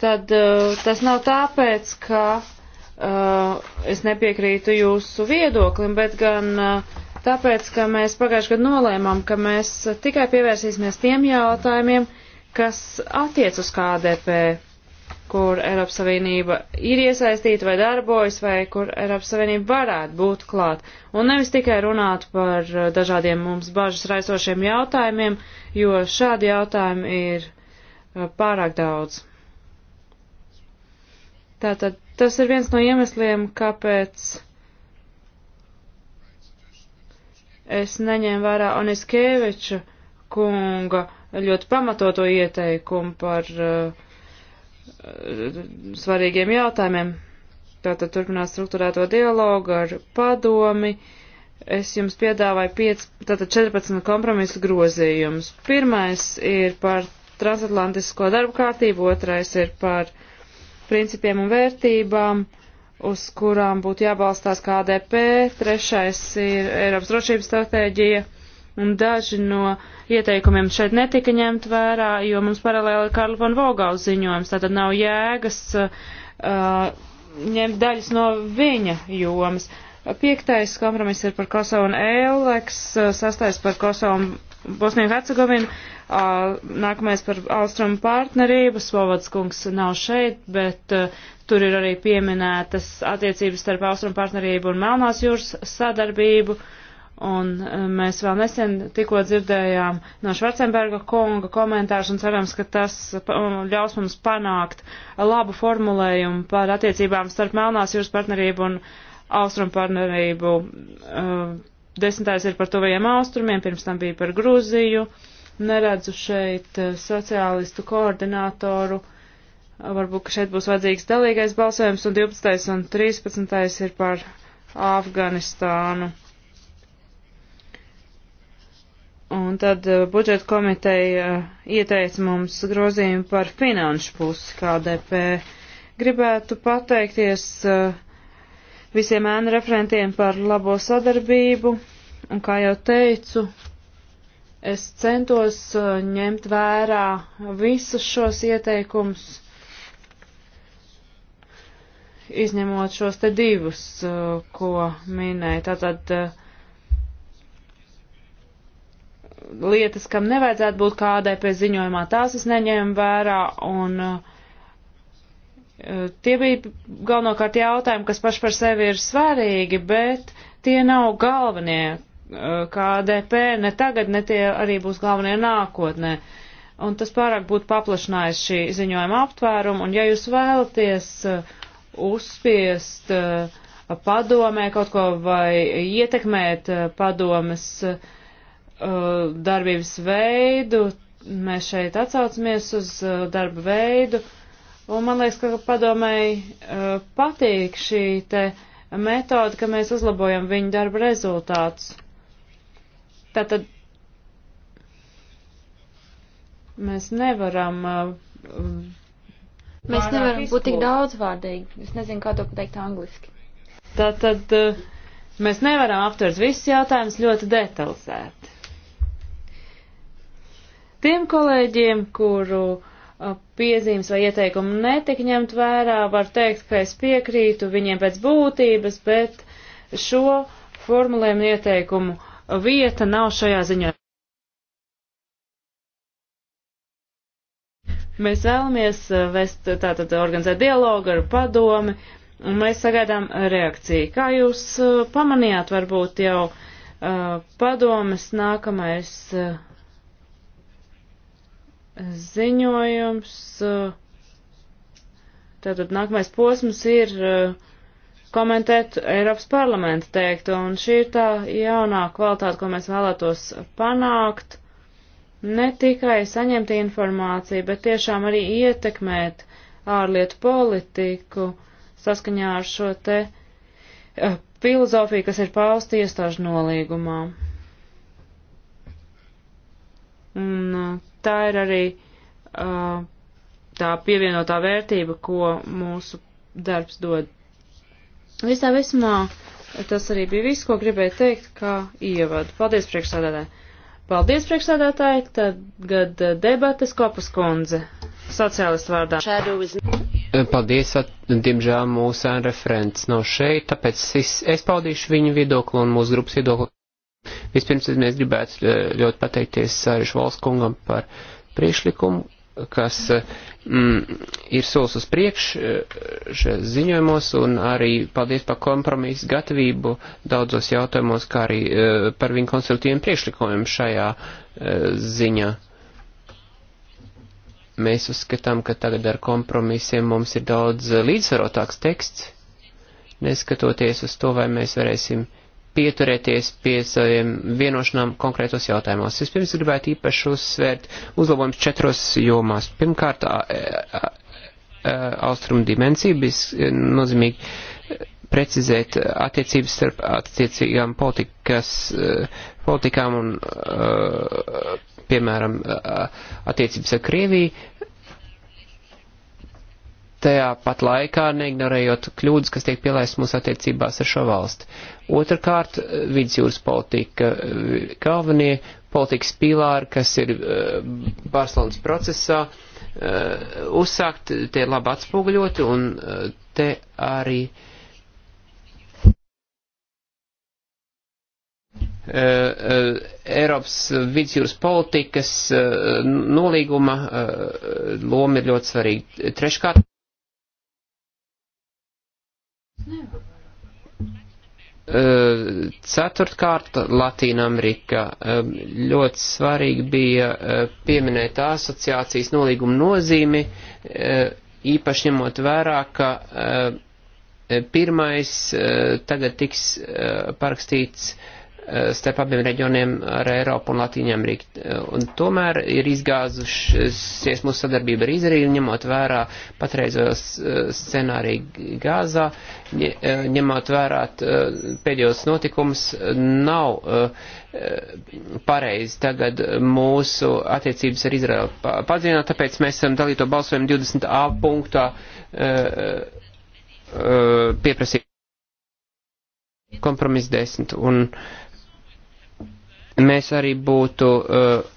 tad uh, tas nav tāpēc, ka uh, es nepiekrītu jūsu viedoklim, bet gan uh, tāpēc, ka mēs pagājušajā gadā nolēmām, ka mēs tikai pievērsīsimies tiem jautājumiem, uh, kas attiec uz KDP, kur Eiropas Savienība ir iesaistīta vai darbojas, vai kur Eiropas Savienība varētu būt klāt. Un nevis tikai runāt par uh, dažādiem mums bažas raisošiem jautājumiem, jo šādi jautājumi ir uh, pārāk daudz. Tātad tas ir viens no iemesliem, kāpēc es neņēmu vērā Oniskeviča kunga ļoti pamatoto ieteikumu par uh, svarīgiem jautājumiem. Tātad turpināt struktūrēto dialogu ar padomi. Es jums piedāvāju 5, tātad 14 kompromisu grozījumus. Pirmais ir par transatlantisko darbu kārtību, otrais ir par principiem un vērtībām, uz kurām būtu jābalstās KDP, trešais ir Eiropas drošības stratēģija un daži no ieteikumiem šeit netika ņemt vērā, jo mums paralēli ir Karla von Vogaus ziņojums, tātad nav jēgas uh, ņemt daļas no viņa jomas. Piektais kompromiss ir par Kosovu un Eleks, uh, sastais par Kosovu un Bosniju un Hercegovinu, uh, nākamais par Alstrumu partnerību, Svobods kungs nav šeit, bet uh, tur ir arī pieminētas attiecības starp Alstrumu partnerību un Melnās jūras sadarbību. Uh, Un e, mēs vēl nesen tikko dzirdējām no Švarcenberga kunga komentārus un cerams, ka tas ļaus mums panākt labu formulējumu par attiecībām starp Melnās jūras partnerību un Austrum partnerību. E, desmitais ir par tuvajiem austrumiem, pirms tam bija par Grūziju. Neredzu šeit e, sociālistu koordinātoru. Varbūt šeit būs vajadzīgs dalīgais balsojums un 12. un 13. ir par Afganistānu. Un tad eh, budžeta komiteja eh, ieteica mums grozījumu par finanšu pusi KDP. Gribētu pateikties eh, visiem ēnu referentiem par labo sadarbību, un kā jau teicu, es centos ņemt vērā visus šos ieteikumus, izņemot šos te divus, ko minēja. Tātad, lietas, kam nevajadzētu būt kādai pēc ziņojumā, tās es neņēmu vērā, un eh, tie bija galvenokārt jautājumi, kas paši par sevi ir svarīgi, bet tie nav galvenie eh, KDP, ne tagad, ne tie arī būs galvenie nākotnē. Un tas pārāk būtu paplašinājis šī ziņojuma aptvērumu, un ja jūs vēlaties eh, uzspiest padomē kaut ko vai ietekmēt padomes, uh, Uh, darbības veidu, mēs šeit atsaucamies uz uh, darba veidu, un man liekas, ka padomēji uh, patīk šī te metode, ka mēs uzlabojam viņu darba rezultātus. Tātad mēs nevaram. Mēs nevaram izkot. būt tik daudzvārdīgi. Es nezinu, kā to pateikt angliski. Tātad mēs nevaram aptvert visus jautājumus ļoti detalizēti. Tiem kolēģiem, kuru piezīmes vai ieteikumi netika ņemt vērā, var teikt, ka es piekrītu viņiem pēc būtības, bet šo formulējumu ieteikumu vieta nav šajā ziņā. Mēs vēlamies vest, tātad organizēt dialogu ar padomi, un mēs sagaidām reakciju. Kā jūs pamanījāt, varbūt jau padomas nākamais ziņojums. Eh, tātad nākamais posms ir eh, komentēt Eiropas parlamenta teikto, un šī ir tā jaunā kvalitāte, ko mēs vēlētos panākt. Ne tikai saņemt informāciju, bet tiešām arī ietekmēt ārlietu politiku saskaņā ar šo te eh, filozofiju, kas ir pausta iestāžu nolīgumā. Un tā ir arī uh, tā pievienotā vērtība, ko mūsu darbs dod. Visā vismā tas arī bija viss, ko gribēju teikt, kā ievadu. Paldies priekšsādātāji! Paldies priekšsādātāji, tad gad uh, debates kopas kundze, sociālistu vārdā. Eh, paldies, at, diemžēl mūsu referents nav šeit, tāpēc es, es paudīšu viņu viedokli un mūsu grupas viedokli. Vispirms mēs gribētu eh, ļoti pateikties Sārišu valsts kungam par priekšlikumu, kas eh, mm, ir solis uz priekšu eh, šajos ziņojumos, un arī paldies par kompromisu gatavību daudzos jautājumos, kā arī par viņu konsultīviem priekšlikumiem šajā ziņā mēs uzskatām, ka tagad ar kompromisiem mums ir daudz līdzsvarotāks teksts, neskatoties uz to, vai mēs varēsim pieturēties pie saviem vienošanām konkrētos jautājumos. Es pirms gribētu īpaši uzsvērt uzlabojums četros jomās. Pirmkārt, e, e, austrumu dimensija bija e, nozīmīgi precizēt attiecības starp attiecīgām politikas, politikām un, piemēram, attiecības ar Krieviju, tajā pat laikā neignorējot kļūdas, kas tiek pielaistas mūsu attiecībās ar šo valsti. Otrakārt, vidusjūras politika, galvenie politikas pīlāri, kas ir eh, Barcelonas procesā, eh, uzsākt, tie labi atspoguļoti un eh, te arī. Eiropas vidusjūras politikas nolīguma loma ir ļoti svarīga. Treškārt. Ceturtkārt, Latīna Amerika. Ļoti svarīgi bija pieminēt asociācijas nolīgumu nozīmi, īpaši ņemot vērā, ka pirmais tagad tiks parakstīts Eh, starp abiem reģioniem ar Eiropu un Latīņu Ameriku. Eh, un tomēr ir izgāzušies mūsu sadarbība ar Izraēlu, ņemot vērā patreizējos eh, scenāriju Gāzā, ņemot vērā pēdējos notikumus, nav pareizi tagad mūsu attiecības ar Izraēlu padzināt, tāpēc mēs esam dalīto balsojumu 20a punktā pieprasīt kompromiss 10. Un, uh, mēs arī būtu uh,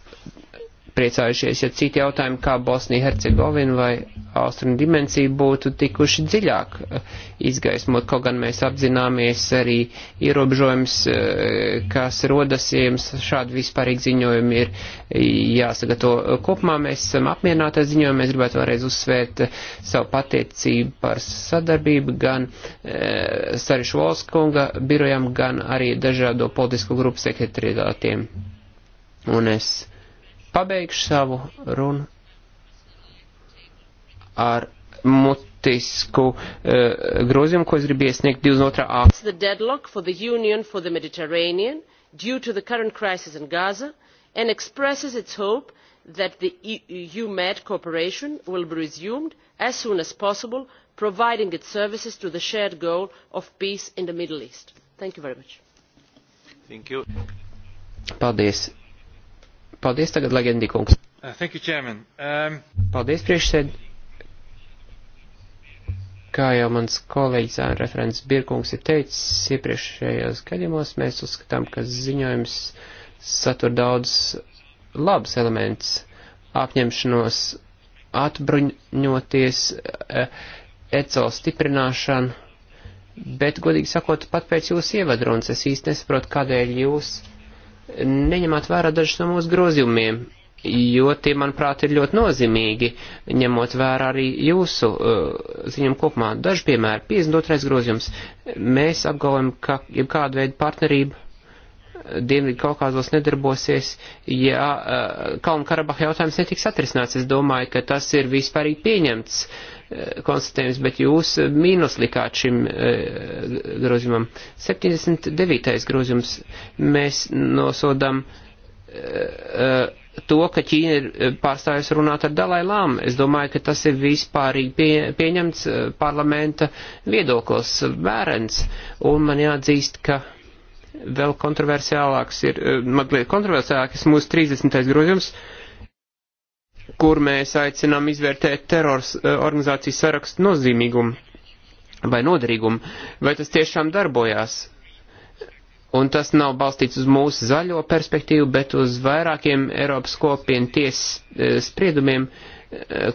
priecājušies, ja citi jautājumi kā Bosnija, Hercegovina vai Austrum dimensija būtu tikuši dziļāk eh, izgaismot, kaut gan mēs apzināmies arī ierobežojums, eh, kas rodas, ja jums šādi vispārīgi ziņojumi ir eh, jāsagato. Kopumā mēs esam apmierināti ar ziņojumu, mēs gribētu vēlreiz uzsvērt savu pateicību par sadarbību gan e, Sarišu Volskunga birojam, gan arī dažādo politisko grupu sekretariātiem. Un es Pabeigšu savu runu ar mutisku uh, grozījumu, ko es gribu iesniegt 22. A. The deadlock for the Union for the Mediterranean due to the current crisis in Gaza and expresses its hope that the eu med cooperation will be resumed as soon as possible providing its services to the shared goal of peace in the middle east. thank you very much. You. Paldies. Paldies tagad, Legendi kungs. Uh, thank you, Chairman. Um... Paldies, priekšsēd. Kā jau mans kolēģis ān referents Birkungs ir teicis, iepriekšējos gadījumos mēs uzskatām, ka ziņojums satur daudz labs elements apņemšanos atbruņoties, ECO eh, stiprināšanu, bet, godīgi sakot, pat pēc jūsu ievadrunas es īsti nesaprotu, kādēļ jūs neņemāt vērā dažus no mūsu grozījumiem, jo tie, manuprāt, ir ļoti nozīmīgi, ņemot vērā arī jūsu uh, ziņam kopumā. Daži piemēri, 52. grozījums, mēs apgalvojam, ka jebkāda veida partnerība Dienvidu Kaukāzos nedarbosies, ja uh, Kalnu-Karabaha jautājums netiks atrisināts. Es domāju, ka tas ir vispārīgi pieņemts uh, konstatējums, bet jūs mīnus likāt šim uh, grozījumam. 79. grozījums mēs nosodam to, ka Ķīna ir pārstājusi runāt ar Dalai Lām. Es domāju, ka tas ir vispārīgi pie, pieņemts parlamenta viedoklis, vērens, un man jāatzīst, ka. Uh, vēl kontroversiālāks ir, eh, mazliet kontroversiālāks mūsu 30. grozījums, kur mēs aicinām izvērtēt terors eh, organizācijas sarakstu nozīmīgumu vai noderīgumu, vai tas tiešām darbojās. Un tas nav balstīts uz mūsu zaļo perspektīvu, bet uz vairākiem Eiropas kopienu tiesas eh, spriedumiem, uh,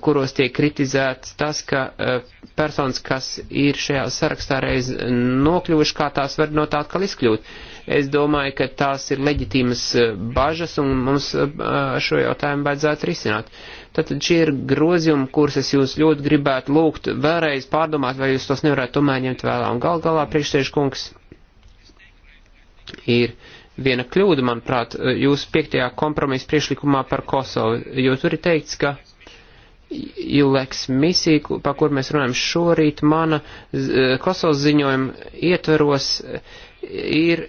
kuros tiek kritizēts tas, ka eh, personas, kas ir šajā sarakstā reiz nokļuvuši, kā tās var no tā atkal izkļūt. Es domāju, ka tās ir leģitīmas eh, bažas un mums eh, šo jautājumu vajadzētu risināt. Tātad šie ir grozījumi, kurus es jūs ļoti gribētu lūgt vēlreiz pārdomāt, vai jūs tos nevarētu tomēr ņemt vēlā. Un gal galā priekšsēžu kungs ir viena kļūda, manuprāt, jūs piektajā kompromisa priešlikumā par Kosovu, jo tur ir teikts, ka Ileks misija, pa kur mēs runājam šorīt, mana eh, Kosovas ziņojuma ietveros eh, ir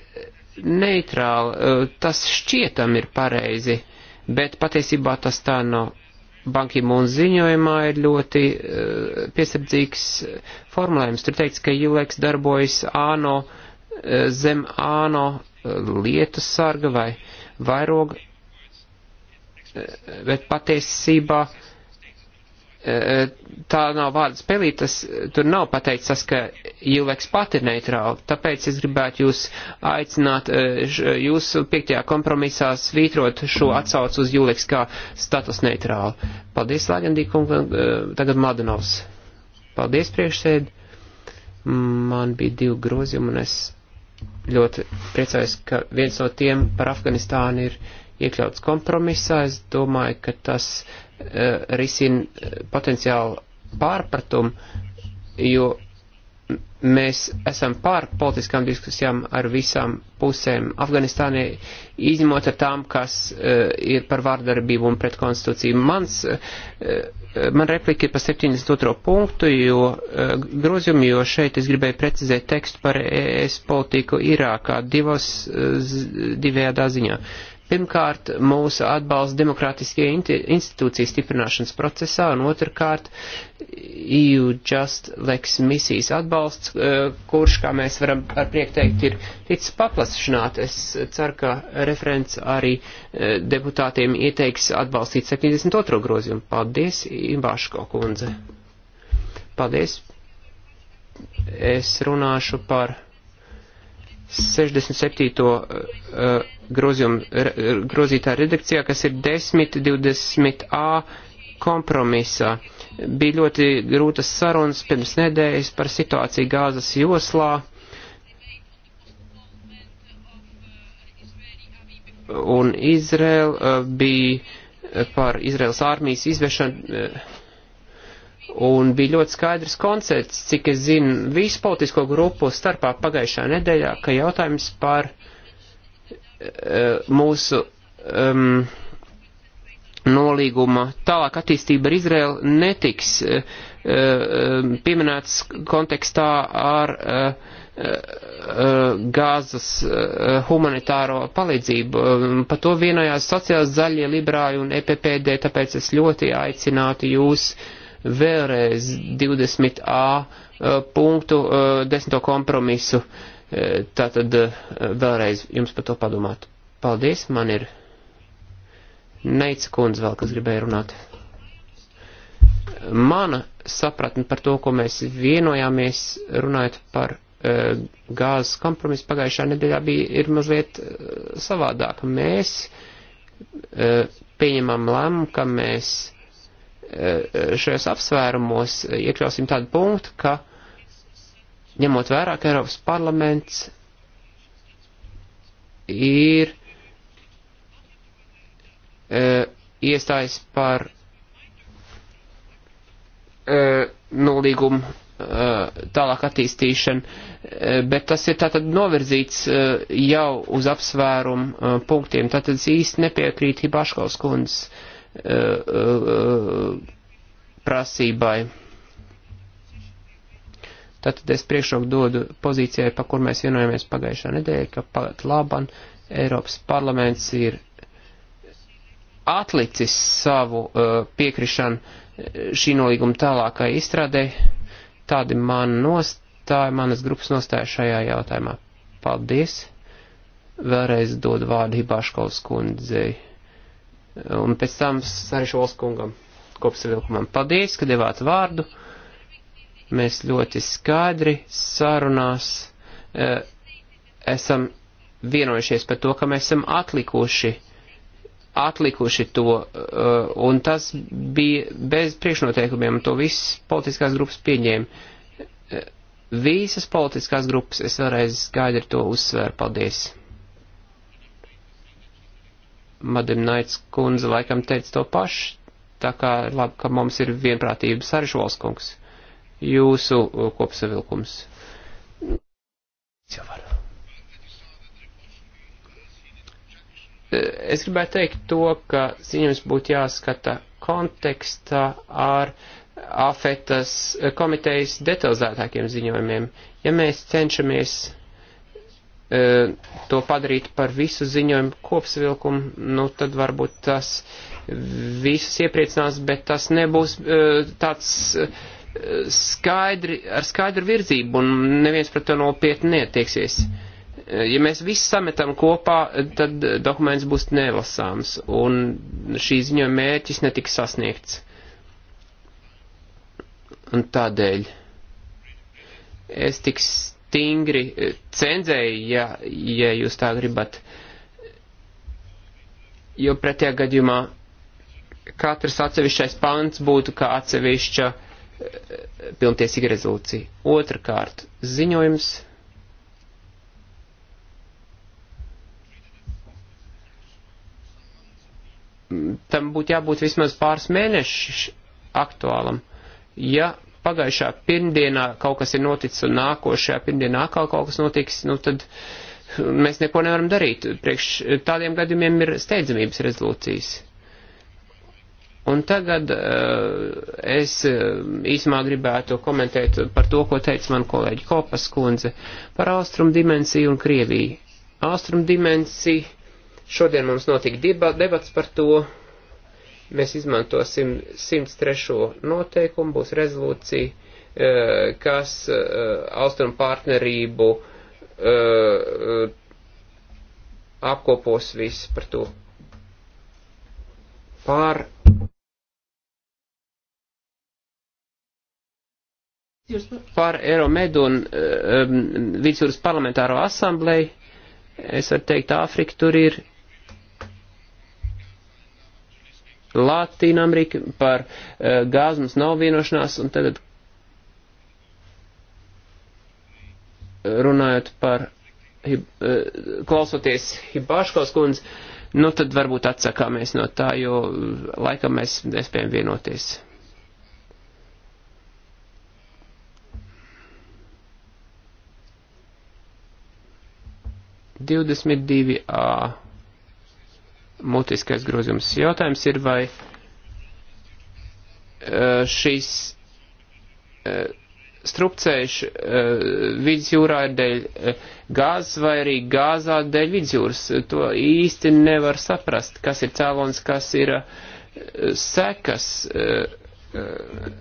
neitrāla. Eh, tas šķietam ir pareizi, bet patiesībā tas tā nav. No Banki Mūna ziņojumā ir ļoti piesardzīgs formulējums. Tur teikts, ka Ileks darbojas āno, zem āno lietu sarga vai vairoga, bet patiesībā uh, tā nav vārda spēlīt, tas tur nav pateikts tas, ka Ilveks pati ir neitrāla. Tāpēc es gribētu jūs aicināt, e, jūs piektajā kompromisā svītrot šo atsaucu uz Ilveks kā status neitrālu. Paldies, Lāgandī kungam, e, tagad Mladenovs. Paldies, priekšsēd. Man bija divi grozījumi, un es ļoti priecājos, ka viens no tiem par Afganistānu ir iekļauts kompromisā. Es domāju, ka tas Eh, risina eh, potenciālu pārpratumu, jo mēs esam pār politiskām diskusijām ar visām pusēm Afganistānai, izņemot ar tām, kas uh, ir par vārdarbību un pret konstitūciju. Mans, uh, man replika ir pa 72. punktu, jo uh, grozījumu, jo šeit es gribēju precizēt tekstu par ES e politiku Irākā divos, uh, divējādā ziņā. Uh, Pirmkārt, mūsu atbalsts demokrātiskajai institūcijas stiprināšanas procesā, un otrkārt, EU Just Lex misijas atbalsts, e, kurš, kā mēs varam ar prieku teikt, ir ticis paplašināt. Es ceru, ka referents arī e, deputātiem ieteiks atbalstīt 72. grozījumu. Paldies, Imbāško kundze. Paldies. Es runāšu par 67. Uh, grozījuma, grozītā redakcijā, kas ir 10, 20a kompromisā. Bija ļoti grūtas sarunas pirms nedēļas par situāciju gāzes joslā. Un Izraela eh, bija par Izraels armijas izvešanu eh, Un bija ļoti skaidrs koncepts, cik es zinu, visu politisko grupu starpā pagājušā nedēļā, ka jautājums par uh, mūsu um, nolīguma tālāk attīstība ar Izraelu netiks uh, uh, pieminēts kontekstā ar uh, gāzes humanitāro palīdzību. Ehm, par to vienojās sociāls zaļie, liberāļi un EPPD, tāpēc es ļoti aicinātu jūs uh, vēlreiz 20a eh, punktu, eh, desmito kompromisu. Eh, tātad vēlreiz jums par to padomāt. Paldies, man ir Neica kundze vēl, kas gribēja runāt. Mana sapratne par to, ko mēs vienojāmies runājot par gāzes kompromisu pagājušā nedēļā bija, ir mazliet savādāk. Mēs pieņemam lēmumu, ka mēs Eh, šajos apsvērumos iekļausim tādu punktu, ka ņemot vērā, ka Eiropas parlaments ir e, iestājis par e, nolīgumu e, tālāk attīstīšanu, e, bet tas ir tātad novirzīts e, jau uz apsvērumu e, punktiem. Tātad es īsti nepiekrītu Hibaškovs kundzes prasībai. Tātad es priekšroku dodu pozīcijai, pa kur mēs vienojamies pagājušā nedēļa, ka pat laban Eiropas parlaments ir atlicis savu uh, piekrišanu uh, šī nolīguma tālākai izstrādē. Tādi man nostāja, manas grupas nostāja šajā jautājumā. Paldies! Vēlreiz dodu vārdu Hibāškovas kundzei un pēc tam Sarišols kungam kopsavilkumam. Paldies, ka devāt vārdu. Mēs ļoti skaidri sarunās e, esam vienojušies par to, ka mēs esam atlikuši, atlikuši to, e, un tas bija bez priekšnoteikumiem, un to visas politiskās grupas pieņēma. E, visas politiskās grupas, es vēlreiz skaidri to uzsvēru, paldies. Madimnaits kundze laikam teica to pašu, tā kā labi, ka mums ir vienprātības arī Šolskungs. Jūsu uh, kopsavilkums. Uh, es gribētu teikt to, ka ziņojums būtu jāskata kontekstā ar afetas komitejas detalizētākiem ziņojumiem. Ja mēs cenšamies E, to padarīt par visu ziņojumu kopsvilkumu, nu tad varbūt tas visus iepriecinās, bet tas nebūs e, tāds e, skaidri, ar skaidru virzību un neviens pret to nopietni netieksies. Ja mēs visu sametam kopā, tad dokuments būs nelasāms un šī ziņojuma mērķis netiks sasniegts. Un tādēļ es tiks stingri e, cenzēji, ja, ja jūs tā gribat. Jo pretējā gadījumā katrs atsevišķais pants būtu kā atsevišķa e, pilntiesīga rezolūcija. Otrakārt, ziņojums. Tam būtu jābūt vismaz pāris mēnešus aktuālam. Ja pagājušā pirmdienā kaut kas ir noticis un nākošajā pirmdienā atkal kaut kas notiks, nu tad mēs neko nevaram darīt. Priekš tādiem gadījumiem ir steidzamības rezolūcijas. Un tagad uh, es eh, īsumā gribētu komentēt par to, ko teica man kolēģi Kopas kundze par austrumu dimensiju un Krieviju. Austrumu dimensiju, šodien mums notika debats par to, Mēs izmantosim 103. noteikumu, būs rezolūcija, e, kas e, austrumu partnerību e, apkopos viss par to. Pār Par Euromedu un um, Vidusjūras parlamentāro asambleju, es varu teikt, Āfrika tur ir Latīna Amerika, par uh, gāzi mums nav vienošanās, un tad eh, runājot par, hib, uh, klausoties Hibāškos kundz, nu tad varbūt atsakāmies no tā, jo laikam mēs nespējam vienoties. Divdesmit divi A mutiskais grozījums. Jautājums ir, vai e, šīs e, strupceļš e, vidzjūrā ir dēļ gāzes vai arī gāzā dēļ vidzjūras. To īsti nevar saprast, kas ir cēlons, kas ir sekas. Uh, uh,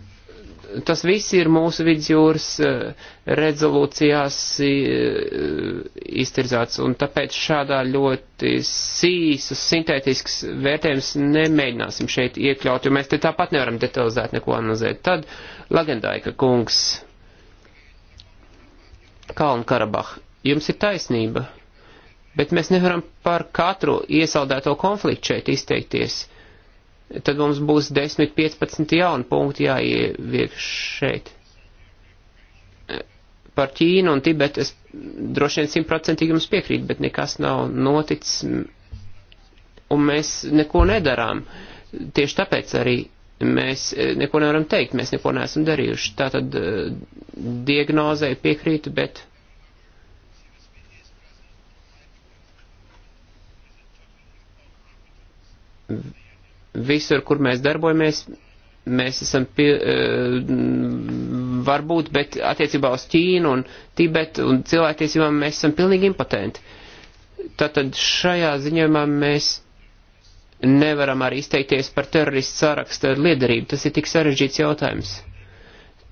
tas viss ir mūsu vidusjūras eh, rezolūcijās eh, iztirzāts, un tāpēc šādā ļoti sīsas, sintētisks vērtējums nemēģināsim šeit iekļaut, jo mēs te tāpat nevaram detalizēt neko analizēt. Tad Lagendaika kungs, Kalnu Karabah, jums ir taisnība, bet mēs nevaram par katru iesaldēto konfliktu šeit izteikties tad mums būs 10-15 jauni punkti jāieviekš šeit. Par Ķīnu un Tibetu es droši vien simtprocentīgi jums piekrītu, bet nekas nav noticis un mēs neko nedarām. Tieši tāpēc arī mēs e, neko nevaram teikt, mēs neko neesam darījuši. Tātad e, diagnozē piekrītu, bet. Mm-hmm. Visur, kur mēs darbojamies, mēs esam pie, eh, varbūt, bet attiecībā uz Ķīnu un Tibetu un cilvēktiesībām mēs esam pilnīgi impotenti. Tātad šajā ziņojumā mēs nevaram arī izteikties par teroristu sārakstu liederību. Tas ir tik sarežģīts jautājums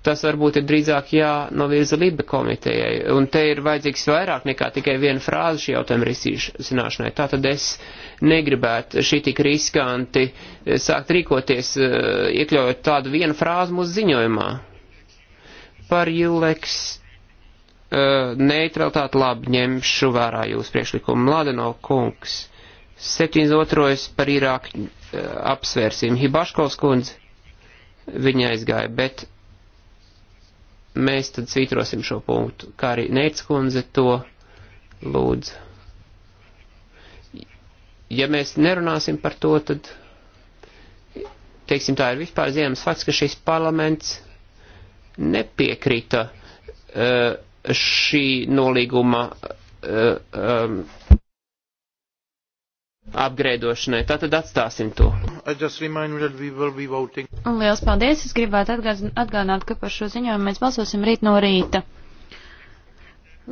tas varbūt ir drīzāk jānovirza Libe komitejai. Un te ir vajadzīgs vairāk nekā tikai viena frāze šī jautājuma risināšanai. Tātad es negribētu šī tik riskanti eh, sākt rīkoties, eh, iekļaujot tādu vienu frāzi mūsu ziņojumā. Par Juleks eh, neutralitāti labi ņemšu vērā jūsu priekšlikumu. Mladeno kungs, 72. par Irāku apsvērsim. Hibaškovs kundze, viņa aizgāja, bet mēs tad svītrosim šo punktu, kā arī Neitskundze to lūdz. Ja mēs nerunāsim par to, tad, teiksim, tā ir vispār zināms fakts, ka šis parlaments nepiekrita uh, šī nolīguma uh, um, apgrēdošanai. Tātad atstāsim to. Un liels paldies. Es gribētu atgādināt, ka par šo ziņojumu mēs balsosim rīt no rīta.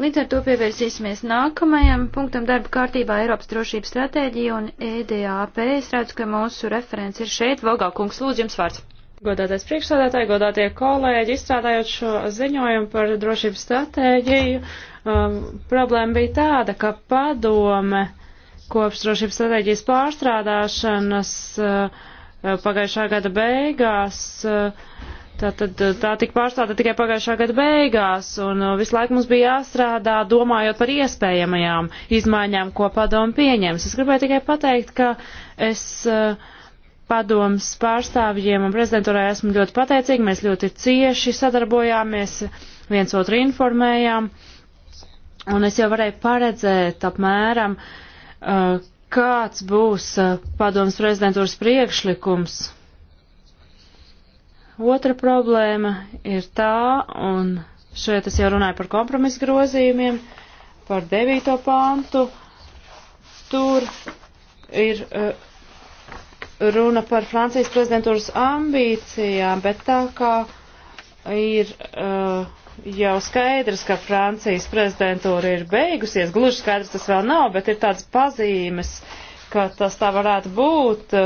Līdz ar to pievērsīsimies nākamajam punktam darba kārtībā Eiropas drošības stratēģija un EDAP. Es redzu, ka mūsu referents ir šeit. Vogā kungs, lūdzu jums vārds. Godātais priekšsādātāji, godātie kolēģi, izstrādājot šo ziņojumu par drošības stratēģiju, um, problēma bija tāda, ka padome uh, Kopš drošības strateģijas pārstrādāšanas eh, pagājušā gada beigās, eh, tātad eh, tā tika pārstrādāta tikai pagājušā gada beigās, un visu laiku mums bija jāstrādā domājot par iespējamajām izmaiņām, ko padomu pieņems. Es gribēju tikai pateikt, ka es padomas pārstāvjiem un prezidentūrai esmu ļoti pateicīgi, mēs ļoti cieši sadarbojāmies, viens otru informējām, un es jau varēju paredzēt apmēram, uh, Uh, kāds būs uh, padomas prezidentūras priekšlikums? Otra problēma ir tā, un šeit es jau runāju par kompromisu grozījumiem, par devīto pāntu. Tur ir uh, runa par Francijas prezidentūras ambīcijām, bet tā kā ir uh, jau skaidrs, ka Francijas prezidentūra ir beigusies. Gluži skaidrs tas vēl nav, bet ir tāds pazīmes, ka tas tā varētu būt.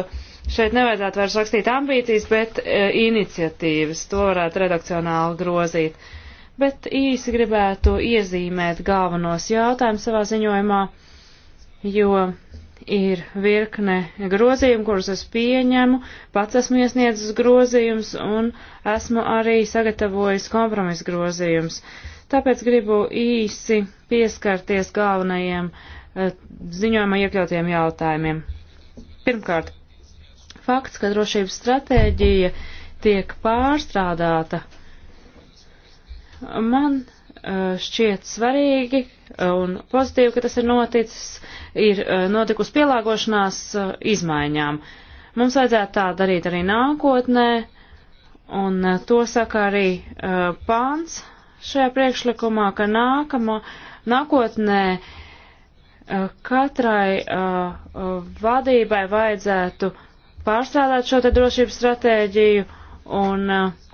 Šeit nevajadzētu vairs rakstīt ambīcijas, bet e, iniciatīvas. To varētu redakcionāli grozīt. Bet īsi gribētu iezīmēt galvenos jautājumus savā ziņojumā, jo ir virkne grozījumu, kurus es pieņemu, pats esmu iesniedzis grozījums un esmu arī sagatavojis kompromisu grozījums. Tāpēc gribu īsi pieskarties galvenajiem eh, ziņojumā iekļautiem jautājumiem. Pirmkārt, fakts, ka drošības stratēģija tiek pārstrādāta, man Eh, šķiet svarīgi un pozitīvi, ka tas ir noticis, ir eh, notikusi pielāgošanās eh, izmaiņām. Mums vajadzētu tā darīt arī nākotnē, un to saka arī pāns šajā priekšlikumā, ka nākama, nākotnē katrai vadībai vajadzētu pārstrādāt šo te drošības stratēģiju un uh,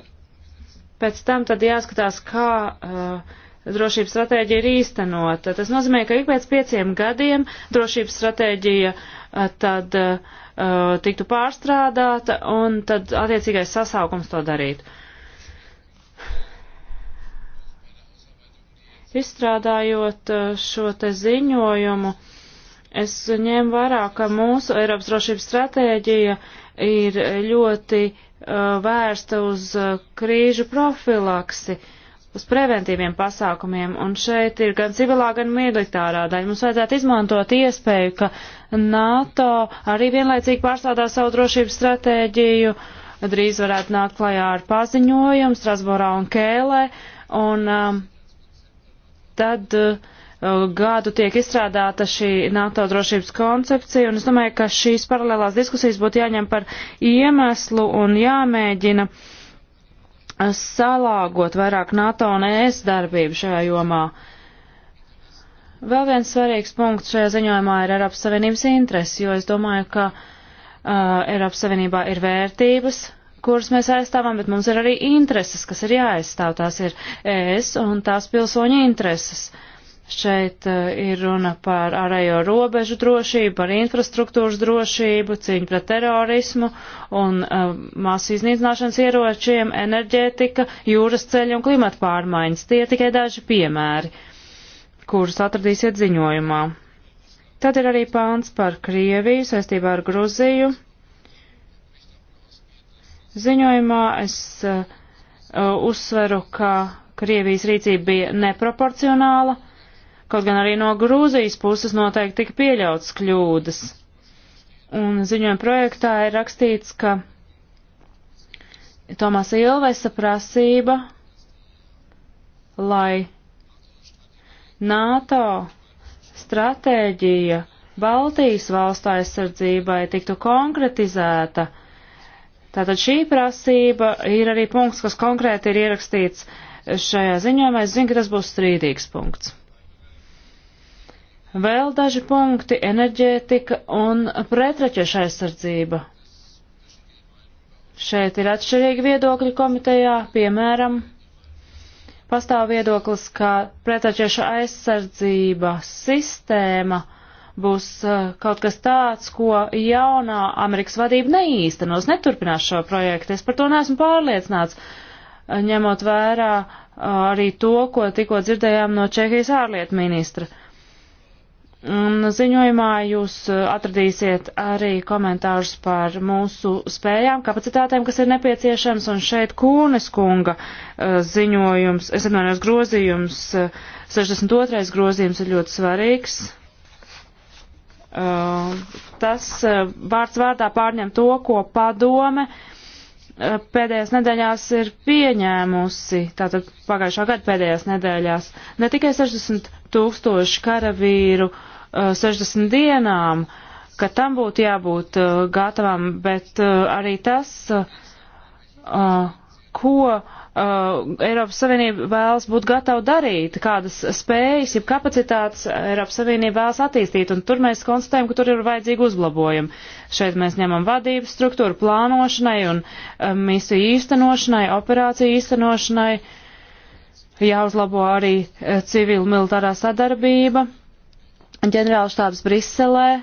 pēc tam tad jāskatās, kā uh, drošības stratēģija ir īstenota. Tas nozīmē, ka ik pēc pieciem gadiem drošības stratēģija uh, tad uh, tiktu pārstrādāta un tad attiecīgais sasaukums to darītu. Izstrādājot uh, šo te ziņojumu, es ņēmu vērā, ka mūsu Eiropas drošības stratēģija ir ļoti uh, Uh, vērsta uz uh, krīžu profilaksi, uz preventīviem pasākumiem, un šeit ir gan civilā, gan militārā daļa. Mums vajadzētu izmantot iespēju, ka NATO arī vienlaicīgi pārstādā savu drošības stratēģiju, drīz varētu nākt klajā ar paziņojumu Strasborā un Kēlē, un um, tad uh, Eh, gadu tiek izstrādāta šī NATO drošības koncepcija, un es domāju, ka šīs paralēlās diskusijas būtu jāņem par iemeslu un jāmēģina eh, salāgot vairāk NATO un ES darbību šajā jomā. Vēl viens svarīgs punkts šajā ziņojumā ir Eiropas Savienības interesi, jo es domāju, ka uh, Eiropas Savienībā ir vērtības, kuras mēs aizstāvam, bet mums ir arī intereses, kas ir jāaizstāv. Tās ir ES un tās pilsoņu intereses. Uh, Šeit eh, ir runa par ārējo robežu drošību, par infrastruktūras drošību, cīņu pret terorismu un uh, masu iznīcināšanas ieročiem, enerģētika, jūras ceļu un klimata pārmaiņas. Tie ir tikai daži piemēri, kurus atradīsiet ziņojumā. Tad ir arī pāns par Krieviju saistībā ar Gruziju. Ziņojumā es uh, uzsveru, ka Krievijas rīcība bija neproporcionāla Kaut gan arī no Grūzijas puses noteikti tika pieļauts kļūdas. Un ziņojuma projektā ir rakstīts, ka Tomasa Ilvesa prasība, lai NATO stratēģija Baltijas valstu aizsardzībai tiktu konkretizēta. Tātad šī prasība ir arī punkts, kas konkrēti ir ierakstīts šajā ziņojumā. Es zinu, ka tas būs strīdīgs punkts. Vēl daži punkti - enerģētika un pretraķeša aizsardzība. Šeit ir atšķirīgi viedokļi komitejā, piemēram, pastāv viedoklis, ka pretraķeša aizsardzība sistēma būs uh, kaut kas tāds, ko jaunā Amerikas vadība neīstenos, neturpinās šo projektu. Es par to neesmu pārliecināts, ņemot vērā uh, arī to, ko tikko dzirdējām no Čehijas ārlietu ministra. Uh, Un ziņojumā jūs uh, atradīsiet arī komentārus par mūsu spējām, kapacitātēm, kas ir nepieciešams, un šeit Kūnes kunga uh, ziņojums, es atvainojos grozījums, 62. Uh, grozījums ir ļoti svarīgs. Tas vārds vārdā pārņem to, ko padome pēdējās nedēļās ir pieņēmusi, tātad pagājušā gada pēdējās nedēļās, ne tikai 60 tūkstoši karavīru uh, 60 eh, dienām, ka tam būtu jābūt eh, gatavam, bet eh, arī tas, ko Eiropas Savienība vēlas būt gatava darīt, kādas spējas, jeb kapacitātes Eiropas Savienība vēlas attīstīt, un tur mēs konstatējam, ka tur ir vajadzīgi uzlabojumi. Šeit mēs ņemam vadības struktūru plānošanai un misiju īstenošanai, operāciju īstenošanai jāuzlabo arī civil-militārā sadarbība, ģenerālštābs Briselē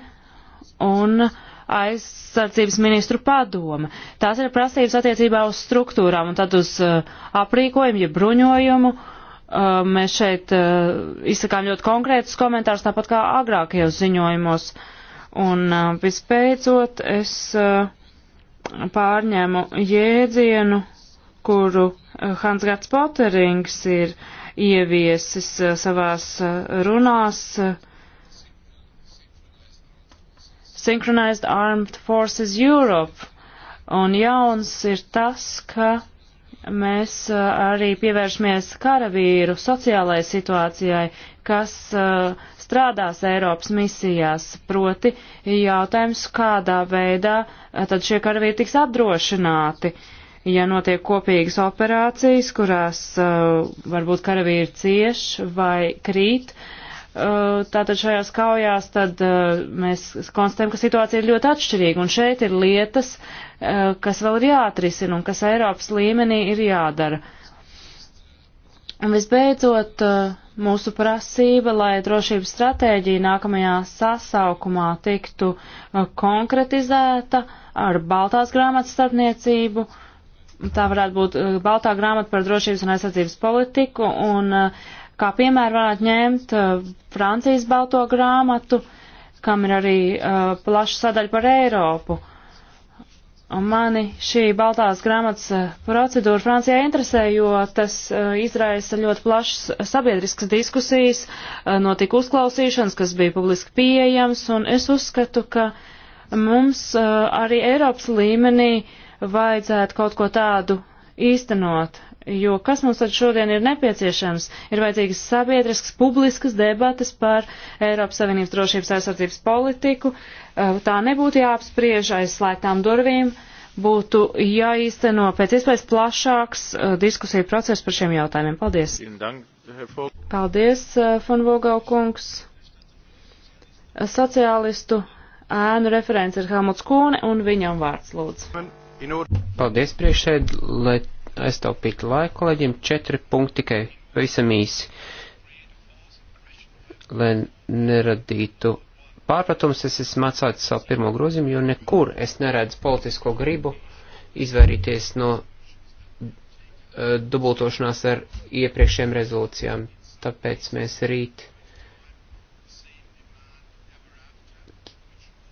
un aizsardzības ministru padome. Tās ir prasības attiecībā uz struktūrām un tad uz uh, aprīkojumu, ja bruņojumu. Uh, mēs šeit uh, izsakām ļoti konkrētus komentārus, tāpat kā agrākajos ziņojumos. Un uh, vispēcot, es uh, pārņēmu jēdzienu, kuru uh, Hans Gats Poterings ir ieviesis uh, savās uh, runās. Uh, Synchronized Armed Forces Europe. Un jauns ir tas, ka mēs uh, arī pievēršamies karavīru sociālajai situācijai, kas uh, strādās Eiropas misijās. Proti jautājums, kādā veidā uh, tad šie karavīri tiks apdrošināti. Ja notiek kopīgas operācijas, kurās varbūt karavīri cieš vai krīt, uh, Uh, tātad šajās kaujās tad uh, mēs konstatējam, ka situācija ir ļoti atšķirīga, un šeit ir lietas, uh, kas vēl ir jāatrisina un kas Eiropas līmenī ir jādara. Un visbeidzot, mūsu prasība, lai drošības stratēģija nākamajā sasaukumā tiktu konkretizēta ar Baltās grāmatas starpniecību. Tā varētu būt Baltā grāmata par drošības un aizsardzības politiku, un uh, Kā piemēru varētu ņemt uh, Francijas balto grāmatu, kam ir arī uh, plaša sadaļa par Eiropu. Un mani šī baltās grāmatas uh, procedūra Francijā interesē, jo tas uh, izraisa ļoti plašas uh, sabiedriskas diskusijas, uh, notika uzklausīšanas, kas bija publiski pieejams, un es uzskatu, ka mums uh, arī Eiropas līmenī vajadzētu kaut ko tādu īstenot. Jo kas mums tad šodien ir nepieciešams? Ir vajadzīgas sabiedriskas, publiskas debatas par Eiropas Savienības drošības aizsardzības politiku. Eh, tā nebūtu jāapspriež aiz slēgtām durvīm, būtu jāīsteno pēc iespējas plašāks eh, diskusiju process par šiem jautājumiem. Paldies! Paldies, Fonvogau eh, kungs! Sociālistu ēnu referents ir Helmuts Kūne un viņam vārds lūdzu. Paldies priekšēd, lai aiztaupīt laiku kolēģiem. Četri punkti tikai visam īsi, lai neradītu pārpratums. Es esmu atsācis savu pirmo grozījumu, jo nekur es neredzu politisko gribu izvairīties no eh, dubultošanās ar iepriekšējām rezolūcijām. Tāpēc mēs rīt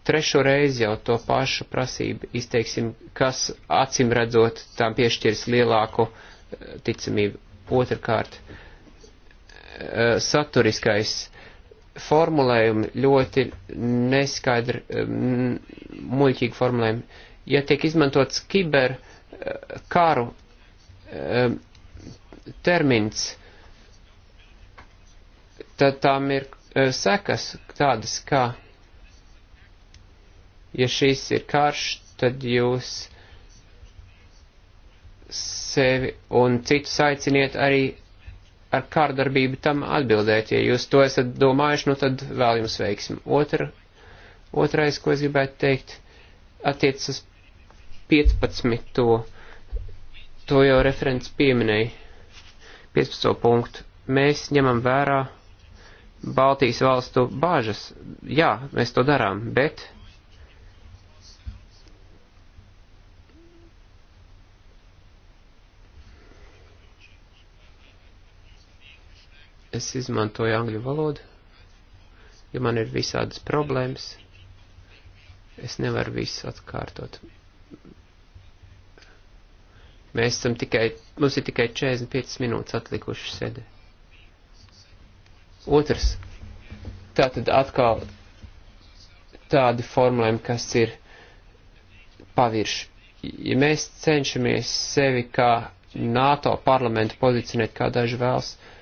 trešo reizi jau to pašu prasību izteiksim, kas acim redzot tām piešķirs lielāku eh, ticamību. Otrakārt, eh, saturiskais formulējumi ļoti neskaidri, eh, muļķīgi formulējumi. Ja tiek izmantots kiber karu termins, tad tām ir sekas tādas kā. Ka Ja šis ir karš, tad jūs sevi un citus aiciniet arī ar kārdarbību tam atbildēt. Ja jūs to esat domājuši, nu tad vēl jums veiksim. Otra, otrais, ko es gribētu teikt, attiec uz 15. To, to jau referents pieminēja. 15. punktu. Mēs ņemam vērā Baltijas valstu bāžas. Jā, mēs to darām, bet es izmantoju angļu valodu, jo man ir visādas problēmas. Es nevaru visu atkārtot. Mēs esam tikai, mums ir tikai 45 minūtes atlikuši sēdē. Otrs. Tātad atkal tādi formulējumi, kas ir pavirši. Ja mēs cenšamies sevi kā NATO parlamentu pozicionēt, kā daži vēlas, uh,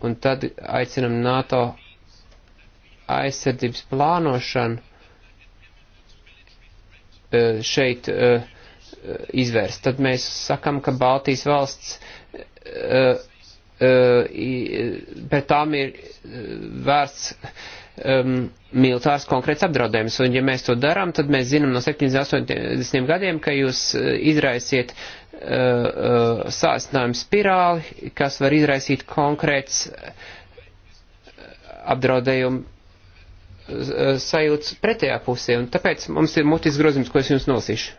Un tad aicinam NATO aizsardzības plānošanu e, šeit e, e, izvērst. Tad mēs sakam, ka Baltijas valsts pret tām ir vērsts um, militārs konkrēts apdraudējums. Un ja mēs to darām, tad mēs zinām no 70. 80. gadiem, ka jūs izraisiet uh, uh sāstinājuma spirāli, kas var izraisīt konkrēts uh, apdraudējumu uh, sajūtas pretējā pusē, un tāpēc mums ir mutis grozījums, ko es jums nosīšu.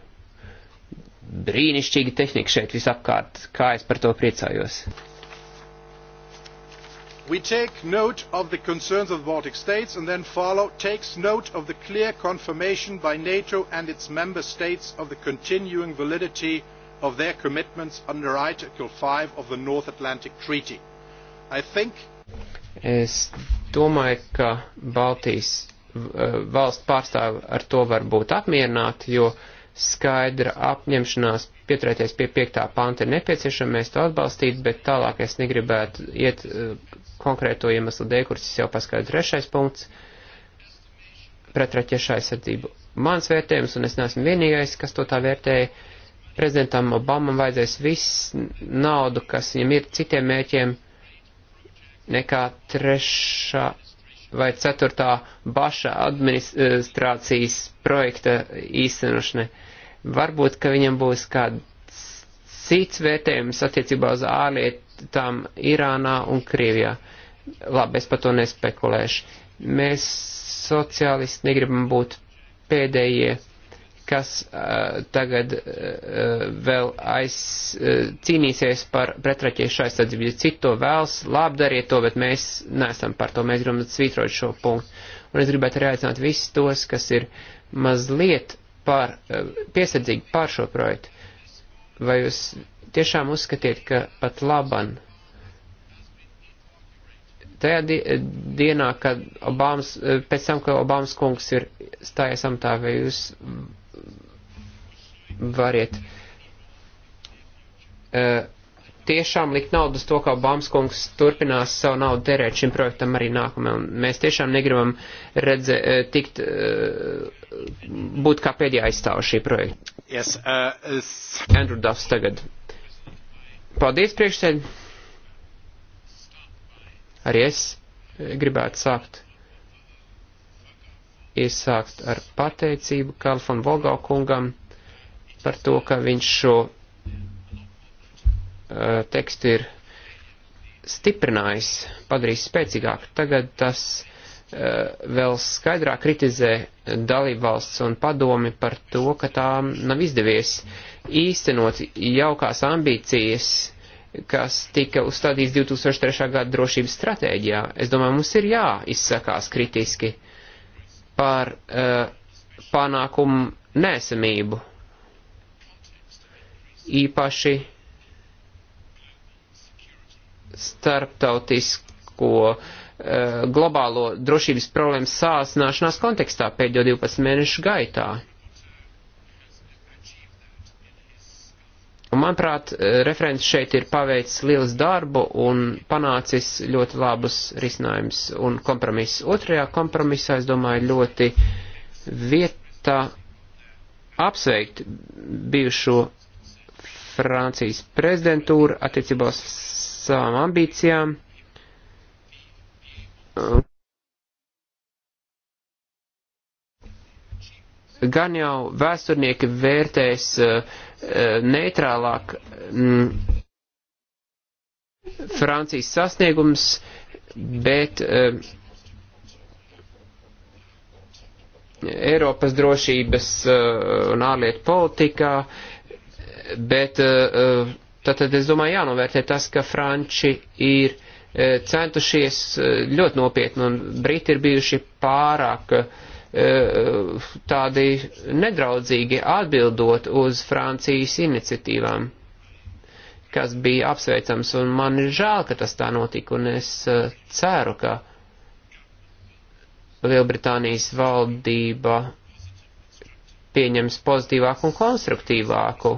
Brīnišķīga tehnika šeit visapkārt, kā es par to priecājos. We take note of the concerns of the Baltic states and then follow takes note of the clear confirmation by NATO and its member states of the continuing validity of of their commitments under Article 5 of the North Atlantic Treaty. I think Es domāju, ka Baltijas eh, valsts pārstāvi ar to var būt apmierināti, jo skaidra apņemšanās pieturēties pie piektā panta ir nepieciešama, mēs to atbalstīt, bet tālāk es negribētu iet eh, konkrēto iemeslu dēļ, kurš jau paskaidro trešais punkts pretraķiešu aizsardzību. Mans vērtējums, un es neesmu vienīgais, kas to tā vērtēja, prezidentam Obamam vajadzēs visu naudu, kas viņam ir citiem mēķiem, nekā trešā vai ceturtā baša administrācijas projekta īstenošanai. Varbūt, ka viņam būs kāds cits vērtējums attiecībā uz ārlietām Irānā un Krievijā. Labi, es par to nespekulēšu. Mēs sociālisti negribam būt pēdējie kas uh, tagad uh, uh, vēl aiz, uh, cīnīsies par pretraķiešu aizsardzību. Ja citi to vēlas, labi dariet to, bet mēs neesam par to, mēs gribam svītrot šo punktu. Un es gribētu arī aicināt visus tos, kas ir mazliet par, uh, piesardzīgi par šo projektu. Vai jūs tiešām uzskatiet, ka pat laban tajā di dienā, kad Obamas, uh, pēc tam, ka Obamas kungs ir stājies amatā, vai jūs variet uh, tiešām likt naudu uz to, ka Obamas kungs turpinās savu naudu terēt šim projektam arī nākamajā. Un mēs tiešām negribam redze, uh, tikt, uh, būt kā pēdējā aizstāva šī projekta. Yes, uh, is... Andrew Duffs tagad. Paldies priekšsēd. Arī es gribētu sākt iesākt ar pateicību Kalfam Volgau kungam par to, ka viņš šo uh, tekstu ir stiprinājis, padarījis spēcīgāk. Tagad tas uh, vēl skaidrāk kritizē dalībvalsts un padomi par to, ka tām nav izdevies īstenot jaukās ambīcijas, kas tika uzstādīts 2003. gada drošības stratēģijā. Es domāju, mums ir jāizsakās kritiski par uh, panākumu nesamību īpaši starptautisko uh, globālo drošības problēmu sāsināšanās kontekstā pēdējo 12 mēnešu gaitā. Un, manuprāt, eh, referents šeit ir paveicis liels darbu un panācis ļoti labus risinājumus un kompromisus. Otrajā kompromisā, es domāju, ļoti vieta apsveikt bijušo Francijas prezidentūru attiecībā uz savām ambīcijām. Gan jau vēsturnieki vērtēs eh, neitrālāk mm, Francijas sasniegums, bet eh, Eiropas drošības eh, un ārlietu politikā uh, Bet eh, eh, tātad es domāju jānovērtē tas, ka Franči ir eh, centušies ļoti nopietni un Briti ir bijuši pārāk tādi nedraudzīgi atbildot uz Francijas iniciatīvām, kas bija apsveicams, un man ir žēl, ka tas tā notika, un es ceru, ka Lielbritānijas valdība pieņems pozitīvāku un konstruktīvāku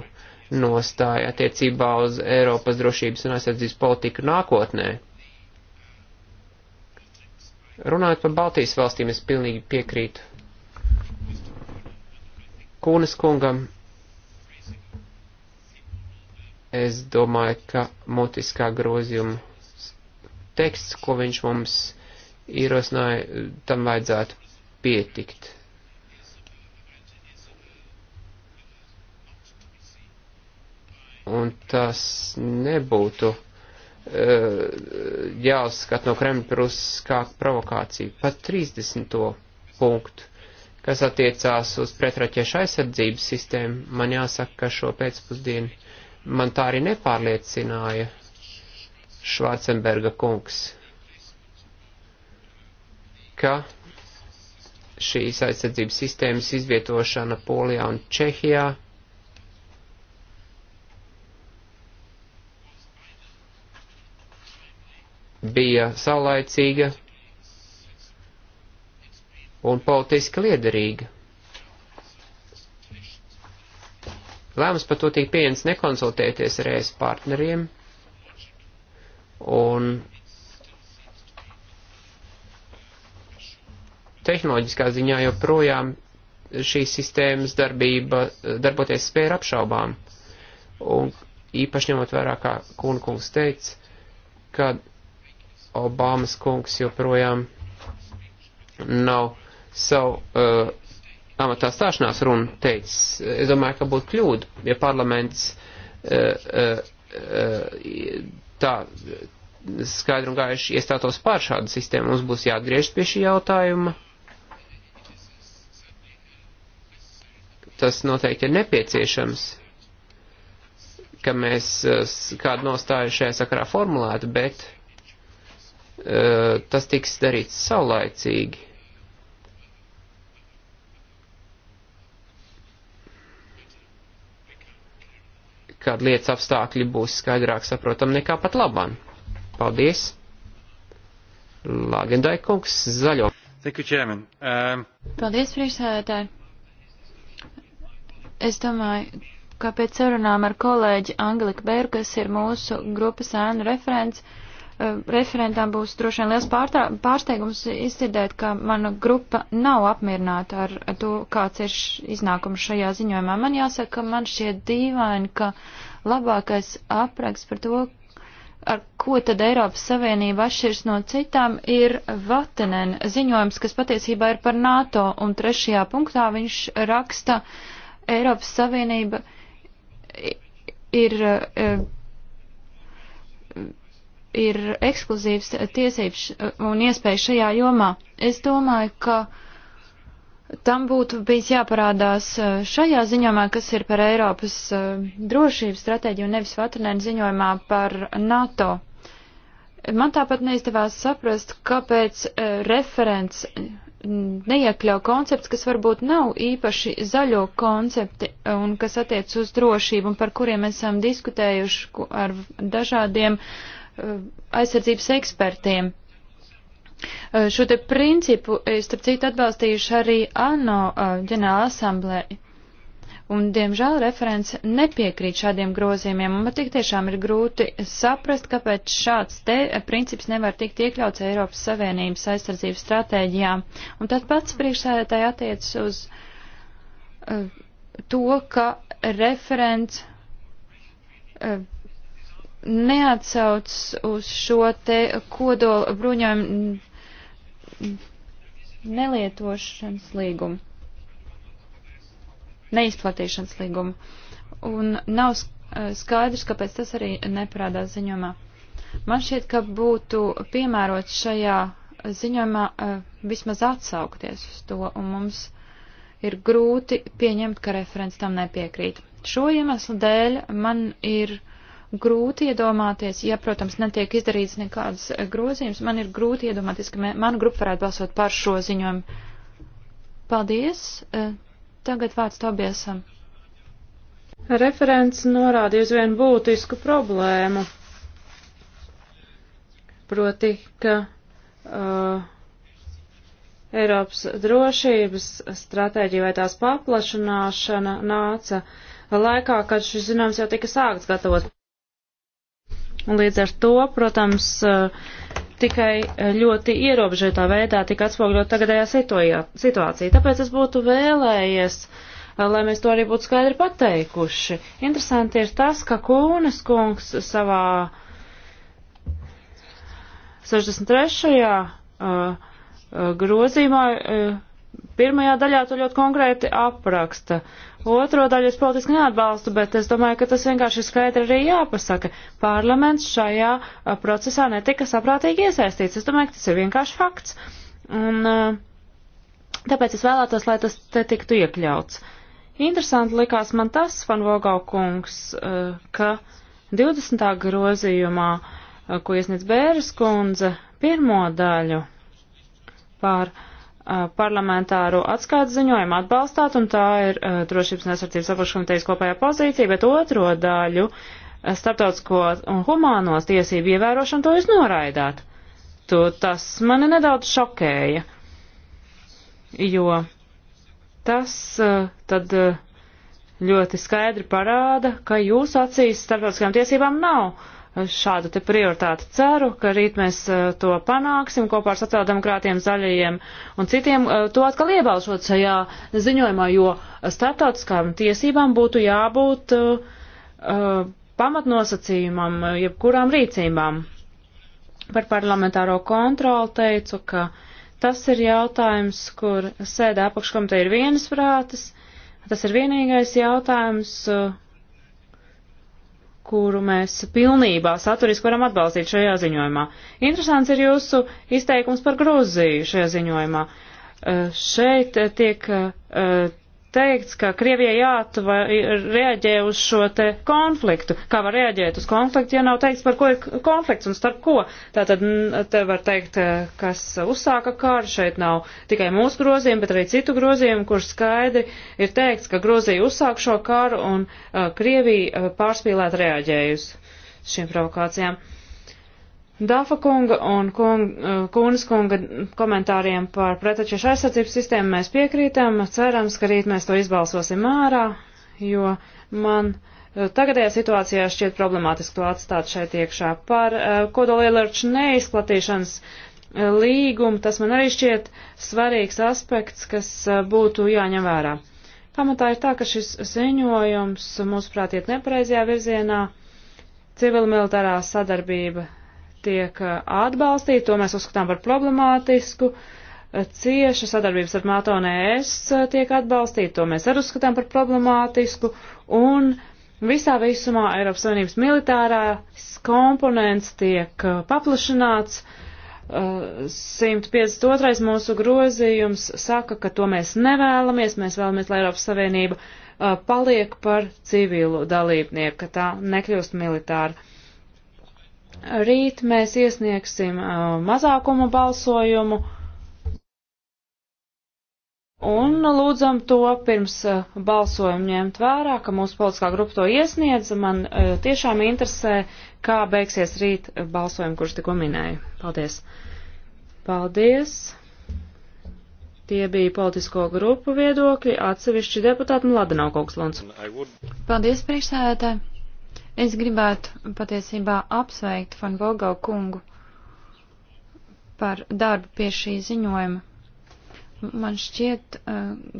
nostāja attiecībā uz Eiropas drošības un aizsardzības politiku nākotnē. Runājot par Baltijas valstīm, es pilnīgi piekrītu Kūnes kungam. Es domāju, ka mutiskā grozījuma teksts, ko viņš mums ierosināja, tam vajadzētu pietikt. Un tas nebūtu uh, eh, jāuzskata no Kremļprus kā provokācija. Pat 30. punktu, kas attiecās uz pretraķiešu aizsardzības sistēmu, man jāsaka, ka šo pēcpusdienu man tā arī nepārliecināja Švārcenberga kungs, ka šīs aizsardzības sistēmas izvietošana Polijā un Čehijā bija saulaicīga un politiski liederīga. Lēmums par to tika pieņemts nekonsultēties ar ES partneriem, un tehnoloģiskā ziņā joprojām šīs sistēmas darbība, darboties spēja ir apšaubām. Un īpaši ņemot vērā, kā Kunkungs teica, ka Obamas kungs joprojām nav savu uh, amatā stāšanās runu teicis. Es domāju, ka būtu kļūda, ja parlaments uh, uh, uh, tā skaidri un gaiši iestātos pār šādu sistēmu. Mums būs jāatgriežas pie šī jautājuma. Tas noteikti ir nepieciešams, ka mēs uh, kādu nostāju šajā sakarā formulētu, bet uh, Eh, tas tiks darīts saulaicīgi. Kad lietas apstākļi būs skaidrāk saprotam nekā pat labam. Paldies! Lāgendai kungs, zaļo. Thank you, Chairman. Um... Paldies, priekšsēdētāji. Es domāju, ka pēc sarunām ar kolēģi Angliku Bēru, kas ir mūsu grupas ēnu referents, uh, Eh, referentām būs droši vien liels pārtrā, pārsteigums izdzirdēt, ka mana grupa nav apmierināta ar to, kāds ir iznākums šajā ziņojumā. Man jāsaka, ka man šķiet dīvaini, ka labākais apraksts par to, ar ko tad Eiropas Savienība atšķirs no citām, ir Vatenen ziņojums, kas patiesībā ir par NATO, un trešajā punktā viņš raksta Eiropas Savienība ir eh, ir ekskluzīvas tiesības uh, un iespējas šajā jomā. Es domāju, ka tam būtu bijis jāparādās uh, šajā ziņojumā, kas ir par Eiropas uh, drošības stratēģiju un nevis Vatanēna ziņojumā par NATO. Man tāpat neizdevās saprast, kāpēc referents neiekļau koncepts, kas varbūt nav īpaši zaļo koncepti un kas attiec uz drošību un par kuriem esam diskutējuši ar dažādiem uh, Eh, aizsardzības ekspertiem. Eh, šo te principu es, starp citu, atbalstījuši arī ANO eh, ģenerāla asamblēja. Un, diemžēl, referents nepiekrīt šādiem grozījumiem, un man tik tiešām ir grūti saprast, kāpēc šāds te princips nevar tikt iekļauts Eiropas Savienības aizsardzības stratēģijā. Un tad pats priekšsēdētāji attiec uz uh, to, ka referents uh, neatsauc uz šo te kodola bruņojumu nelietošanas līgumu, neizplatīšanas līgumu. Un nav eh, skaidrs, kāpēc tas arī neparādās ziņojumā. Man šķiet, ka būtu piemērots šajā ziņojumā eh, vismaz atsaukties uz to, un mums ir grūti pieņemt, ka referents tam nepiekrīt. Šo iemeslu dēļ man ir grūti iedomāties, ja, protams, netiek izdarīts nekādas grozījums, man ir grūti iedomāties, ka mē, mana grupa varētu balsot par šo ziņojumu. Paldies. E, tagad vārds Tobiesam. Referents norādīja uz vienu būtisku problēmu. Proti, ka uh, Eiropas drošības stratēģija vai tās paplašanāšana nāca laikā, kad šis zinājums jau tika sākts gatavot. Un līdz ar to, protams, eh, tikai eh, ļoti ierobežotā veidā tika atspoguļot tagadējā situācija. Tāpēc es būtu vēlējies, eh, lai mēs to arī būtu skaidri pateikuši. Interesanti ir tas, ka Kūnes kungs savā 63. grozījumā pirmajā daļā to ļoti konkrēti apraksta. Otro daļu es politiski neatbalstu, bet es domāju, ka tas vienkārši ir skaidri arī jāpasaka. Parlaments šajā procesā netika saprātīgi iesaistīts. Es domāju, ka tas ir vienkārši fakts. Un tāpēc es vēlētos, lai tas te tiktu iekļauts. Interesanti likās man tas, Van Vogau kungs, ka 20. grozījumā, ko iesniedz Bēras kundze, pirmo daļu pār parlamentāro atskaitu ziņojumu atbalstāt, un tā ir uh, drošības nesardzības apakškomitejas kopējā pozīcija, bet otro daļu starptautisko un humānos tiesību ievērošanu to jūs noraidāt. Tu, tas mani nedaudz šokēja, jo tas uh, tad uh, ļoti skaidri parāda, ka jūsu acīs starptautiskajām tiesībām nav šādu te prioritāti. Ceru, ka rīt mēs eh, to panāksim kopā ar sociāldemokrātiem, zaļajiem un citiem. Eh, to atkal iebalšot šajā ziņojumā, jo starptautiskām tiesībām būtu jābūt uh, pamatnosacījumam jebkurām rīcībām. Par parlamentāro kontroli teicu, ka tas ir jautājums, kur sēdē apakškomiteja ir vienas prātas. Tas ir vienīgais jautājums, uh, kuru mēs pilnībā saturiski varam atbalstīt šajā ziņojumā. Interesants ir jūsu izteikums par Gruziju šajā ziņojumā. Eh, šeit eh, tiek eh, teikts, ka Krievijai jāatva reaģē uz šo te konfliktu. Kā var reaģēt uz konfliktu, ja nav teikts, par ko ir konflikts un starp ko? Tātad te var teikt, eh, kas uzsāka kāru, šeit nav tikai mūsu grozījumi, bet arī citu grozījumu, kur skaidri ir teikts, ka Grozija uzsāk šo kāru un uh, Krievija uh, pārspīlēt reaģējusi šīm provokācijām. Uh, Dafa kunga un kunga, uh, Kūnas kunga komentāriem par pretačiešu aizsardzības sistēmu mēs piekrītam. Cerams, ka rīt mēs to izbalsosim ārā, jo man uh, tagadējā situācijā šķiet problemātiski to atstāt šeit iekšā. Par uh, kodolielarču neizplatīšanas līgumu tas man arī šķiet svarīgs aspekts, kas būtu jāņem vērā. Pamatā ir tā, ka šis ziņojums, mūsuprāt, iet nepareizajā virzienā. Civilmilitārā sadarbība tiek eh, atbalstīti, to mēs uzskatām par problemātisku. Eh, cieša sadarbības ar NATO un ES eh, tiek atbalstīta, to mēs arī uzskatām par problemātisku. Un visā visumā Eiropas Savienības militārās komponents tiek paplašināts. 152. mūsu grozījums saka, ka to mēs nevēlamies, mēs vēlamies, lai Eiropas Savienība paliek par civilu dalībnieku, ka tā nekļūst militāra. Rīt mēs iesniegsim uh, mazākumu balsojumu un lūdzam to pirms uh, balsojumu ņemt vērā, ka mūsu politiskā grupa to iesniedz. Man uh, tiešām interesē, kā beigsies rīt balsojumu, kurš tikko minēju. Paldies! Paldies! Tie bija politisko grupu viedokļi, atsevišķi deputāti Mladenaukungs Lons. Paldies, priekšsēdētāji! Es gribētu patiesībā apsveikt Van Vogau kungu par darbu pie šī ziņojuma. Man šķiet,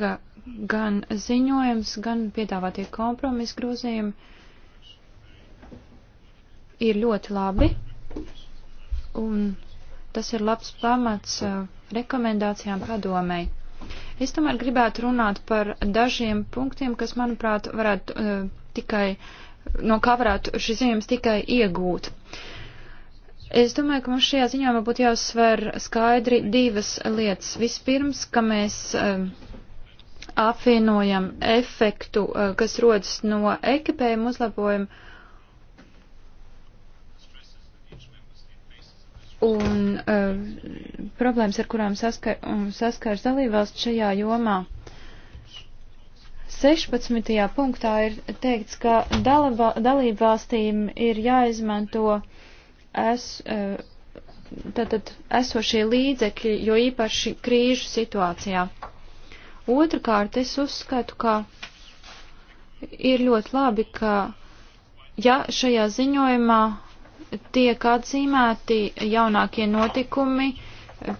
ka eh, gan ziņojums, gan piedāvātie kompromisa grozījumi ir ļoti labi, un tas ir labs pamats eh, rekomendācijām padomēji. Es tomēr gribētu runāt par dažiem punktiem, kas, manuprāt, varētu uh, tikai uh, no kā varētu šis ziņojums tikai iegūt. Es domāju, ka mums šajā ziņojumā būtu jāuzsver skaidri divas lietas. Vispirms, ka mēs um, apvienojam efektu, uh, kas rodas no ekipējuma uzlabojuma. Un uh, problēmas, ar kurām saskar, um, saskars dalībvalsts šajā jomā. 16. punktā ir teikts, ka dalaba, dalībvalstīm ir jāizmanto es, e, tātad, esošie līdzekļi, jo īpaši krīžu situācijā. Otrakārt, es uzskatu, ka ir ļoti labi, ka ja šajā ziņojumā tiek atzīmēti jaunākie notikumi,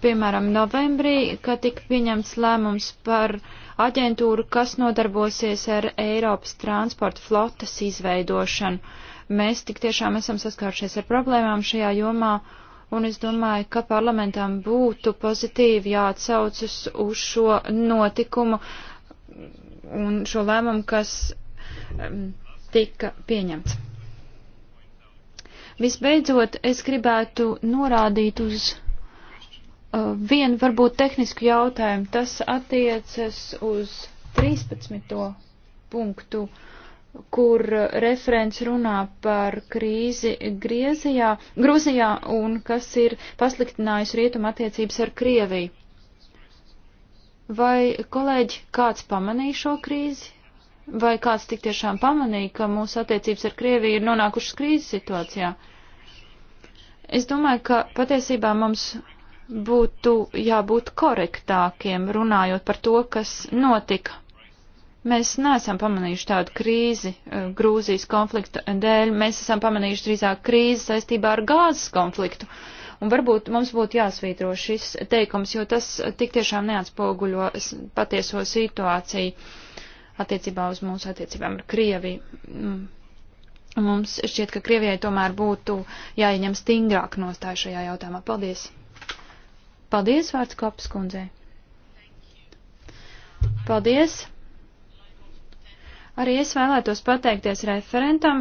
piemēram, novembrī, kad tika pieņemts lēmums par uh, aģentūru, kas nodarbosies ar Eiropas transporta flotas izveidošanu. Mēs tik tiešām esam saskāršies ar problēmām šajā jomā, un es domāju, ka parlamentam būtu pozitīvi jāatsaucas uz šo notikumu un šo lēmumu, kas um, tika pieņemts. Visbeidzot, es gribētu norādīt uz Uh, vienu varbūt tehnisku jautājumu. Tas attiecas uz 13. punktu, kur referents runā par krīzi Griezijā, Gruzijā un kas ir pasliktinājusi rietuma attiecības ar Krieviju. Vai kolēģi kāds pamanīja šo krīzi? Vai kāds tik tiešām pamanīja, ka mūsu attiecības ar Krieviju ir nonākušas krīzes situācijā? Es domāju, ka patiesībā mums būtu jābūt korektākiem runājot par to, kas notika. Mēs neesam pamanījuši tādu krīzi eh, Grūzijas konflikta dēļ, mēs esam pamanījuši drīzāk krīzi saistībā ar gāzes konfliktu. Un varbūt mums būtu jāsvītro šis teikums, jo tas tik tiešām neatspoguļo patieso situāciju attiecībā uz mūsu attiecībām ar Krieviju. Mm. Mums šķiet, ka Krievijai tomēr būtu jāieņem stingrāk nostāja šajā jautājumā. Paldies! Paldies, vārds Kopas kundzei. Paldies. Arī es vēlētos pateikties referentam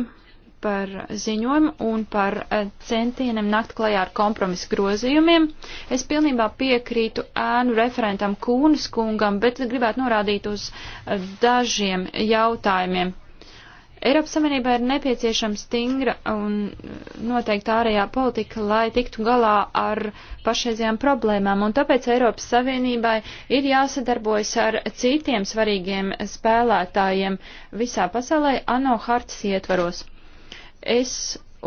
par ziņojumu un par eh, centieniem nakt klajā ar kompromisu grozījumiem. Es pilnībā piekrītu ēnu referentam Kūnas kungam, bet gribētu norādīt uz eh, dažiem jautājumiem. Eiropas Savienībā ir nepieciešama stingra un noteikta ārējā politika, lai tiktu galā ar pašreizajām problēmām, un tāpēc Eiropas Savienībai ir jāsadarbojas ar citiem svarīgiem spēlētājiem visā pasaulē ANO hartas ietvaros. Es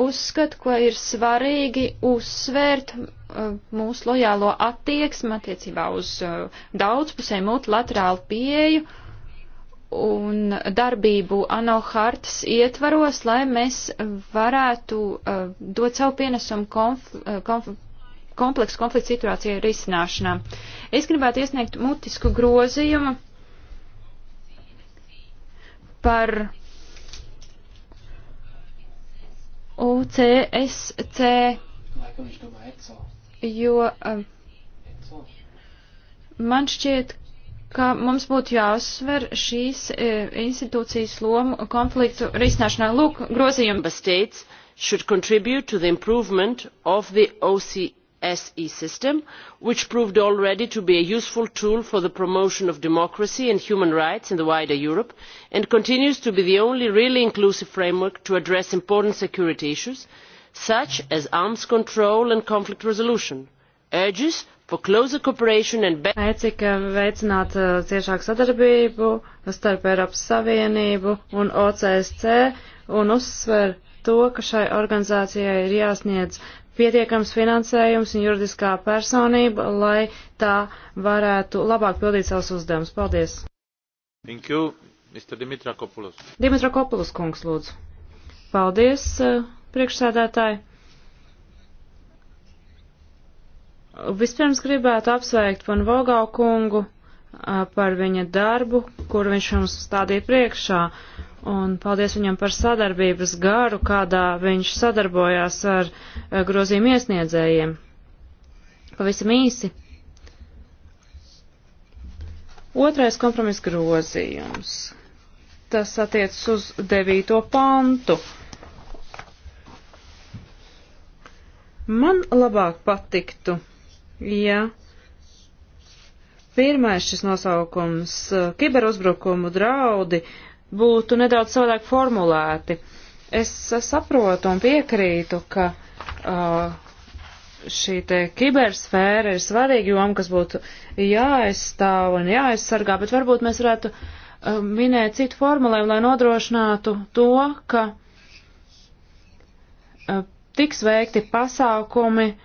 uzskatu, ka ir svarīgi uzsvērt uh, mūsu lojālo attieksmi attiecībā uz uh, daudzpusēju multilaterālu pieeju un darbību ANO hartas ietvaros, lai mēs varētu uh, dot savu pienesumu konf uh, konf kompleksu konfliktu situāciju risināšanā. Es gribētu iesniegt mutisku grozījumu par UCSC, jo uh, man šķiet, ka mums būtu jāuzsver šīs e, institūcijas loma konfliktu risināšanā. Lūk, grozījumi. should contribute to the improvement of the OCSE system, which proved already to be a useful tool for the promotion of democracy and human rights in the wider Europe, and continues to be the only really inclusive framework to address important security issues, such as arms control and conflict resolution. Urges Aicika eh, veicināt eh, ciešāku sadarbību starp Eiropas Savienību un OCSC un uzsver to, ka šai organizācijai ir jāsniedz pietiekams finansējums un juridiskā personība, lai tā varētu labāk pildīt savus uzdevumus. Paldies! Thank you, Mr. Dimitra Kopulos. Dimitra Kopulos kungs, lūdzu. Paldies, eh, priekšsēdētāji! Vispirms gribētu apsveikt Van Vogau kungu par viņa darbu, kur viņš mums stādīja priekšā, un paldies viņam par sadarbības garu, kādā viņš sadarbojās ar grozīm iesniedzējiem. Pavisam īsi. Otrais kompromiss grozījums. Tas attiecas uz devīto pantu. Man labāk patiktu ja pirmais šis nosaukums eh, - kiberuzbrukumu draudi - būtu nedaudz savādāk formulēti. Es eh, saprotu un piekrītu, ka uh, šī te kibersfēra ir svarīga joma, kas būtu jāaizstāv un jāaizsargā, bet varbūt mēs varētu uh, minēt citu formulēm, lai nodrošinātu to, ka uh, tiks veikti pasākumi uh,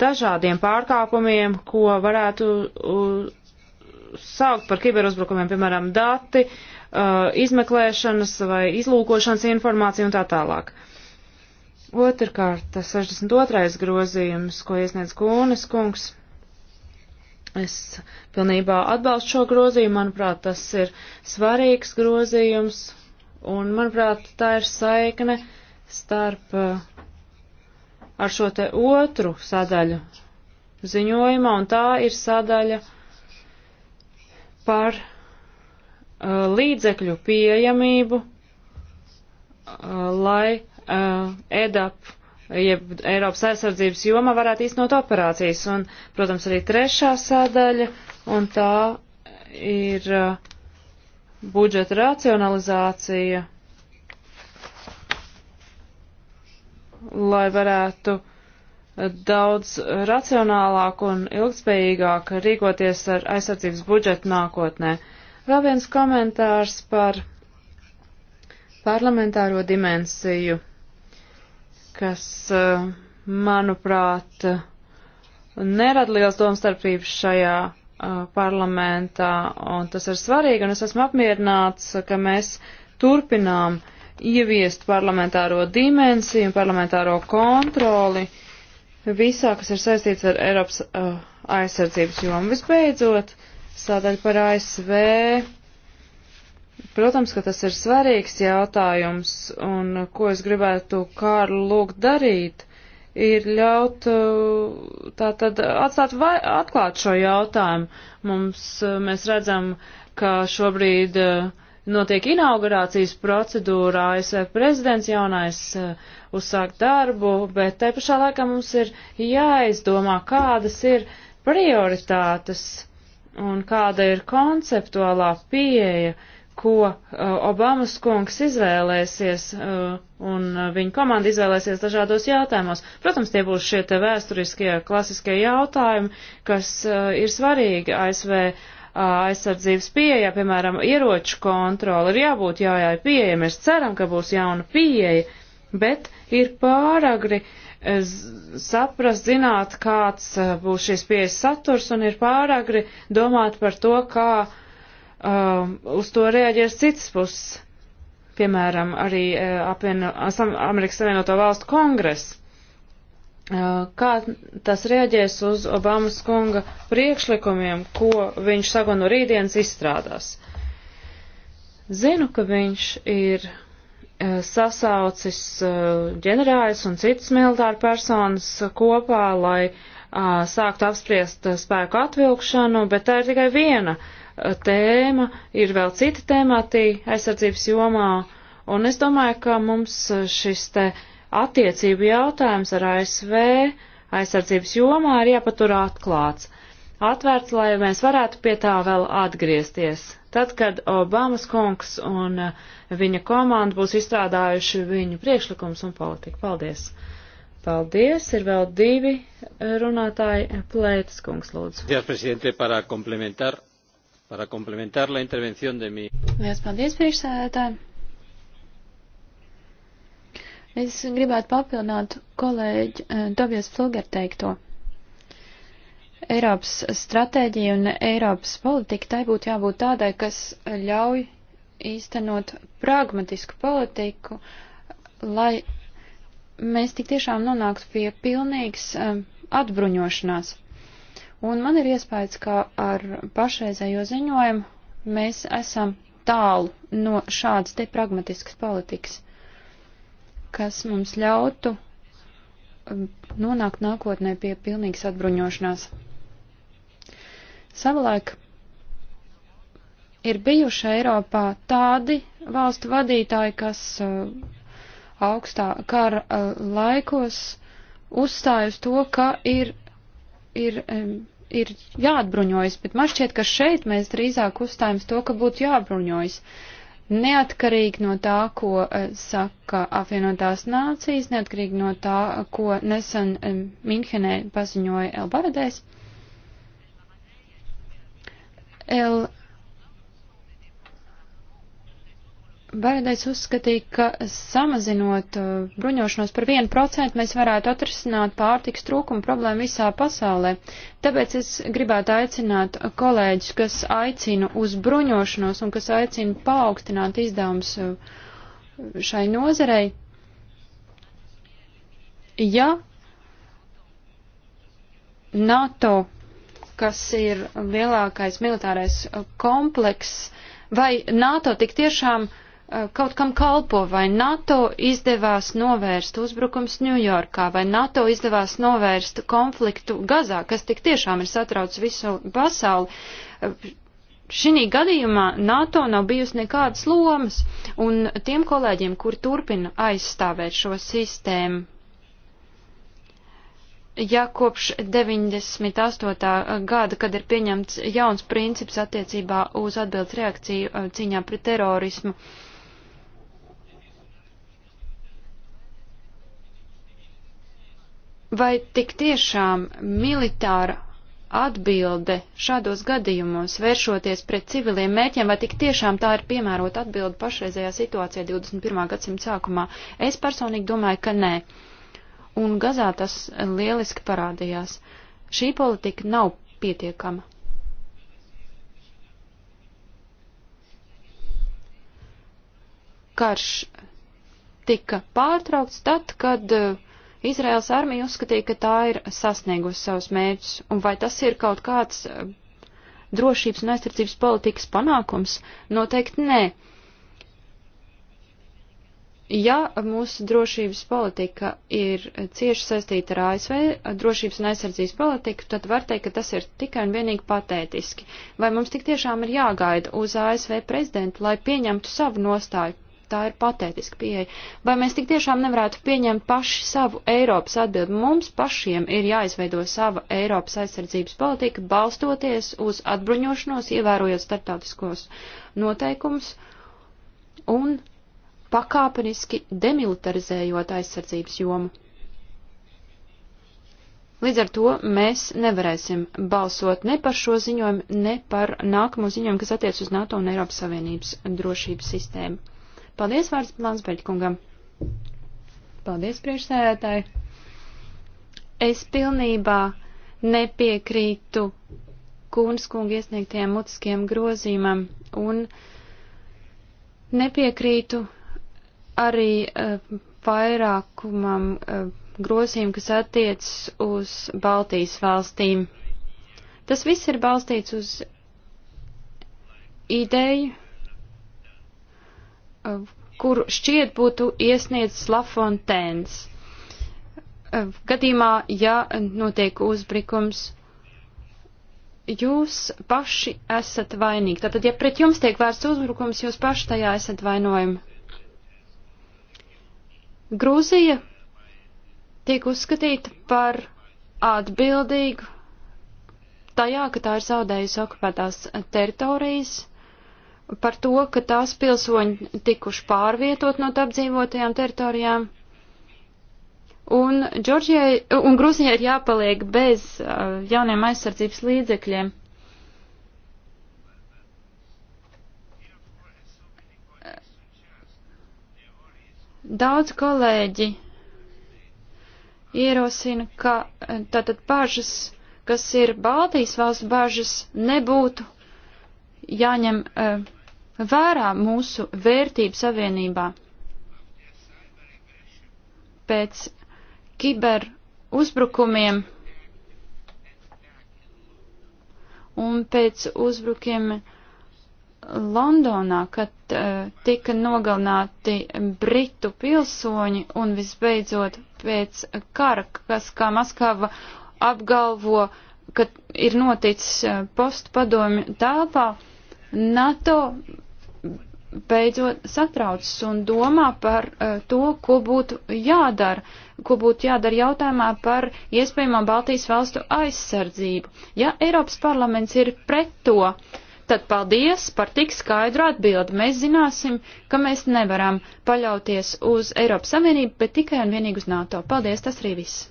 dažādiem pārkāpumiem, ko varētu uh, saukt par kiberuzbrukumiem, piemēram, dati, uh, izmeklēšanas vai izlūkošanas informācija un tā tālāk. Otrkārt, 62. grozījums, ko iesniedz Kūnes kungs. Es pilnībā atbalstu šo grozījumu, manuprāt, tas ir svarīgs grozījums, un, manuprāt, tā ir saikne starp uh, ar šo te otru sadaļu ziņojumā, un tā ir sadaļa par uh, līdzekļu pieejamību, uh, lai uh, EDAP, jeb Eiropas aizsardzības joma varētu īstenot operācijas, un, protams, arī trešā sadaļa, un tā ir uh, budžeta racionalizācija lai varētu daudz racionālāk un ilgspējīgāk rīkoties ar aizsardzības budžetu nākotnē. Vēl viens komentārs par parlamentāro dimensiju, kas, eh, manuprāt, nerada liels domstarpības šajā eh, parlamentā, un tas ir svarīgi, un es esmu apmierināts, ka mēs turpinām uh, ieviest parlamentāro dimensiju un parlamentāro kontroli visā, kas ir saistīts ar Eiropas uh, aizsardzības jomu. Visbeidzot, sādaļ par ASV. Protams, ka tas ir svarīgs jautājums, un ko es gribētu Kārlu lūgt darīt, ir ļaut uh, tātad atstāt vai, atklāt šo jautājumu. Mums uh, mēs redzam, ka šobrīd uh, notiek inaugurācijas procedūra, ASV eh, prezidents jaunais eh, uzsāk darbu, bet te pašā laikā mums ir jāizdomā, kādas ir prioritātes un kāda ir konceptuālā pieeja, ko eh, Obamas kungs izvēlēsies un viņa komanda izvēlēsies dažādos jautājumos. Protams, tie būs šie te vēsturiskie, klasiskie jautājumi, kas ir svarīgi ASV aizsardzības pieejā, piemēram, ieroču kontroli, ir jābūt jaujai pieeja. Mēs ceram, ka būs jauna pieeja, bet ir pāragri saprast, zināt, kāds būs šīs pieejas saturs, un ir pāragri domāt par to, kā um, uz to reaģēs citas puses. Piemēram, arī uh, apvien, Amerikas Savienoto Valstu kongress kā tas reaģēs uz Obamas kunga priekšlikumiem, ko viņš saka no rītdienas izstrādās. Zinu, ka viņš ir e, sasaucis e, ģenerāļus un citas militāru personas kopā, lai sāktu apspriest spēku atvilkšanu, bet tā ir tikai viena e, tēma, ir vēl citi tēmāti aizsardzības jomā, un es domāju, ka mums šis te uh, attiecību jautājums ar ASV aizsardzības jomā ir jāpatur atklāts, atvērts, lai mēs varētu pie tā vēl atgriezties. Tad, kad Obamas kungs un viņa komanda būs izstrādājuši viņu priekšlikums un politiku. Paldies! Paldies! Ir vēl divi runātāji. Plētas kungs, lūdzu. Paldies, priekšsēdētāji! Es gribētu papildināt kolēģi eh, Tobijas Fluger teikto. Eiropas stratēģija un Eiropas politika tai būtu jābūt tādai, kas ļauj īstenot pragmatisku politiku, lai mēs tik tiešām nonāktu pie pilnīgas um, atbruņošanās. Un man ir iespējas, ka ar pašreizējo ziņojumu mēs esam tālu no šādas te pragmatiskas politikas kas mums ļautu um, nonākt nākotnē pie pilnīgas atbruņošanās. Savulaik ir bijuši Eiropā tādi valstu vadītāji, kas uh, augstā kara uh, laikos uzstāj uz to, ka ir, ir, um, ir jāatbruņojas, bet man šķiet, ka šeit mēs drīzāk uzstājam to, ka būtu jāatbruņojas. Uh, neatkarīgi no tā, ko eh, saka apvienotās nācijas, neatkarīgi no tā, ko nesen eh, Minhenē paziņoja Elbaradēs. El Baradais uzskatīja, ka samazinot uh, bruņošanos par 1% mēs varētu atrisināt pārtiks trūkumu problēmu visā pasaulē. Tāpēc es gribētu aicināt kolēģis, kas aicina uz bruņošanos un kas aicina paaugstināt izdevums uh, šai nozarei. Ja NATO, kas ir lielākais militārais kompleks, vai NATO tik tiešām uh, Eh, kaut kam kalpo, vai NATO izdevās novērst uzbrukums Ņujorkā, vai NATO izdevās novērst konfliktu Gazā, kas tik tiešām ir satrauc visu pasauli. Eh, šī gadījumā NATO nav bijusi nekādas lomas, un tiem kolēģiem, kur turpina aizstāvēt šo sistēmu, ja kopš 98. gada, kad ir pieņemts jauns princips attiecībā uz atbildes reakciju eh, cīņā pret terorismu, uh, Vai tik tiešām militāra atbilde šādos gadījumos, vēršoties pret civiliem mērķiem, vai tik tiešām tā ir piemērota atbilde pašreizējā situācijā 21. gadsimta sākumā? Es personīgi domāju, ka nē. Un Gazā tas lieliski parādījās. Šī politika nav pietiekama. Karš tika pārtraukts tad, kad uh, Izraels armija uzskatīja, ka tā ir sasniegusi savus mērķus, un vai tas ir kaut kāds eh, drošības un aizsardzības politikas panākums? Noteikti nē. Ja mūsu drošības politika ir eh, cieši saistīta ar ASV eh, drošības un aizsardzības politiku, tad var teikt, ka tas ir tikai un vienīgi patētiski. Vai mums tik tiešām ir jāgaida uz ASV prezidentu, lai pieņemtu savu nostāju? tā ir patētiska pieeja. Vai mēs tik tiešām nevarētu pieņemt paši savu Eiropas atbildi? Mums pašiem ir jāizveido sava Eiropas aizsardzības politika, balstoties uz atbruņošanos, ievērojot starptautiskos noteikumus un pakāpeniski demilitarizējot aizsardzības jomu. Līdz ar to mēs nevarēsim balsot ne par šo ziņojumu, ne par nākamo ziņojumu, kas attiec uz NATO un Eiropas Savienības drošības sistēmu. Paldies vārds Lansberģ kungam. Paldies priekšsēdētāji. Es pilnībā nepiekrītu Kūnas kunga iesniegtajiem mutiskiem grozīmam un nepiekrītu arī uh, vairākumam uh, eh, grozīm, kas attiecas uz Baltijas valstīm. Tas viss ir balstīts uz ideju, Uh, kuru šķiet būtu iesniedzis Lafontēns. Uh, gadījumā, ja notiek uzbrukums, jūs paši esat vainīgi. Tātad, ja pret jums tiek vērsts uzbrukums, jūs paši tajā esat vainojumi. Grūzija tiek uzskatīta par atbildīgu tajā, ka tā ir zaudējusi okupētās teritorijas par to, ka tās pilsoņi tikuši pārvietot no apdzīvotajām teritorijām. Un, Džordžijai, un Grūzijai ir jāpaliek bez uh, jauniem aizsardzības līdzekļiem. Daudz kolēģi ierosina, ka uh, tātad bažas, kas ir Baltijas valsts bažas, nebūtu jāņem uh, vērā mūsu vērtību savienībā. Pēc kiber uzbrukumiem un pēc uzbrukiem Londonā, kad uh, tika nogalināti britu pilsoņi un visbeidzot pēc kara, kas kā Maskava apgalvo, ka ir noticis eh, postpadomju telpā, NATO beidzot satraucas un domā par uh, to, ko būtu jādara, ko būtu jādara jautājumā par iespējamā Baltijas valstu aizsardzību. Ja Eiropas parlaments ir pret to, tad paldies par tik skaidru atbildi. Mēs zināsim, ka mēs nevaram paļauties uz Eiropas Savienību, bet tikai un vienīgi uz NATO. Paldies, tas arī viss.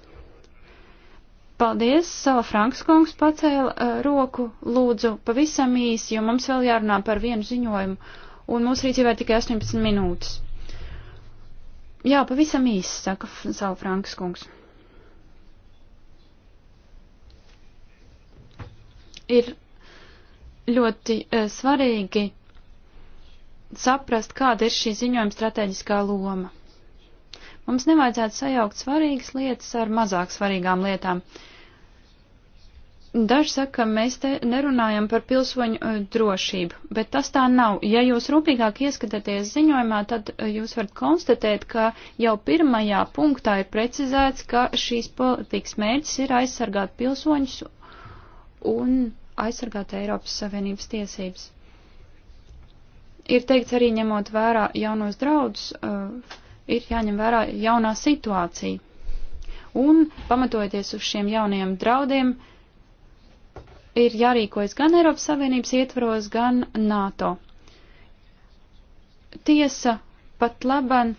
Paldies, Sala Frankskungs pacēla uh, roku, lūdzu, pavisam īsi, jo mums vēl jārunā par vienu ziņojumu un mūsu rīcībā ir tikai 18 minūtes. Jā, pavisam īsi, saka Sala Frankas kungs. Ir ļoti uh, svarīgi saprast, kāda ir šī ziņojuma strateģiskā loma. Mums nevajadzētu sajaukt svarīgas lietas ar mazāk svarīgām lietām. Uh, Daži saka, ka mēs te nerunājam par pilsoņu e, drošību, bet tas tā nav. Ja jūs rūpīgāk ieskatāties ziņojumā, tad e, jūs varat konstatēt, ka jau pirmajā punktā ir precizēts, ka šīs politikas mērķis ir aizsargāt pilsoņus un aizsargāt Eiropas Savienības tiesības. Ir teikts arī ņemot vērā jaunos draudus, e, ir jāņem vērā jaunā situācija. Un pamatojoties uz šiem jaunajiem draudiem, ir jārīkojas gan Eiropas Savienības ietvaros, gan NATO. Tiesa, pat laban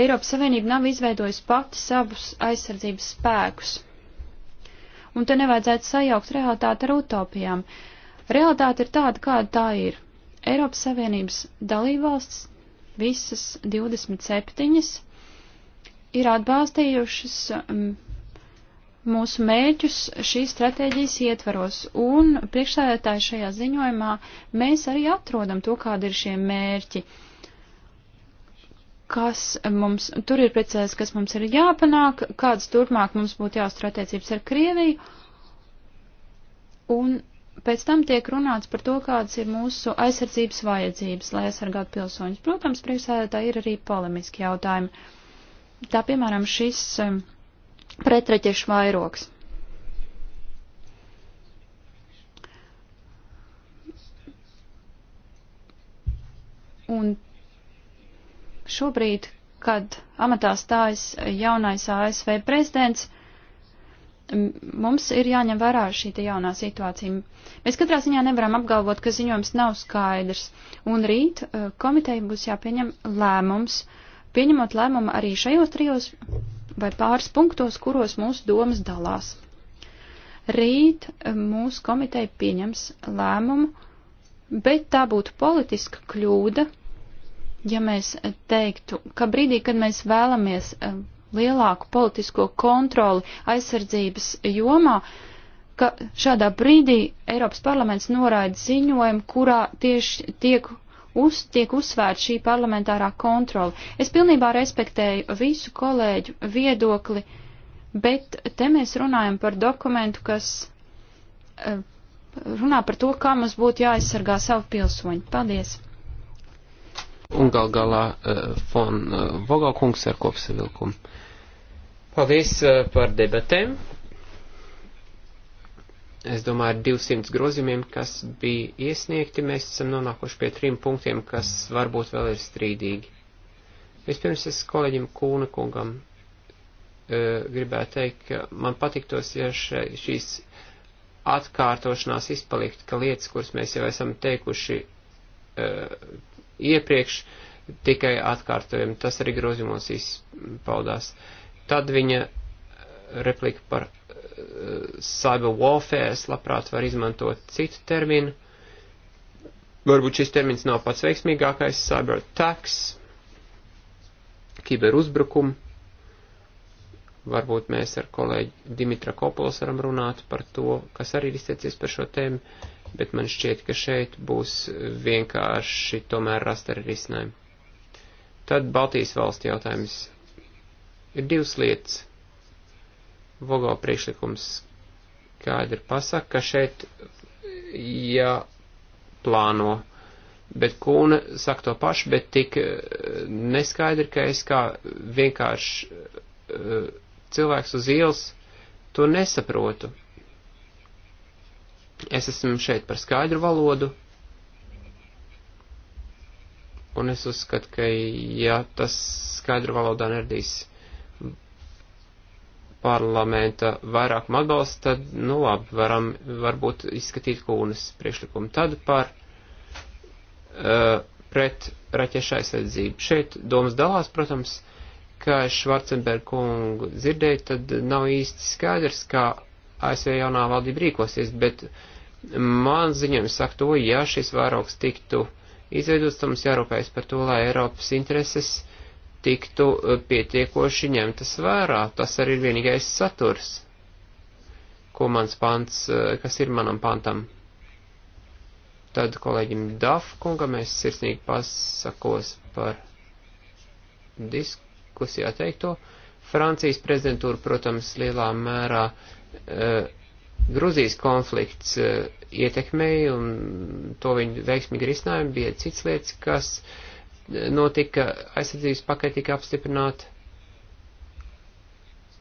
Eiropas Savienība nav izveidojusi pati savus aizsardzības spēkus. Un te nevajadzētu sajaukt realitāti ar utopijām. Realitāte ir tāda, kāda tā ir. Eiropas Savienības dalībvalsts, visas 27, ir atbalstījušas um, mūsu mērķus šīs stratēģijas ietvaros, un priekšsēdētāji šajā ziņojumā mēs arī atrodam to, kāda ir šie mērķi, kas mums tur ir precēs, kas mums ir jāpanāk, kādas turpmāk mums būtu jāuzturētiecības ar Krieviju, un pēc tam tiek runāts par to, kādas ir mūsu aizsardzības vajadzības, lai aizsargātu pilsoņus. Protams, priekšsēdētāji ir arī polemiski jautājumi. Tā piemēram šis um, pretraķešu vairoks. Un šobrīd, kad amatā stājas jaunais ASV prezidents, mums ir jāņem vērā šī jaunā situācija. Mēs katrā ziņā nevaram apgalvot, ka ziņojums nav skaidrs, un rīt eh, komiteja būs jāpieņem lēmums. Pieņemot lēmumu arī šajos trijos vai pāris punktos, kuros mūsu domas dalās. Rīt eh, mūsu komiteja pieņems lēmumu, bet tā būtu politiska kļūda, ja mēs teiktu, ka brīdī, kad mēs vēlamies eh, lielāku politisko kontroli aizsardzības jomā, ka šādā brīdī Eiropas parlaments noraida ziņojumu, kurā tieši tiek uz, tiek uzsvērta šī parlamentārā kontrola. Es pilnībā respektēju visu kolēģu viedokli, bet te mēs runājam par dokumentu, kas eh, runā par to, kā mums būtu jāaizsargā savu pilsoņu. Paldies! Un gal galā eh, fon eh, Vogalkungs ar kopsavilkumu. Paldies par debatēm es domāju, ar 200 grozījumiem, kas bija iesniegti, mēs esam nonākuši pie trim punktiem, kas varbūt vēl ir strīdīgi. Vispirms es kolēģim Kūna kungam e, gribētu teikt, ka man patiktos, ja še, šīs atkārtošanās izpalikt, ka lietas, kuras mēs jau esam teikuši e, iepriekš, tikai atkārtojam. Tas arī grozījumos izpaudās. Tad viņa replika par cyber warfare, es labprāt varu izmantot citu terminu. Varbūt šis termins nav pats veiksmīgākais - cyber attacks, kiberuzbrukumi. Varbūt mēs ar kolēģi Dimitra Kopolos varam runāt par to, kas arī ir izteicies par šo tēmu, bet man šķiet, ka šeit būs vienkārši tomēr rast arī risinājumu. Tad Baltijas valsts jautājums. Ir divas lietas Vogo priekšlikums skaidri pasaka, ka šeit jāplāno. Ja bet kūna saka to pašu, bet tik e, neskaidri, ka es kā vienkārši e, cilvēks uz ielas to nesaprotu. Es esmu šeit par skaidru valodu, un es uzskatu, ka ja tas skaidru valodā neradīs parlamenta vairākuma atbalsts, tad, nu labi, varam varbūt izskatīt kūnas priekšlikumu. Tad par uh, pret raķešu aizsardzību. Šeit domas dalās, protams, kā es Švarcenberg kungu dzirdēju, tad nav īsti skaidrs, kā ASV jaunā valdība rīkosies, bet man ziņojumi saka to, ja šis vairogs tiktu izveidots, tad mums jārūpējas par to, lai Eiropas intereses tiktu eh, pietiekoši ņemtas vērā. Tas arī ir vienīgais saturs, ko mans pants, eh, kas ir manam pantam. Tad kolēģim Dafkungam es sirsnīgi pasakos par diskusijā teikto. Francijas prezidentūra, protams, lielā mērā uh, Gruzijas konflikts uh, ietekmēja un to viņu veiksmīgi risinājumi bija cits lietas, kas uh, notika, aizsardzības paketi tika apstiprināti.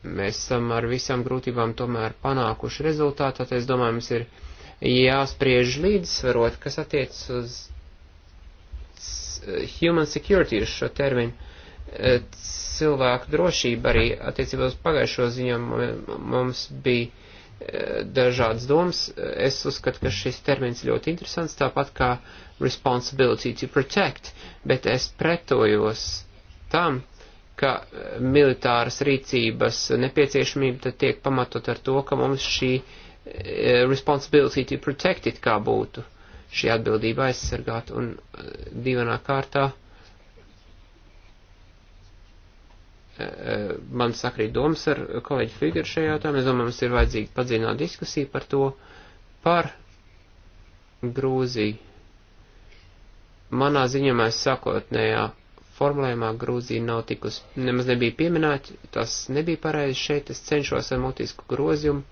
Mēs esam ar visām grūtībām tomēr panākuši rezultātu, tad es domāju, mums ir jāspriež līdzsvarot, kas attiec uz human security uz šo terminu. E, cilvēku drošība arī attiecībā uz pagājušo ziņu mums bija dažādas domas. Es uzskatu, ka šis termins ļoti interesants, tāpat kā responsibility to protect, bet es pretojos tam, ka militāras rīcības nepieciešamība tad tiek pamatot ar to, ka mums šī e, responsibility to protect it kā būtu šī atbildība aizsargāt un e, divanā kārtā Eh, man sakrīt domas ar kolēģi Figueru šajā jautājumā. Es domāju, mums ir vajadzīga padzīvināta diskusija par to, par Grūziju. Manā ziņamā sakotnējā formulējumā Grūzija nav tikus, nemaz nebija pieminēta, tas nebija pareizi šeit, es cenšos ar motisku grozījumu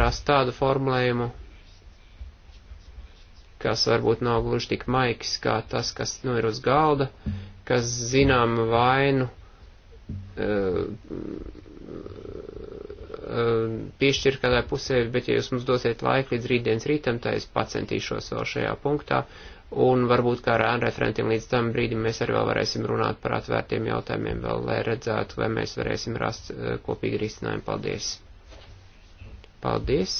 rast tādu formulējumu, kas varbūt nav gluži tik maigs kā tas, kas nu ir uz galda, kas zinām vainu eh, eh, piešķir kādai pusē, bet ja jūs mums dosiet laiku līdz rītdienas rītam, tā es pacentīšos vēl šajā punktā, un varbūt kā ar referentiem līdz tam brīdim mēs arī vēl varēsim runāt par atvērtiem jautājumiem, vēl lai redzētu, vai mēs varēsim rast eh, kopīgi risinājumu. Paldies! Paldies!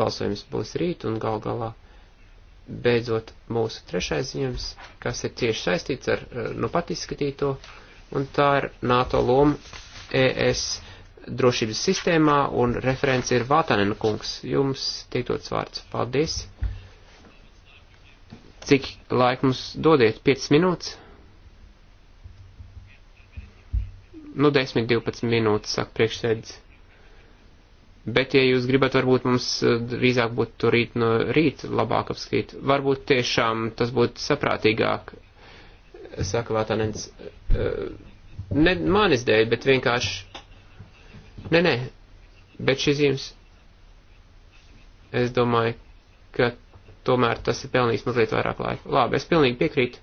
Balsojums būs rīt un gal galā beidzot mūsu trešais ziņojums, kas ir cieši saistīts ar eh, nu no pat izskatīto, un tā ir NATO loma ES drošības sistēmā, un referents ir Vātanena kungs. Jums tiek dots vārds. Paldies. Cik laika mums dodiet? 5 minūtes? Nu, 10-12 minūtes, saka priekšsēdis. Bet, ja jūs gribat, varbūt mums eh, drīzāk būtu to rīt no rīta labāk apskatīt. Varbūt tiešām tas būtu saprātīgāk, saka Vatanens. Eh, ne manis dēļ, bet vienkārši. Nē, nē, bet šis zīmes. Es domāju, ka tomēr tas ir pelnījis mazliet vairāk laika. Labi, es pilnīgi piekrītu.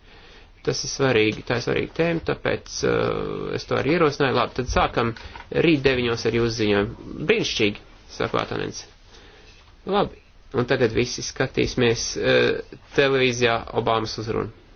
Tas ir svarīgi, tā ir svarīga tēma, tāpēc uh, es to arī ierosināju. Labi, tad sākam rīt deviņos ar jūsu ziņojumu. Brīnišķīgi, saka Latanens. Labi, un tagad visi skatīsimies uh, televīzijā Obamas uzrunu.